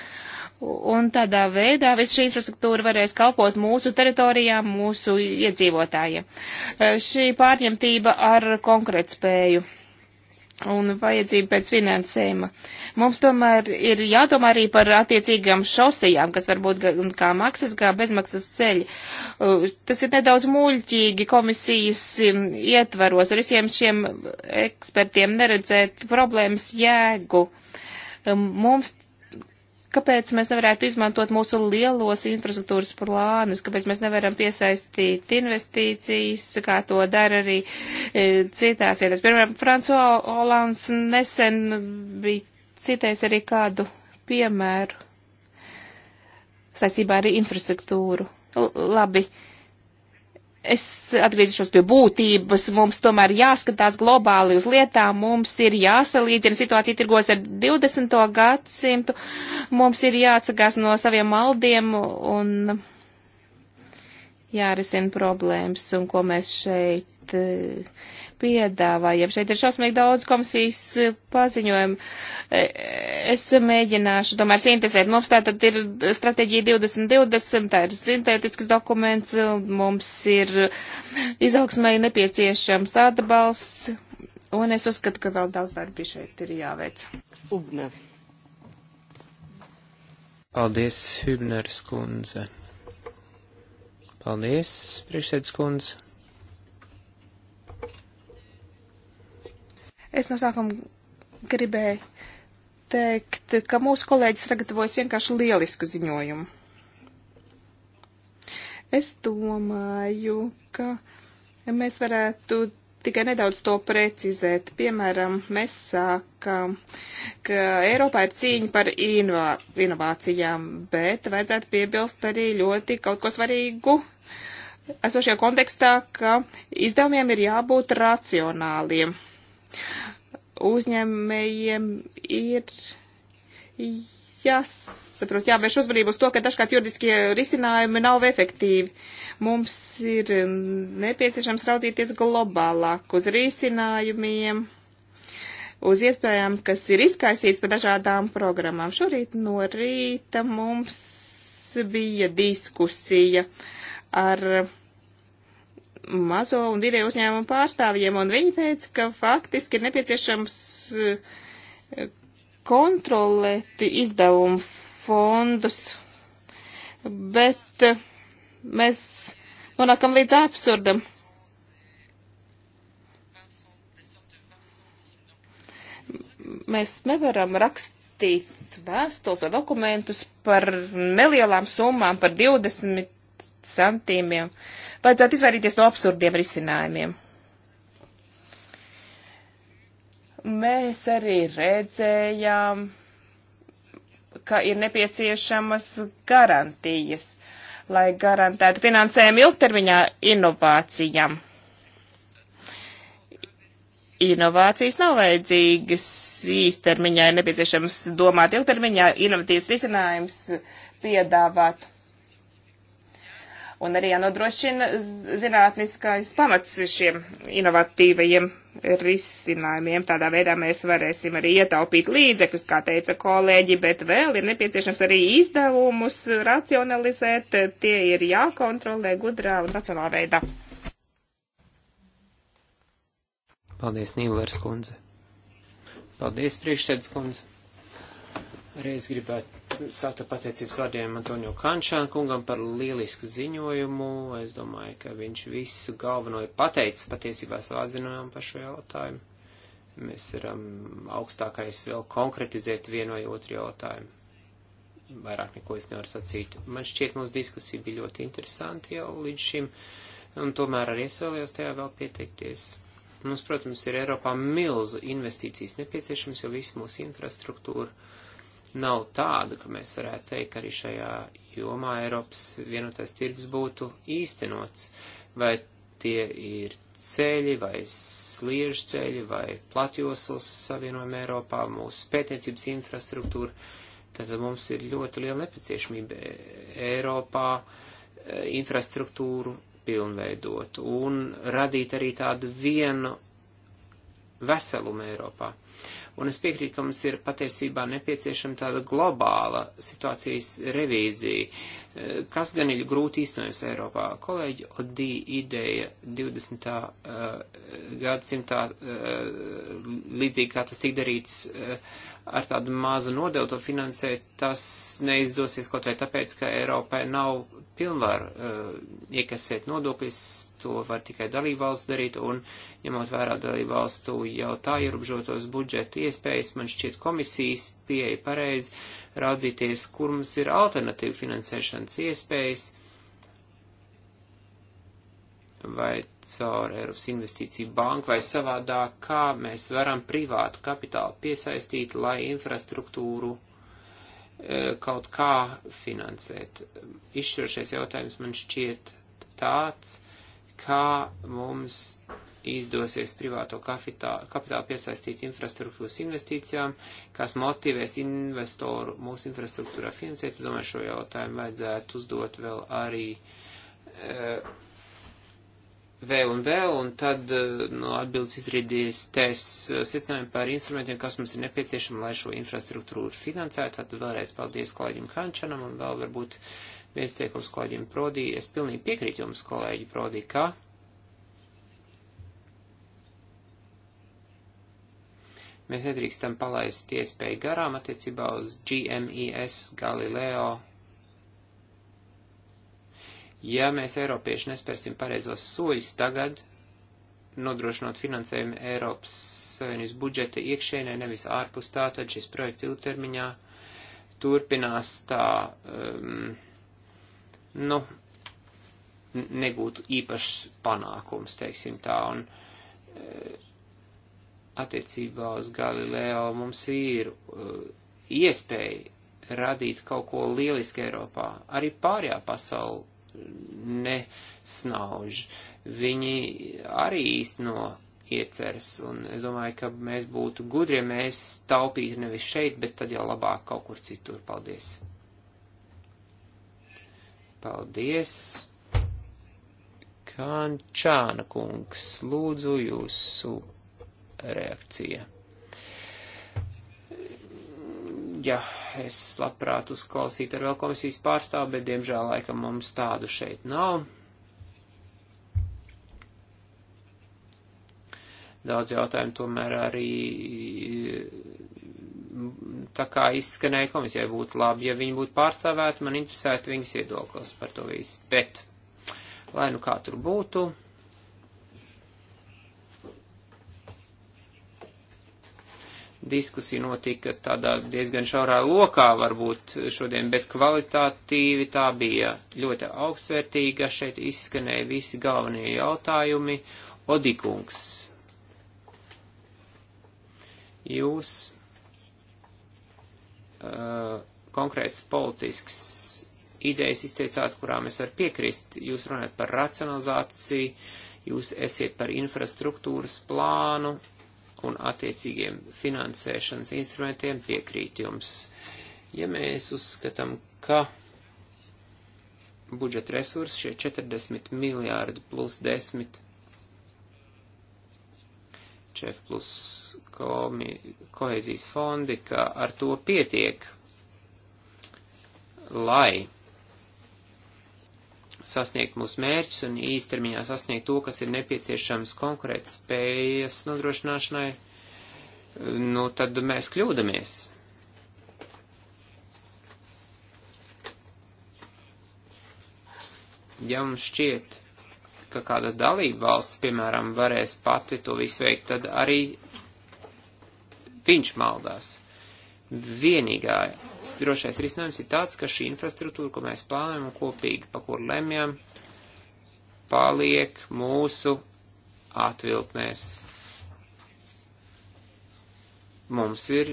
un tādā veidā viss šī infrastruktūra varēs kalpot mūsu teritorijām, mūsu iedzīvotājiem. Šī pārņemtība ar konkrētspēju. spēju un vajadzību pēc finansējuma. Mums tomēr ir jādomā arī par attiecīgām šosejām, kas varbūt kā maksas, kā bezmaksas ceļi. Uh, tas ir nedaudz muļķīgi komisijas um, ietvaros ar visiem šiem ekspertiem neredzēt problēmas jēgu. Um, mums Kāpēc mēs nevarētu izmantot mūsu lielos infrastruktūras plānus, kāpēc mēs nevaram piesaistīt investīcijas, kā to dara arī e, citās vietās. Piemēram, Francois Olans nesen bija citējis arī kādu piemēru saistībā ar infrastruktūru. L labi, es atgriezīšos pie būtības. Mums tomēr jāskatās globāli uz lietām, mums ir jāsalīdzina situācija tirgos ar 20. gadsimtu, mums ir jāatsakās no saviem maldiem un jārisina problēmas, un ko mēs šeit šeit eh, piedāvā, ja šeit ir šausmīgi daudz komisijas eh, paziņojumu. E, es mēģināšu tomēr sintēzēt. Mums tā tad ir strateģija 2020, tā ir sintētisks dokuments, mums ir izaugsmai nepieciešams atbalsts, un es uzskatu, ka vēl daudz darbi šeit ir jāveic. Ubne. Paldies, Hübneris kundze. Paldies, priekšsēdus kundze. Es no sākuma gribēju teikt, ka mūsu kolēģis sagatavojas vienkārši lielisku ziņojumu. Es domāju, ka mēs varētu tikai nedaudz to precizēt. Piemēram, mēs sākam, ka Eiropā ir cīņa par inovā, inovācijām, bet vajadzētu piebilst arī ļoti kaut ko svarīgu esošajā kontekstā, ka izdevumiem ir jābūt racionāliem. Uzņēmējiem ir jāsaprot, jāvērš uzmanību uz to, ka dažkārt juridiskie risinājumi nav efektīvi. Mums ir nepieciešams raudzīties globālāk uz risinājumiem uz iespējām, kas ir izkaisīts par dažādām programmām. Šorīt no rīta mums bija diskusija ar mazo un vidēju uzņēmumu pārstāvjiem, un viņi teica, ka faktiski ir nepieciešams eh, kontrolēt izdevumu fondus, bet eh, mēs nonākam līdz absurdam. Mēs nevaram rakstīt vēstules vai dokumentus par nelielām summām, par 20 centīmiem. Vajadzētu izvairīties no absurdiem risinājumiem. Mēs arī redzējām, ka ir nepieciešamas garantijas, lai garantētu finansējumu ilgtermiņā inovācijām. Inovācijas nav vajadzīgas īstermiņā, ir nepieciešams domāt ilgtermiņā, inovatīvas risinājums piedāvāt un arī jānodrošina zinātniskais pamats šiem inovatīvajiem risinājumiem. Tādā veidā mēs varēsim arī ietaupīt līdzekļus, kā teica kolēģi, bet vēl ir nepieciešams arī izdevumus racionalizēt. Tie ir jākontrolē gudrā un racionālā veidā. Paldies, Nīlers kundze. Paldies, priekšsēdz kundze reiz gribētu sākt ar pateicības vārdiem Antonio Kančānu kungam par lielisku ziņojumu. Es domāju, ka viņš visu galveno ir pateicis patiesībā savā ziņojumā par šo jautājumu. Mēs varam augstākais vēl konkretizēt vienu vai otru jautājumu. Vairāk neko es nevaru sacīt. Man šķiet, mūsu diskusija bija ļoti interesanti jau līdz šim, un tomēr arī es vēlējos tajā vēl pieteikties. Mums, protams, ir Eiropā milzu investīcijas nepieciešams, jo visu mūsu infrastruktūru nav tāda, ka mēs varētu teikt, ka arī šajā jomā Eiropas vienotais tirgus būtu īstenots, vai tie ir ceļi, vai sliežu ceļi, vai platjoslas savienojumi Eiropā, mūsu pētniecības infrastruktūra, tad mums ir ļoti liela nepieciešamība Eiropā e, infrastruktūru pilnveidot un radīt arī tādu vienu veselumu Eiropā un es piekrītu, ka mums ir patiesībā nepieciešama tāda globāla situācijas revīzija, eh, kas gan ir grūti īstenojams Eiropā. Kolēģi Odī ideja 20. Eh, gadsimtā, eh, līdzīgi kā tas tika darīts ar tādu mazu nodevu to finansēt, tas neizdosies kaut vai tāpēc, ka Eiropai nav pilnvaru uh, iekasēt nodokļus, to var tikai dalībvalsts darīt, un ņemot vērā dalībvalstu jau tā ierobežotos budžeta iespējas, man šķiet komisijas pieeja pareizi raudzīties, kur mums ir alternatīva finansēšanas iespējas vai caur Eiropas investīciju banku vai savādā, kā mēs varam privātu kapitālu piesaistīt, lai infrastruktūru e, kaut kā finansēt. Izšķirošais jautājums man šķiet tāds, kā mums izdosies privāto kapitālu, kapitālu piesaistīt infrastruktūras investīcijām, kas motivēs investoru mūsu infrastruktūrā finansēt. Es domāju, šo jautājumu vajadzētu uzdot vēl arī. Uh, vēl un vēl, un tad eh, no atbildes izrādījis tests eh, secinājumi par instrumentiem, kas mums ir nepieciešami, lai šo infrastruktūru finansētu. Tad vēlreiz paldies kolēģim Hančanam un vēl varbūt viens teikums kolēģim Prodī. Es pilnīgi piekrītu jums, kolēģi Prodī, ka. Mēs nedrīkstam palaist iespēju garām attiecībā uz GMES Galileo Ja mēs Eiropieši nespērsim pareizos soļus tagad, nodrošinot finansējumu Eiropas Savienības budžeta iekšēnē, nevis ārpus tā, tad šis projekts ilgtermiņā turpinās tā, um, nu, negūt īpašs panākums, teiksim tā, un uh, attiecībā uz Galileo mums ir uh, iespēja radīt kaut ko lielisku Eiropā. Arī pārējā pasaule nesnauž. Viņi arī īsteno ieceras, un es domāju, ka mēs būtu gudri, ja mēs taupītu nevis šeit, bet tad jau labāk kaut kur citur. Paldies! Paldies! Kančāna kungs, lūdzu jūsu reakcija. ja es labprāt uzklausītu ar vēl komisijas pārstāvu, bet diemžēl laikam mums tādu šeit nav. Daudz jautājumu tomēr arī tā kā izskanēja komisijai būtu labi, ja viņi būtu pārstāvēti, man interesētu viņas viedoklis par to visu. Bet, lai nu kā tur būtu, diskusija notika tādā diezgan šaurā lokā varbūt šodien, bet kvalitātīvi tā bija ļoti augstvērtīga. Šeit izskanēja visi galvenie jautājumi. Odikungs, jūs uh, konkrēts politisks idejas izteicāt, kurām es varu piekrist. Jūs runājat par racionalizāciju, jūs esiet par infrastruktūras plānu, un attiecīgiem finansēšanas instrumentiem piekrīt jums. Ja mēs uzskatām, ka budžeta resursi šie 40 miljārdi plus 10 čef plus komi, kohezijas fondi, ka ar to pietiek, lai sasniegt mūsu mērķus un īstermiņā sasniegt to, kas ir nepieciešams konkurēt spējas nodrošināšanai, nu tad mēs kļūdamies. Ja mums šķiet, ka kāda dalība valsts, piemēram, varēs pati to visu veikt, tad arī viņš maldās. Vienīgā drošais risinājums ir tāds, ka šī infrastruktūra, ko mēs plānojam un kopīgi pa kur lemjam, paliek mūsu atviltnēs. Mums ir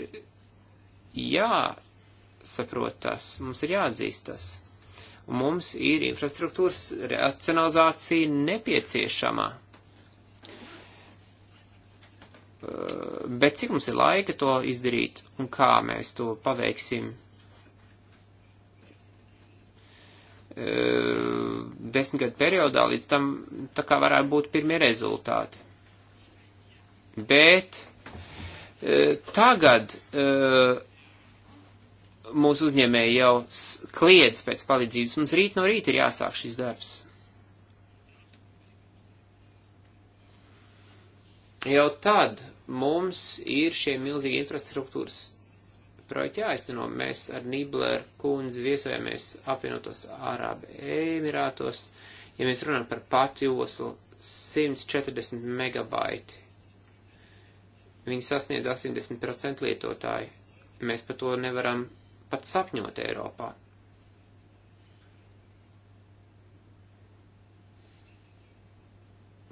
jāsaprot tas, mums ir jāatzīst tas. Un mums ir infrastruktūras racionalizācija nepieciešama. Eh, bet cik mums ir laika to izdarīt un kā mēs to paveiksim? Eh, Desmitgadu periodā līdz tam tā kā varētu būt pirmie rezultāti. Bet eh, tagad mūsu uzņēmēji jau kliedz pēc palīdzības. Mums rīt no rīta ir jāsāk šis darbs. Jau tad mums ir šie milzīgi infrastruktūras projekti jāizteno. Mēs ar Nibler kundzi viesojāmies apvienotos Ārābu Emirātos, ja mēs runājam par patjoslu 140 megabaiti. Viņi sasniedz 80% lietotāju. Mēs par to nevaram pat sapņot Eiropā.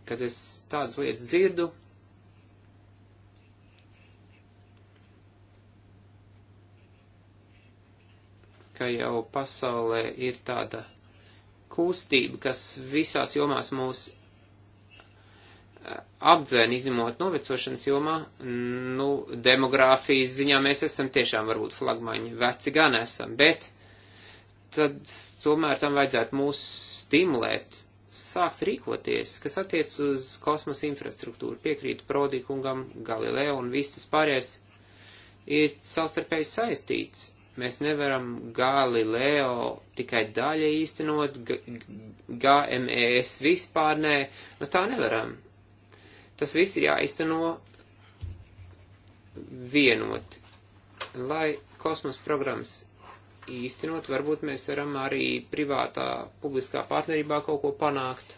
Kad es tādas lietas dzirdu, ka jau pasaulē ir tāda kustība, kas visās jomās mūs eh, apdzēna, izņemot novecošanas jomā, nu, demogrāfijas ziņā mēs esam tiešām varbūt flagmaņi, veci gan esam, bet tad tomēr tam vajadzētu mūs stimulēt, sākt rīkoties, kas attiec uz kosmosa infrastruktūru, piekrītu Prodīkungam, Galileo un viss tas pārējais ir savstarpēji saistīts. Mēs nevaram Galileo tikai daļa īstenot, GMES vispār nē, nu tā nevaram. Tas viss ir jāizteno vienoti. Lai kosmos programmas īstenot, varbūt mēs varam arī privātā, publiskā partnerībā kaut ko panākt.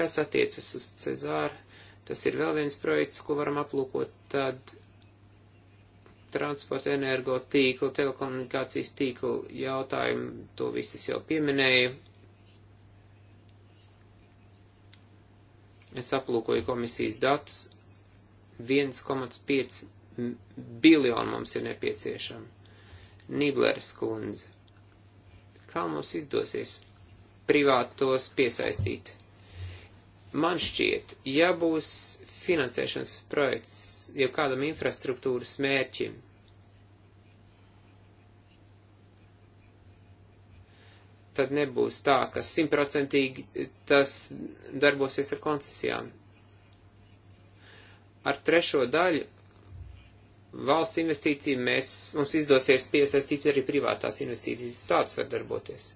Kas attiecas uz Cezāru, tas ir vēl viens projekts, ko varam aplūkot, tad transporta energo tīklu, telekomunikācijas tīklu jautājumu, to visas jau pieminēju. Es aplūkoju komisijas datus. 1,5 biljonu mums ir nepieciešama. Niblers kundze. Kā mums izdosies privātos piesaistīt? Man šķiet, ja būs finansēšanas projekts jau kādam infrastruktūras mērķim. Tad nebūs tā, ka simtprocentīgi tas darbosies ar koncesijām. Ar trešo daļu valsts investīciju mēs, mums izdosies piesaistīt arī privātās investīcijas. Tāds var darboties.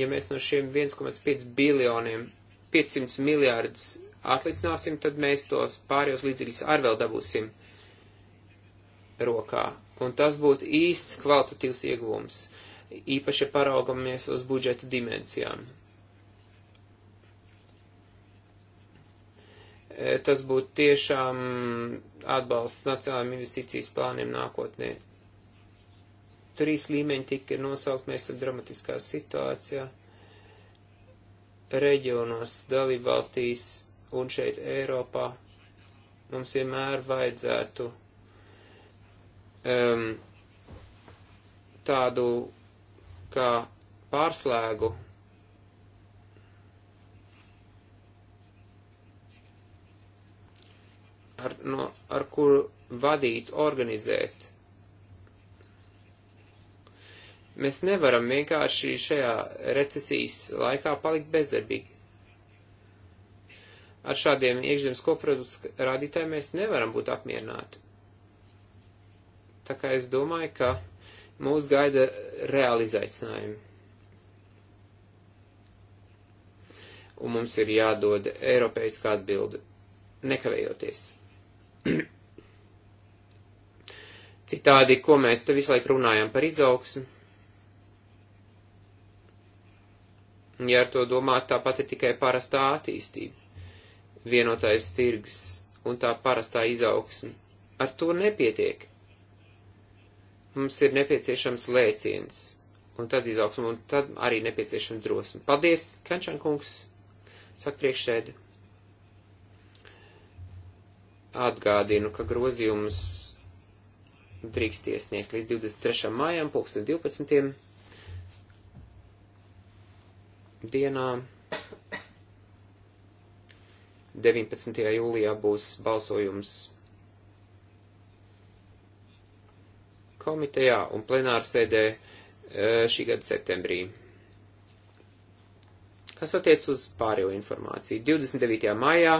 Ja mēs no šiem 1,5 biljoniem 500 miljārdus atlicināsim, tad mēs tos pārējos līdzekļus ar vēl dabūsim rokā. Un tas būtu īsts kvalitatīvs ieguvums, īpaši paraugamies uz budžeta dimensijām. E, tas būtu tiešām atbalsts nacionālajiem investīcijas plāniem nākotnē. Trīs līmeņi tika nosaukt, mēs esam dramatiskā situācijā. Reģionos, dalībvalstīs, un šeit Eiropā mums vienmēr vajadzētu um, tādu kā pārslēgu. Ar, no, ar kuru vadīt, organizēt. Mēs nevaram vienkārši šajā recesijas laikā palikt bezdarbīgi. Ar šādiem iekšzemes koprodukts rādītājiem mēs nevaram būt apmierināti. Tā kā es domāju, ka mūs gaida reāli izaicinājumi. Un mums ir jādod eiropeiska atbildi, nekavējoties. Citādi, ko mēs te visu laiku runājam par izaugsmu, ja ar to domāt, tāpat ir tikai parastā attīstība vienotais tirgs un tā parastā izaugsme. Ar to nepietiek. Mums ir nepieciešams lēciens, un tad izaugsme, un tad arī nepieciešama drosme. Paldies, Kančankungs, saka priekšsēde. Atgādinu, ka grozījums drīkst iesniegt līdz 23. mājām, 2012. dienā. 19. jūlijā būs balsojums komitejā un plenārsēdē eh, šī gada septembrī. Kas attiec uz pārējo informāciju? 29. maijā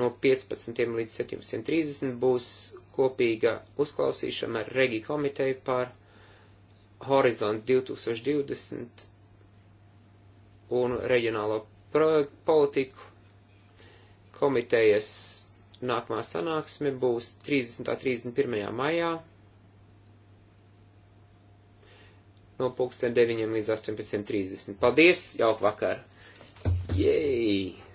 no 15. līdz 17.30 būs kopīga uzklausīšana ar Regi komiteju par Horizont 2020 un reģionālo politiku Komitejas nākamā sanāksme būs 30. 31. maijā no pulksten 9 līdz 18.30. Paldies, jauk vakar! Yay!